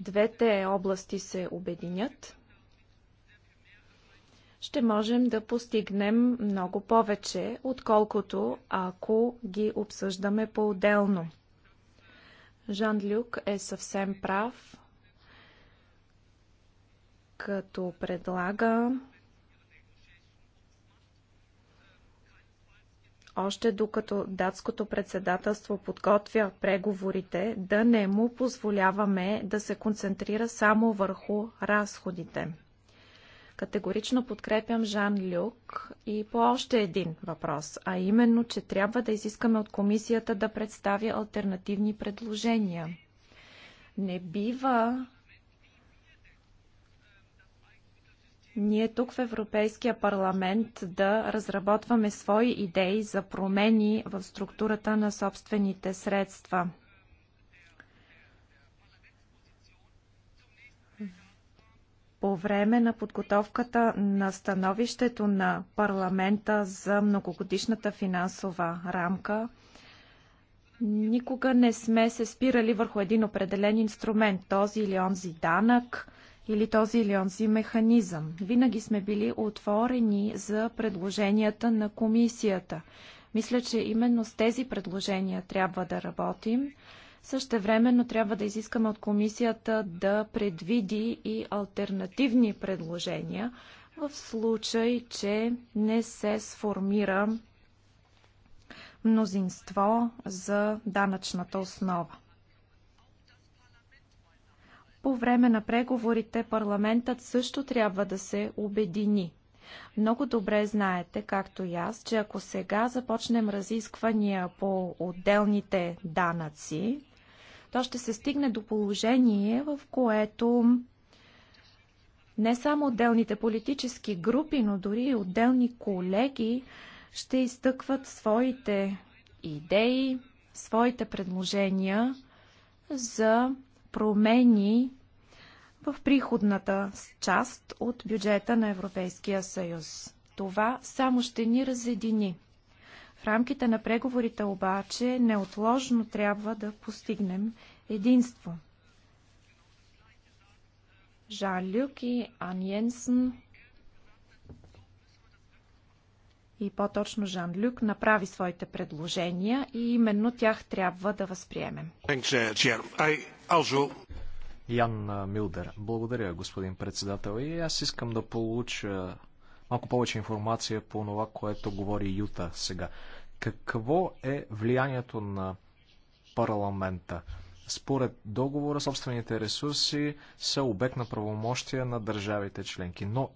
B: двете области се обединят, ще можем да постигнем много повече, отколкото ако ги обсъждаме по-отделно. Жан Люк е съвсем прав като предлага още докато датското председателство подготвя преговорите, да не му позволяваме да се концентрира само върху разходите. Категорично подкрепям Жан Люк и по още един въпрос, а именно, че трябва да изискаме от комисията да представи альтернативни предложения. Не бива ние тук в Европейския парламент да разработваме свои идеи за промени в структурата на собствените средства. По време на подготовката на становището на парламента за многогодишната финансова рамка, никога не сме се спирали върху един определен инструмент, този или онзи данък – или този или онзи механизъм. Винаги сме били отворени за предложенията на комисията. Мисля, че именно с тези предложения трябва да работим. времено трябва да изискаме от комисията да предвиди и альтернативни предложения в случай, че не се сформира мнозинство за данъчната основа. По време на преговорите парламентът също трябва да се обедини. Много добре знаете, както и аз, че ако сега започнем разисквания по отделните данъци, то ще се стигне до положение, в което не само отделните политически групи, но дори и отделни колеги ще изтъкват своите идеи, своите предложения за промени в приходната част от бюджета на Европейския съюз. Това само ще ни разедини. В рамките на преговорите обаче неотложно трябва да постигнем единство. Жан Люк и Ан Йенсен и по-точно Жан Люк направи своите предложения и именно тях трябва да възприемем.
C: Uh, Алжо. Ян Милдер. Благодаря, господин председател. И аз искам да получа малко повече информация по това, което говори Юта сега. Какво е влиянието на парламента? Според договора, собствените ресурси са обект на правомощия на държавите членки. Но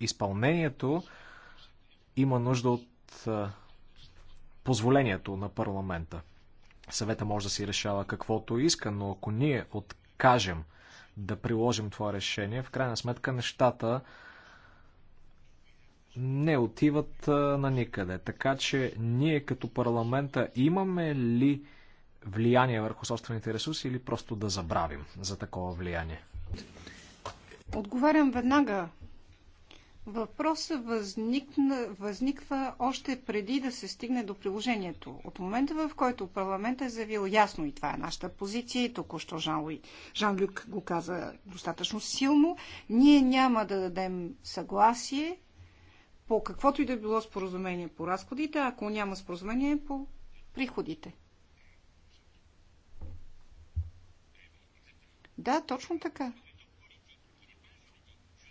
C: изпълнението има нужда от позволението на парламента. Съвета може да си решава каквото иска, но ако ние откажем да приложим това решение, в крайна сметка нещата не отиват на никъде. Така че ние като парламента имаме ли влияние върху собствените ресурси или просто да забравим за такова влияние?
A: Отговарям веднага Въпросът възникна, възниква още преди да се стигне до приложението. От момента, в който парламентът е заявил ясно и това е нашата позиция, и току-що Жан-Люк Жан го каза достатъчно силно, ние няма да дадем съгласие по каквото и да било споразумение по разходите, ако няма споразумение по приходите. Да, точно така.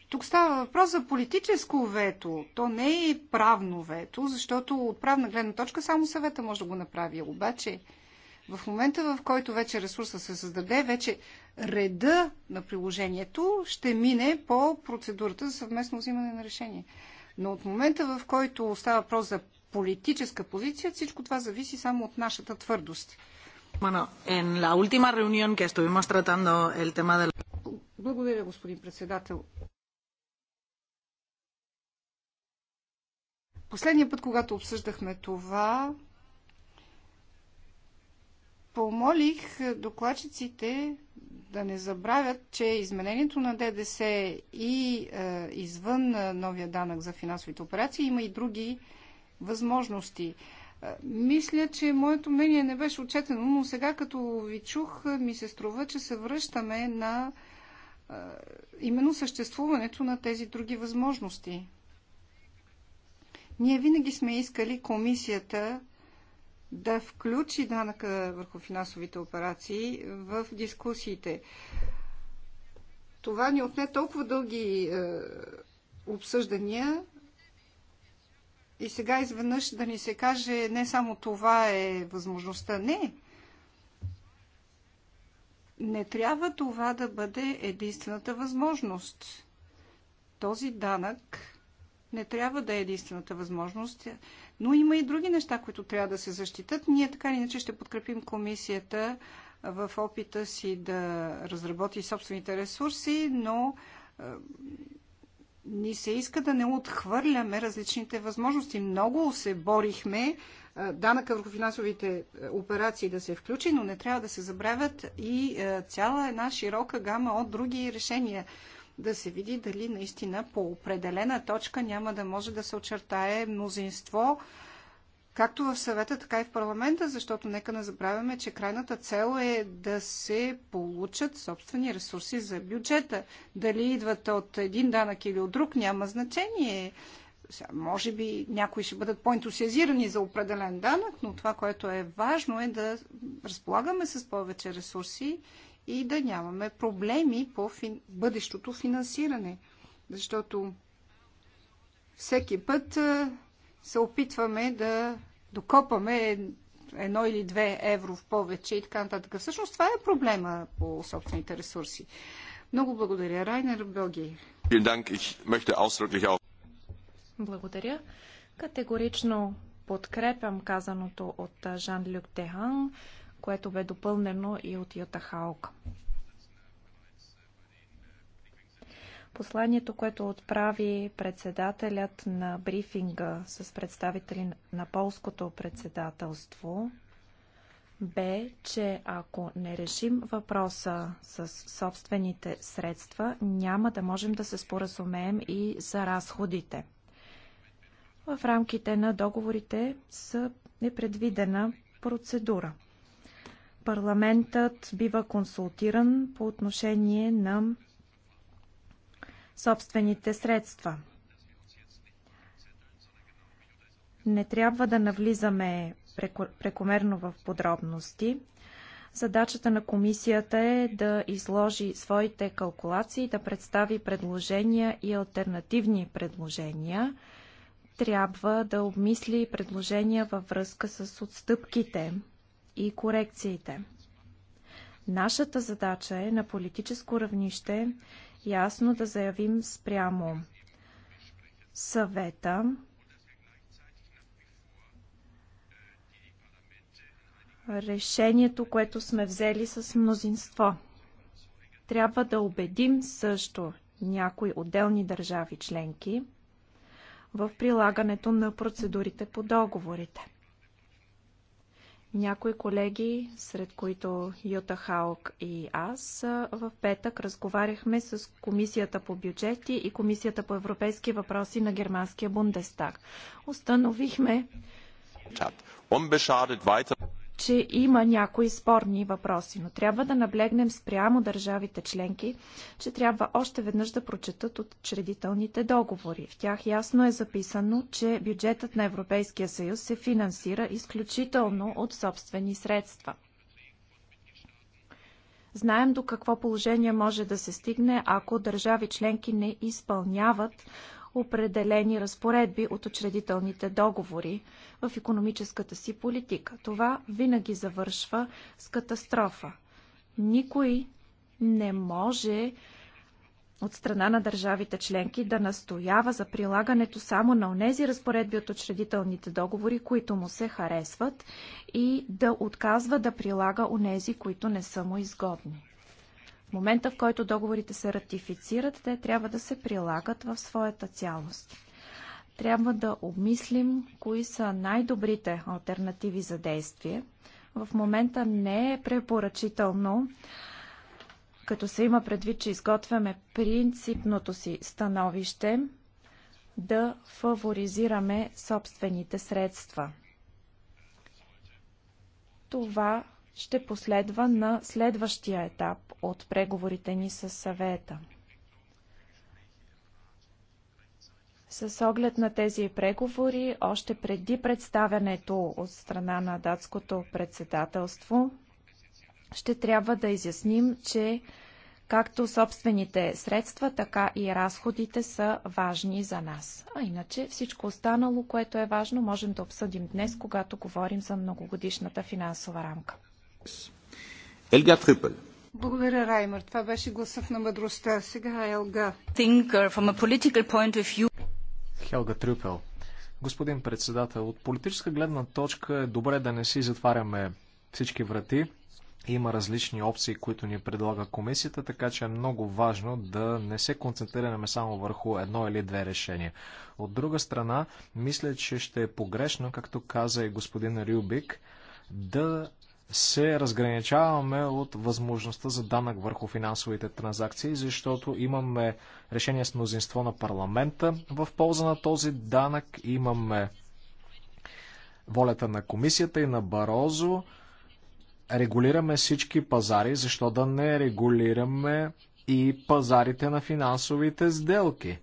A: Тук става въпрос за политическо вето. То не е правно вето, защото от правна гледна точка само съвета може да го направи. Обаче, в момента в който вече ресурса се създаде, вече реда на приложението ще мине по процедурата за съвместно взимане на решение. Но от момента в който става въпрос за политическа позиция, всичко това зависи само от нашата твърдост. Bueno, en la última reunión que estuvimos tratando el tema del... Благодаря, господин председател. Последния път, когато обсъждахме това, помолих докладчиците да не забравят, че изменението на ДДС и е, извън е, новия данък за финансовите операции има и други възможности. Е, мисля, че моето мнение не беше отчетено, но сега като ви чух, ми се струва, че се връщаме на е, именно съществуването на тези други възможности. Ние винаги сме искали комисията да включи данъка върху финансовите операции в дискусиите. Това ни отне толкова дълги е, обсъждания и сега изведнъж да ни се каже не само това е възможността. Не. Не трябва това да бъде единствената възможност. Този данък не трябва да е единствената възможност, но има и други неща, които трябва да се защитат. Ние така или иначе ще подкрепим комисията в опита си да разработи собствените ресурси, но е, ни се иска да не отхвърляме различните възможности. Много се борихме е, данъка върху финансовите е, операции да се включи, но не трябва да се забравят и цяла една широка гама от други решения да се види дали наистина по определена точка няма да може да се очертае мнозинство, както в съвета, така и в парламента, защото нека не забравяме, че крайната цел е да се получат собствени ресурси за бюджета. Дали идват от един данък или от друг, няма значение. Може би някои ще бъдат по-ентусиазирани за определен данък, но това, което е важно е да разполагаме с повече ресурси и да нямаме проблеми по фин... бъдещото финансиране. Защото всеки път се опитваме да докопаме едно или две евро в повече и така нататък. Всъщност това е проблема по собствените ресурси. Много благодаря. Райнер Белги.
B: Благодаря. Категорично подкрепям казаното от Жан-Люк Дехан което бе допълнено и от Юта Халк. Посланието, което отправи председателят на брифинга с представители на полското председателство, бе, че ако не решим въпроса с собствените средства, няма да можем да се споразумеем и за разходите. В рамките на договорите са непредвидена процедура. Парламентът бива консултиран по отношение на собствените средства. Не трябва да навлизаме прекомерно в подробности. Задачата на комисията е да изложи своите калкулации, да представи предложения и альтернативни предложения. Трябва да обмисли предложения във връзка с отстъпките и корекциите. Нашата задача е на политическо равнище ясно да заявим спрямо съвета, решението, което сме взели с мнозинство. Трябва да убедим също някои отделни държави членки в прилагането на процедурите по договорите. Някои колеги, сред които Юта Хаук и аз, в петък разговаряхме с Комисията по бюджети и Комисията по европейски въпроси на Германския Бундестаг. Установихме, че има някои спорни въпроси, но трябва да наблегнем спрямо държавите членки, че трябва още веднъж да прочетат отчредителните договори. В тях ясно е записано, че бюджетът на Европейския съюз се финансира изключително от собствени средства. Знаем до какво положение може да се стигне, ако държави членки не изпълняват определени разпоредби от учредителните договори в економическата си политика. Това винаги завършва с катастрофа. Никой не може от страна на държавите членки да настоява за прилагането само на онези разпоредби от учредителните договори, които му се харесват и да отказва да прилага онези, които не са му изгодни. В момента, в който договорите се ратифицират, те трябва да се прилагат в своята цялост. Трябва да обмислим кои са най-добрите альтернативи за действие. В момента не е препоръчително като се има предвид, че изготвяме принципното си становище, да фаворизираме собствените средства. Това ще последва на следващия етап от преговорите ни с съвета. С оглед на тези преговори, още преди представянето от страна на датското председателство, ще трябва да изясним, че както собствените средства, така и разходите са важни за нас. А иначе всичко останало, което е важно, можем да обсъдим днес, когато говорим за многогодишната финансова
A: рамка.
C: Елга Трюпел.
A: Благодаря, Раймер. Това беше гласът на мъдростта. Сега е Елга.
C: Thinker, from a political point of view. Хелга Трюпел. Господин председател, от политическа гледна точка е добре да не си затваряме всички врати. Има различни опции, които ни предлага комисията, така че е много важно да не се концентрираме само върху едно или две решения. От друга страна, мисля, че ще е погрешно, както каза и господин Рюбик, да се разграничаваме от възможността за данък върху финансовите транзакции, защото имаме решение с мнозинство на парламента в полза на този данък, имаме волята на комисията и на Барозо, регулираме всички пазари, защо да не регулираме и пазарите на финансовите сделки.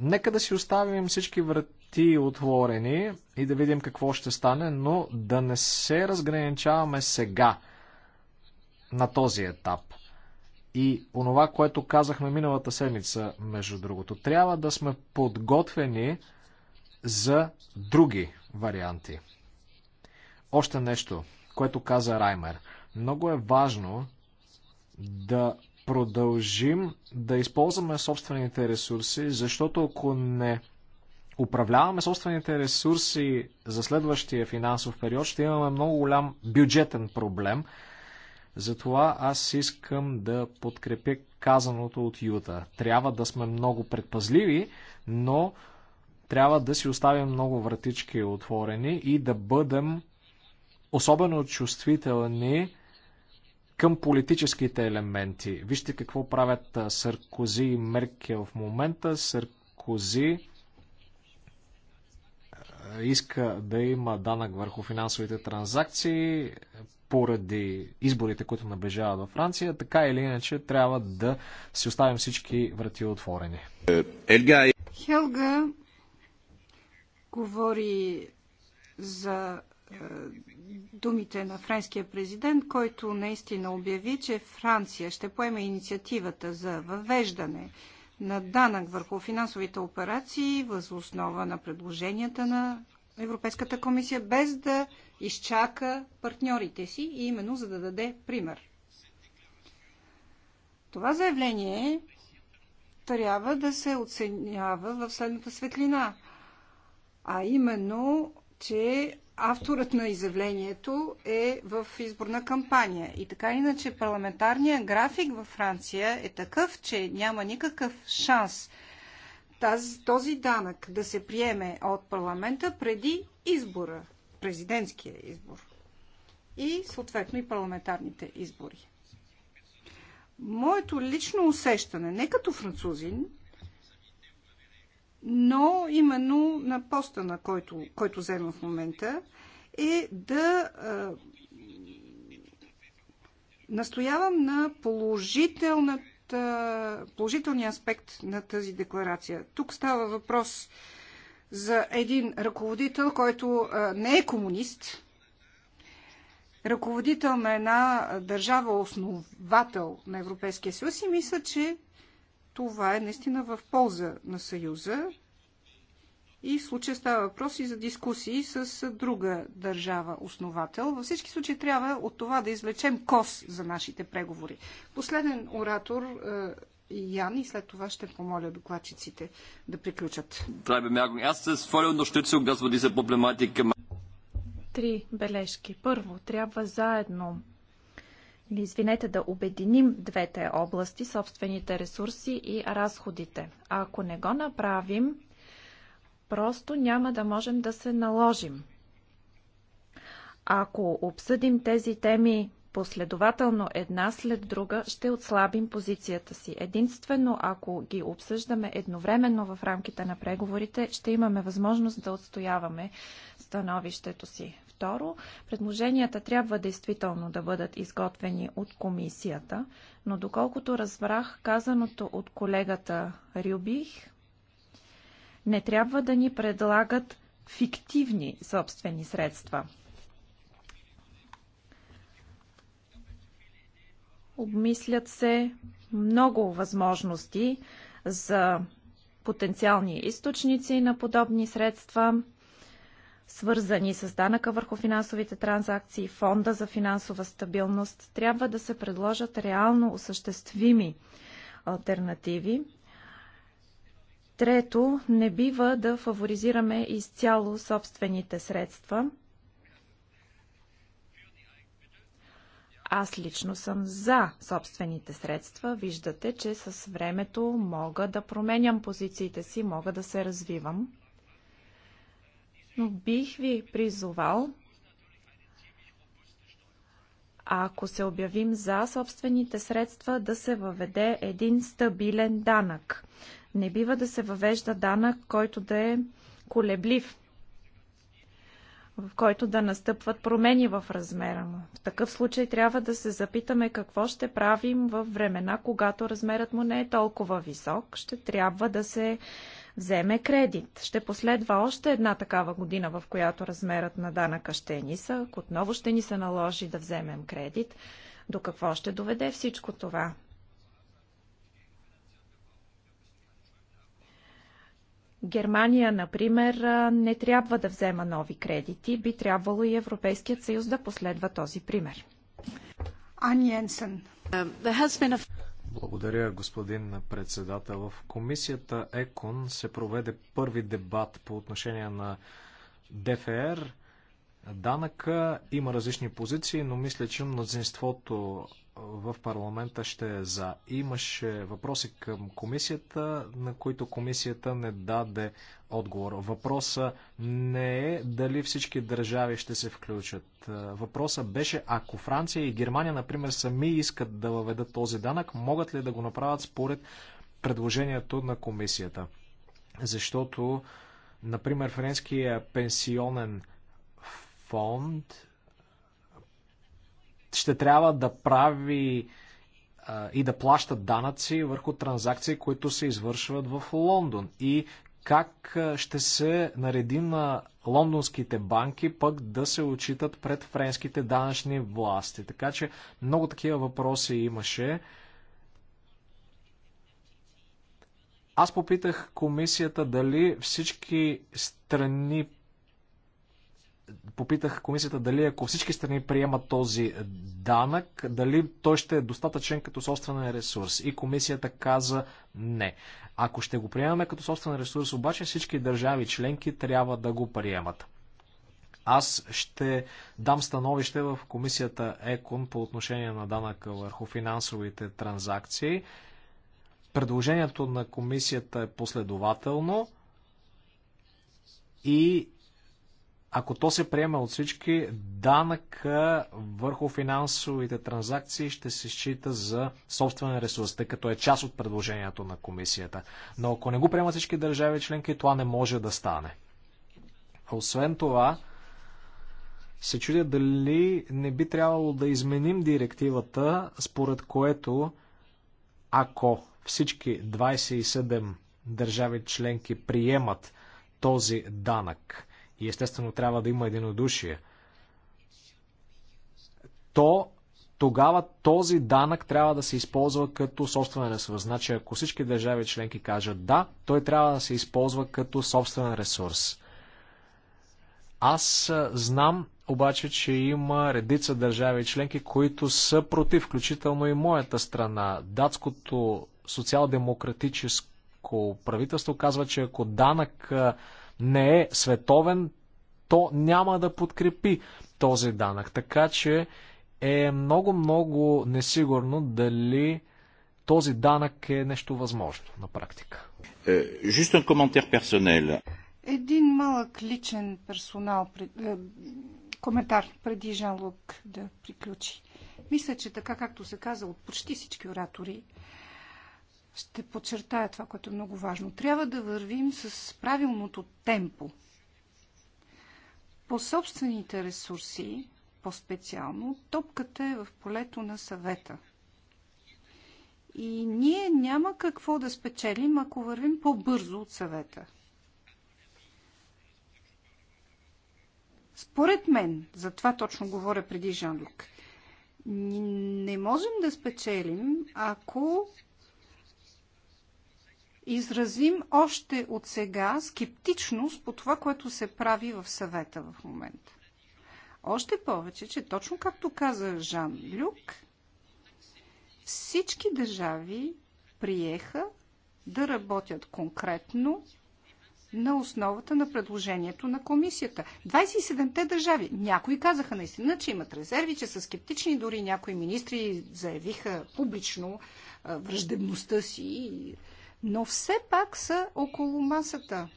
C: Нека да си оставим всички врати врати отворени и да видим какво ще стане, но да не се разграничаваме сега на този етап. И онова, което казахме миналата седмица, между другото, трябва да сме подготвени за други варианти. Още нещо, което каза Раймер. Много е важно да продължим да използваме собствените ресурси, защото ако не управляваме собствените ресурси за следващия финансов период, ще имаме много голям бюджетен проблем. Затова аз искам да подкрепя казаното от Юта. Трябва да сме много предпазливи, но трябва да си оставим много вратички отворени и да бъдем особено чувствителни към политическите елементи. Вижте какво правят Саркози и Меркел в момента. Саркози иска да има данък върху финансовите транзакции поради изборите, които наближават във Франция, така или иначе трябва да си оставим всички врати отворени.
B: Е-
A: Хелга говори за е, думите на френския президент, който наистина обяви, че Франция ще поеме инициативата за въвеждане на данък върху финансовите операции възоснова на предложенията на Европейската комисия, без да изчака партньорите си и именно за да даде пример. Това заявление трябва да се оценява в следната светлина, а именно, че авторът на изявлението е в изборна кампания. И така иначе парламентарният график във Франция е такъв, че няма никакъв шанс тази, този данък да се приеме от парламента преди избора, президентския избор и съответно и парламентарните избори. Моето лично усещане, не като французин, но именно на поста, на който, който взема в момента, е да а, настоявам на положителната, положителния аспект на тази декларация. Тук става въпрос за един ръководител, който а, не е комунист, ръководител на една държава, основател на Европейския съюз и мисля, че това е наистина в полза на Съюза. И в случая става въпрос и за дискусии с друга държава основател. Във всички случаи трябва от това да извлечем кос за нашите преговори. Последен оратор е, Ян и след това ще помоля докладчиците да приключат. Три
B: бележки. Първо, трябва заедно или извинете да обединим двете области, собствените ресурси и разходите. А ако не го направим, просто няма да можем да се наложим. Ако обсъдим тези теми последователно една след друга, ще отслабим позицията си. Единствено, ако ги обсъждаме едновременно в рамките на преговорите, ще имаме възможност да отстояваме становището си. Второ, предложенията трябва действително да бъдат изготвени от комисията, но доколкото разбрах казаното от колегата Рюбих, не трябва да ни предлагат фиктивни собствени средства. Обмислят се много възможности за потенциални източници на подобни средства свързани с данъка върху финансовите транзакции, фонда за финансова стабилност, трябва да се предложат реално осъществими альтернативи. Трето, не бива да фаворизираме изцяло собствените средства. Аз лично съм за собствените средства. Виждате, че с времето мога да променям позициите си, мога да се развивам но бих ви призовал, ако се обявим за собствените средства, да се въведе един стабилен данък. Не бива да се въвежда данък, който да е колеблив, в който да настъпват промени в размера му. В такъв случай трябва да се запитаме какво ще правим в времена, когато размерът му не е толкова висок. Ще трябва да се вземе кредит. Ще последва още една такава година, в която размерът на данъка ще е нисък. Отново ще ни се наложи да вземем кредит. До какво ще доведе всичко това? Германия, например, не трябва да взема нови кредити. Би трябвало и Европейският съюз да последва този пример.
C: Благодаря, господин председател. В комисията ЕКОН се проведе първи дебат по отношение на ДФР. Данъка има различни позиции, но мисля, че мнозинството в парламента ще е за. Имаше въпроси към комисията, на които комисията не даде отговор. Въпроса не е дали всички държави ще се включат. Е, въпроса беше ако Франция и Германия, например, сами искат да въведат този данък, могат ли да го направят според предложението на комисията. Защото, например, френския пенсионен фонд ще трябва да прави а, и да плаща данъци върху транзакции, които се извършват в Лондон. И как ще се нареди на лондонските банки пък да се отчитат пред френските данъчни власти. Така че много такива въпроси имаше. Аз попитах комисията дали всички страни попитах комисията дали ако всички страни приемат този данък, дали той ще е достатъчен като собствен ресурс. И комисията каза не. Ако ще го приемаме като собствен ресурс, обаче всички държави членки трябва да го приемат. Аз ще дам становище в комисията ЕКОН по отношение на данъка върху финансовите транзакции. Предложението на комисията е последователно и ако то се приема от всички, данък върху финансовите транзакции ще се счита за собствен ресурс, тъй като е част от предложението на комисията. Но ако не го приемат всички държави членки, това не може да стане. Освен това, се чудя дали не би трябвало да изменим директивата, според което ако всички 27 държави членки приемат този данък, и естествено трябва да има единодушие, то тогава този данък трябва да се използва като собствен ресурс. Значи, ако всички държави членки кажат да, той трябва да се използва като собствен ресурс. Аз знам обаче, че има редица държави членки, които са против, включително и моята страна. Датското социал-демократическо правителство казва, че ако данък не е световен, то няма да подкрепи този данък. Така че е много-много несигурно дали този данък е нещо възможно на практика.
B: Е, un commentaire personnel.
A: Един малък личен персонал е, коментар преди Жан Лук да приключи. Мисля, че така както се каза от почти всички оратори, ще подчертая това, което е много важно. Трябва да вървим с правилното темпо. По собствените ресурси, по-специално, топката е в полето на съвета. И ние няма какво да спечелим, ако вървим по-бързо от съвета. Според мен, за това точно говоря преди Жан-Люк, не можем да спечелим, ако изразим още от сега скептичност по това, което се прави в съвета в момента. Още повече, че точно както каза Жан Люк, всички държави приеха да работят конкретно на основата на предложението на комисията. 27-те държави. Някои казаха наистина, че имат резерви, че са скептични, дори някои министри заявиха публично враждебността си и но все пак са около масата.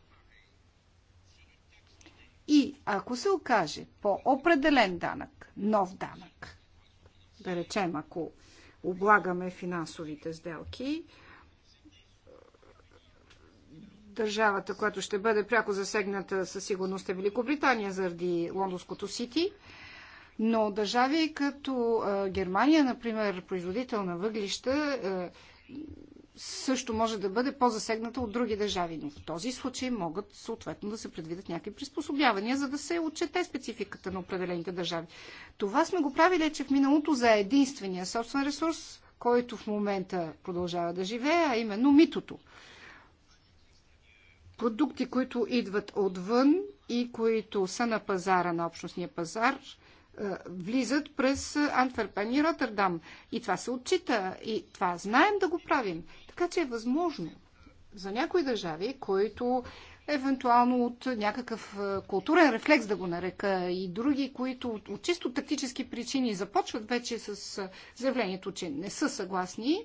A: И ако се окаже по определен данък, нов данък, да речем, ако облагаме финансовите сделки, държавата, която ще бъде пряко засегната със сигурност е Великобритания заради лондонското сити, но държави като Германия, например, производител на въглища, също може да бъде по-засегната от други държави. Но в този случай могат съответно да се предвидят някакви приспособявания, за да се отчете спецификата на определените държави. Това сме го правили, че в миналото за единствения собствен ресурс, който в момента продължава да живее, а именно митото. Продукти, които идват отвън и които са на пазара, на общностния пазар – е, влизат през Антверпен и Роттердам. И това се отчита. И това знаем да го правим. Така че е възможно за някои държави, които евентуално от някакъв е, културен рефлекс да го нарека и други, които от, чисто тактически причини започват вече с е, заявлението, че не са съгласни,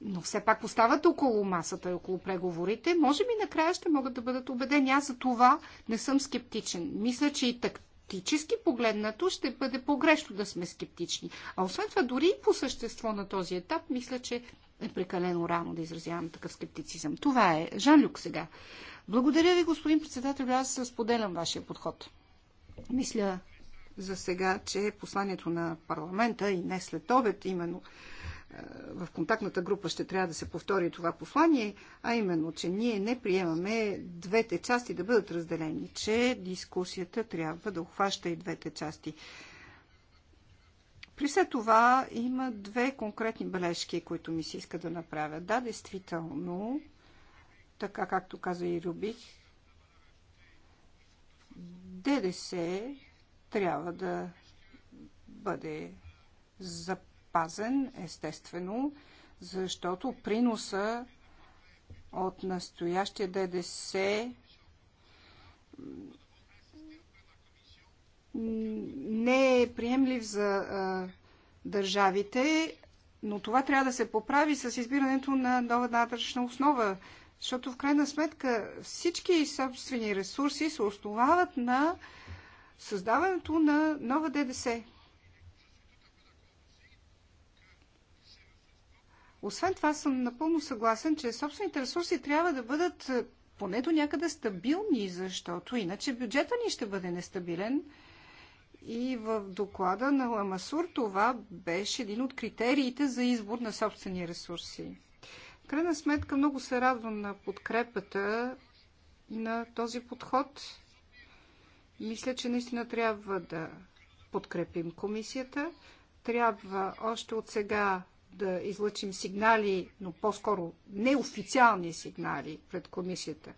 A: но все пак остават около масата и около преговорите, може би накрая ще могат да бъдат убедени. Аз за това не съм скептичен. Мисля, че и тактически практически погледнато ще бъде погрешно да сме скептични. А освен това, дори и по същество на този етап, мисля, че е прекалено рано да изразявам такъв скептицизъм. Това е. Жан-Люк сега. Благодаря ви, господин председател. Аз споделям вашия подход. Мисля за сега, че посланието на парламента и не след обед, именно в контактната група ще трябва да се повтори това послание, а именно, че ние не приемаме двете части да бъдат разделени, че дискусията трябва да охваща и двете части. При все това има две конкретни бележки, които ми се иска да направя. Да, действително, така както каза и Рубих, ДДС трябва да бъде запазен предпазен, естествено, защото приноса от настоящия ДДС не е приемлив за а, държавите, но това трябва да се поправи с избирането на нова нататъчна основа, защото в крайна сметка всички собствени ресурси се основават на създаването на нова ДДС. Освен това съм напълно съгласен, че собствените ресурси трябва да бъдат е, поне до някъде стабилни, защото иначе бюджета ни ще бъде нестабилен. И в доклада на Ламасур това беше един от критериите за избор на собствени ресурси. В крайна сметка много се радвам на подкрепата на този подход. Мисля, че наистина трябва да подкрепим комисията. Трябва още от сега да излъчим сигнали, но по-скоро неофициални сигнали пред комисията.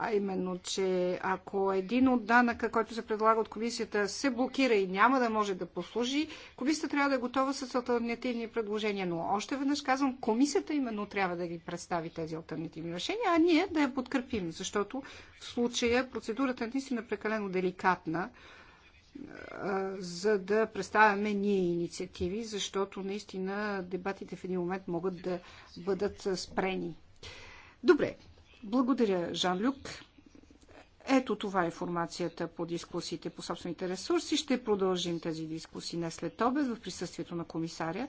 A: А именно, че ако един от данъка, който се предлага от комисията, се блокира и няма да може да послужи, комисията трябва да е готова с альтернативни предложения. Но още веднъж казвам, комисията именно трябва да ги представи тези альтернативни решения, а ние да я подкрепим, защото в случая процедурата е наистина прекалено деликатна за да представяме ние инициативи, защото наистина дебатите в един момент могат да бъдат спрени. Добре, благодаря, Жан-Люк. Ето това е информацията по дискусиите по собствените ресурси. Ще продължим тези дискусии не след обед в присъствието на комисаря,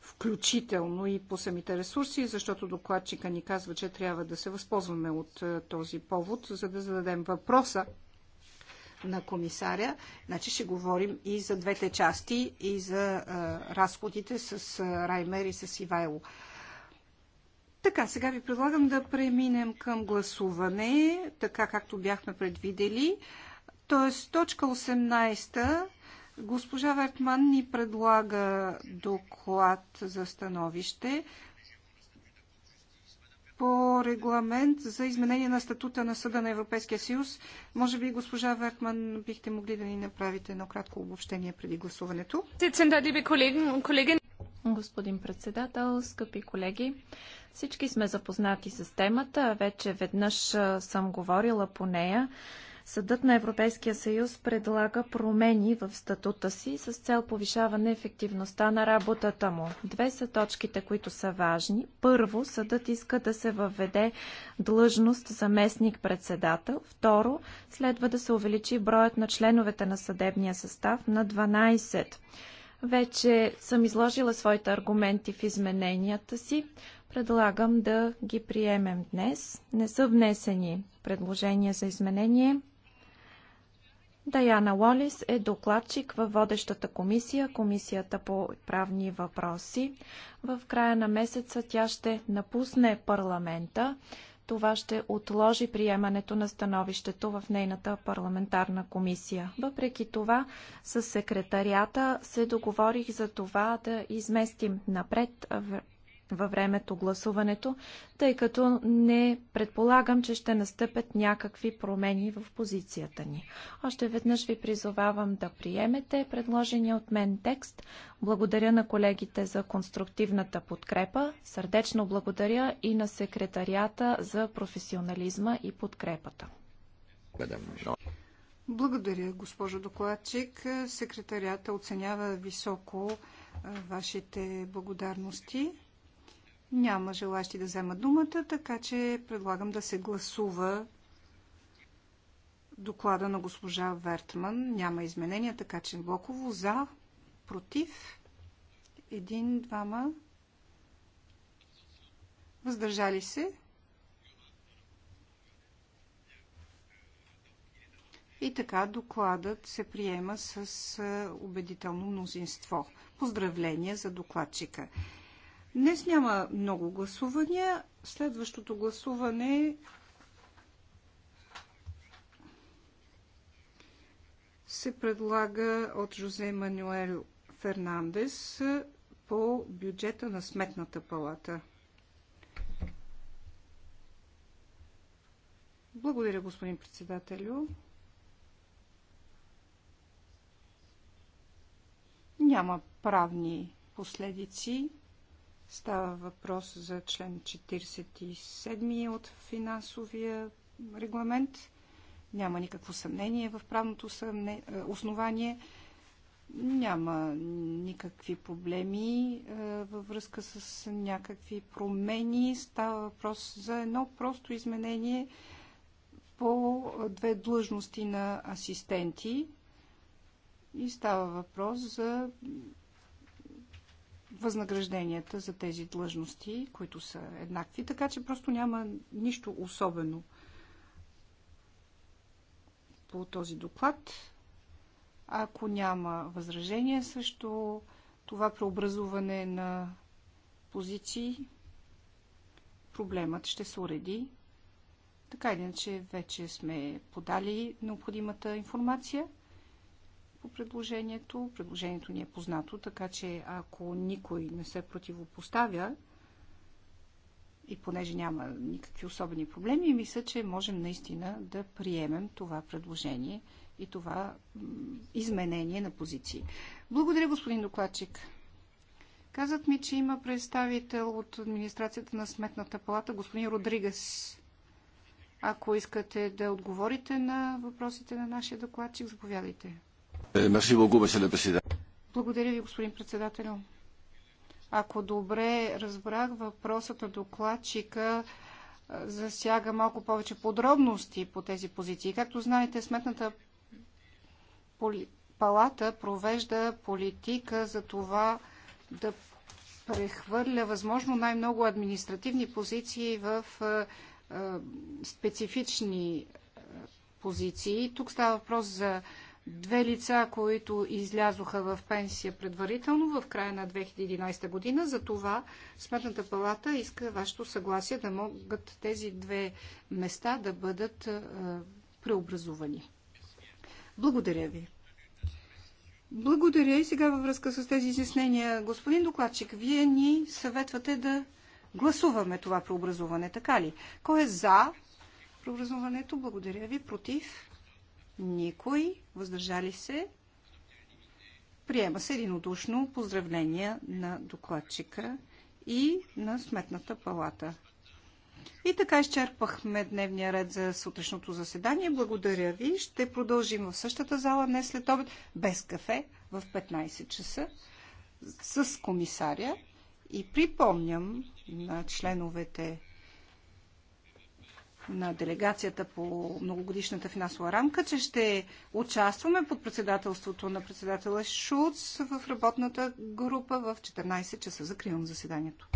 A: включително и по самите ресурси, защото докладчика ни казва, че трябва да се възползваме от този повод, за да зададем въпроса на комисаря. Значи ще говорим и за двете части, и за а, разходите с а, Раймер и с Ивайло. Така, сега ви предлагам да преминем към гласуване, така както бяхме предвидели. Тоест, точка 18 Госпожа Вертман ни предлага доклад за становище по регламент за изменение на статута на Съда на Европейския съюз. Може би, госпожа Вертман, бихте могли да ни направите едно кратко обобщение преди гласуването.
B: Господин председател, скъпи колеги, всички сме запознати с темата. Вече веднъж съм говорила по нея. Съдът на Европейския съюз предлага промени в статута си с цел повишаване ефективността на работата му. Две са точките, които са важни. Първо, съдът иска да се въведе длъжност заместник-председател. Второ, следва да се увеличи броят на членовете на съдебния състав на 12. Вече съм изложила своите аргументи в измененията си. Предлагам да ги приемем днес. Не са внесени предложения за изменение. Даяна Уолис е докладчик във водещата комисия, комисията по правни въпроси. В края на месеца тя ще напусне парламента. Това ще отложи приемането на становището в нейната парламентарна комисия. Въпреки това, с секретарията се договорих за това да изместим напред във времето гласуването, тъй като не предполагам, че ще настъпят някакви промени в позицията ни. Още веднъж ви призовавам да приемете предложения от мен текст. Благодаря на колегите за конструктивната подкрепа. Сърдечно благодаря и на секретарията за професионализма и подкрепата.
A: Благодаря, госпожо докладчик. Секретарията оценява високо вашите благодарности. Няма желащи да вземат думата, така че предлагам да се гласува доклада на госпожа Вертман. Няма изменения, така че Блоково за, против, един, двама, въздържали се. И така докладът се приема с убедително мнозинство. Поздравления за докладчика. Днес няма много гласувания. Следващото гласуване се предлага от Жозе Мануел Фернандес по бюджета на Сметната палата. Благодаря, господин председателю. Няма правни последици. Става въпрос за член 47 от финансовия регламент. Няма никакво съмнение в правното съмне... Е, основание. Няма никакви проблеми е, във връзка с някакви промени. Става въпрос за едно просто изменение по две длъжности на асистенти. И става въпрос за възнагражденията за тези длъжности, които са еднакви, така че просто няма нищо особено по този доклад. Ако няма възражение също това преобразуване на позиции, проблемът ще се уреди. Така иначе вече сме подали необходимата информация – по предложението. Предложението ни е познато, така че ако никой не се противопоставя и понеже няма никакви особени проблеми, мисля, че можем наистина да приемем това предложение и това изменение на позиции. Благодаря, господин докладчик. Казват ми, че има представител от администрацията на Сметната палата, господин Родригес. Ако искате да отговорите на въпросите на нашия докладчик, заповядайте. Е, Благодаря ви, господин председател. Ако добре разбрах, въпросът на докладчика е, засяга малко повече подробности по тези позиции. Както знаете, Сметната палата провежда политика за това да прехвърля възможно най-много административни позиции в е, специфични позиции. Тук става въпрос за две лица, които излязоха в пенсия предварително в края на 2011 година. За това Сметната палата иска вашето съгласие да могат тези две места да бъдат преобразувани. Благодаря ви. Благодаря и сега във връзка с тези изяснения. Господин докладчик, вие ни съветвате да гласуваме това преобразуване, така ли? Кой е за преобразуването? Благодаря ви. Против? Никой. Въздържали се. Приема се единодушно поздравления на докладчика и на Сметната палата. И така изчерпахме дневния ред за сутрешното заседание. Благодаря ви. Ще продължим в същата зала днес след обед, без кафе, в 15 часа, с комисаря. И припомням на членовете на делегацията по многогодишната финансова рамка, че ще участваме под председателството на председателя Шуц в работната група в 14 часа. Закривам заседанието.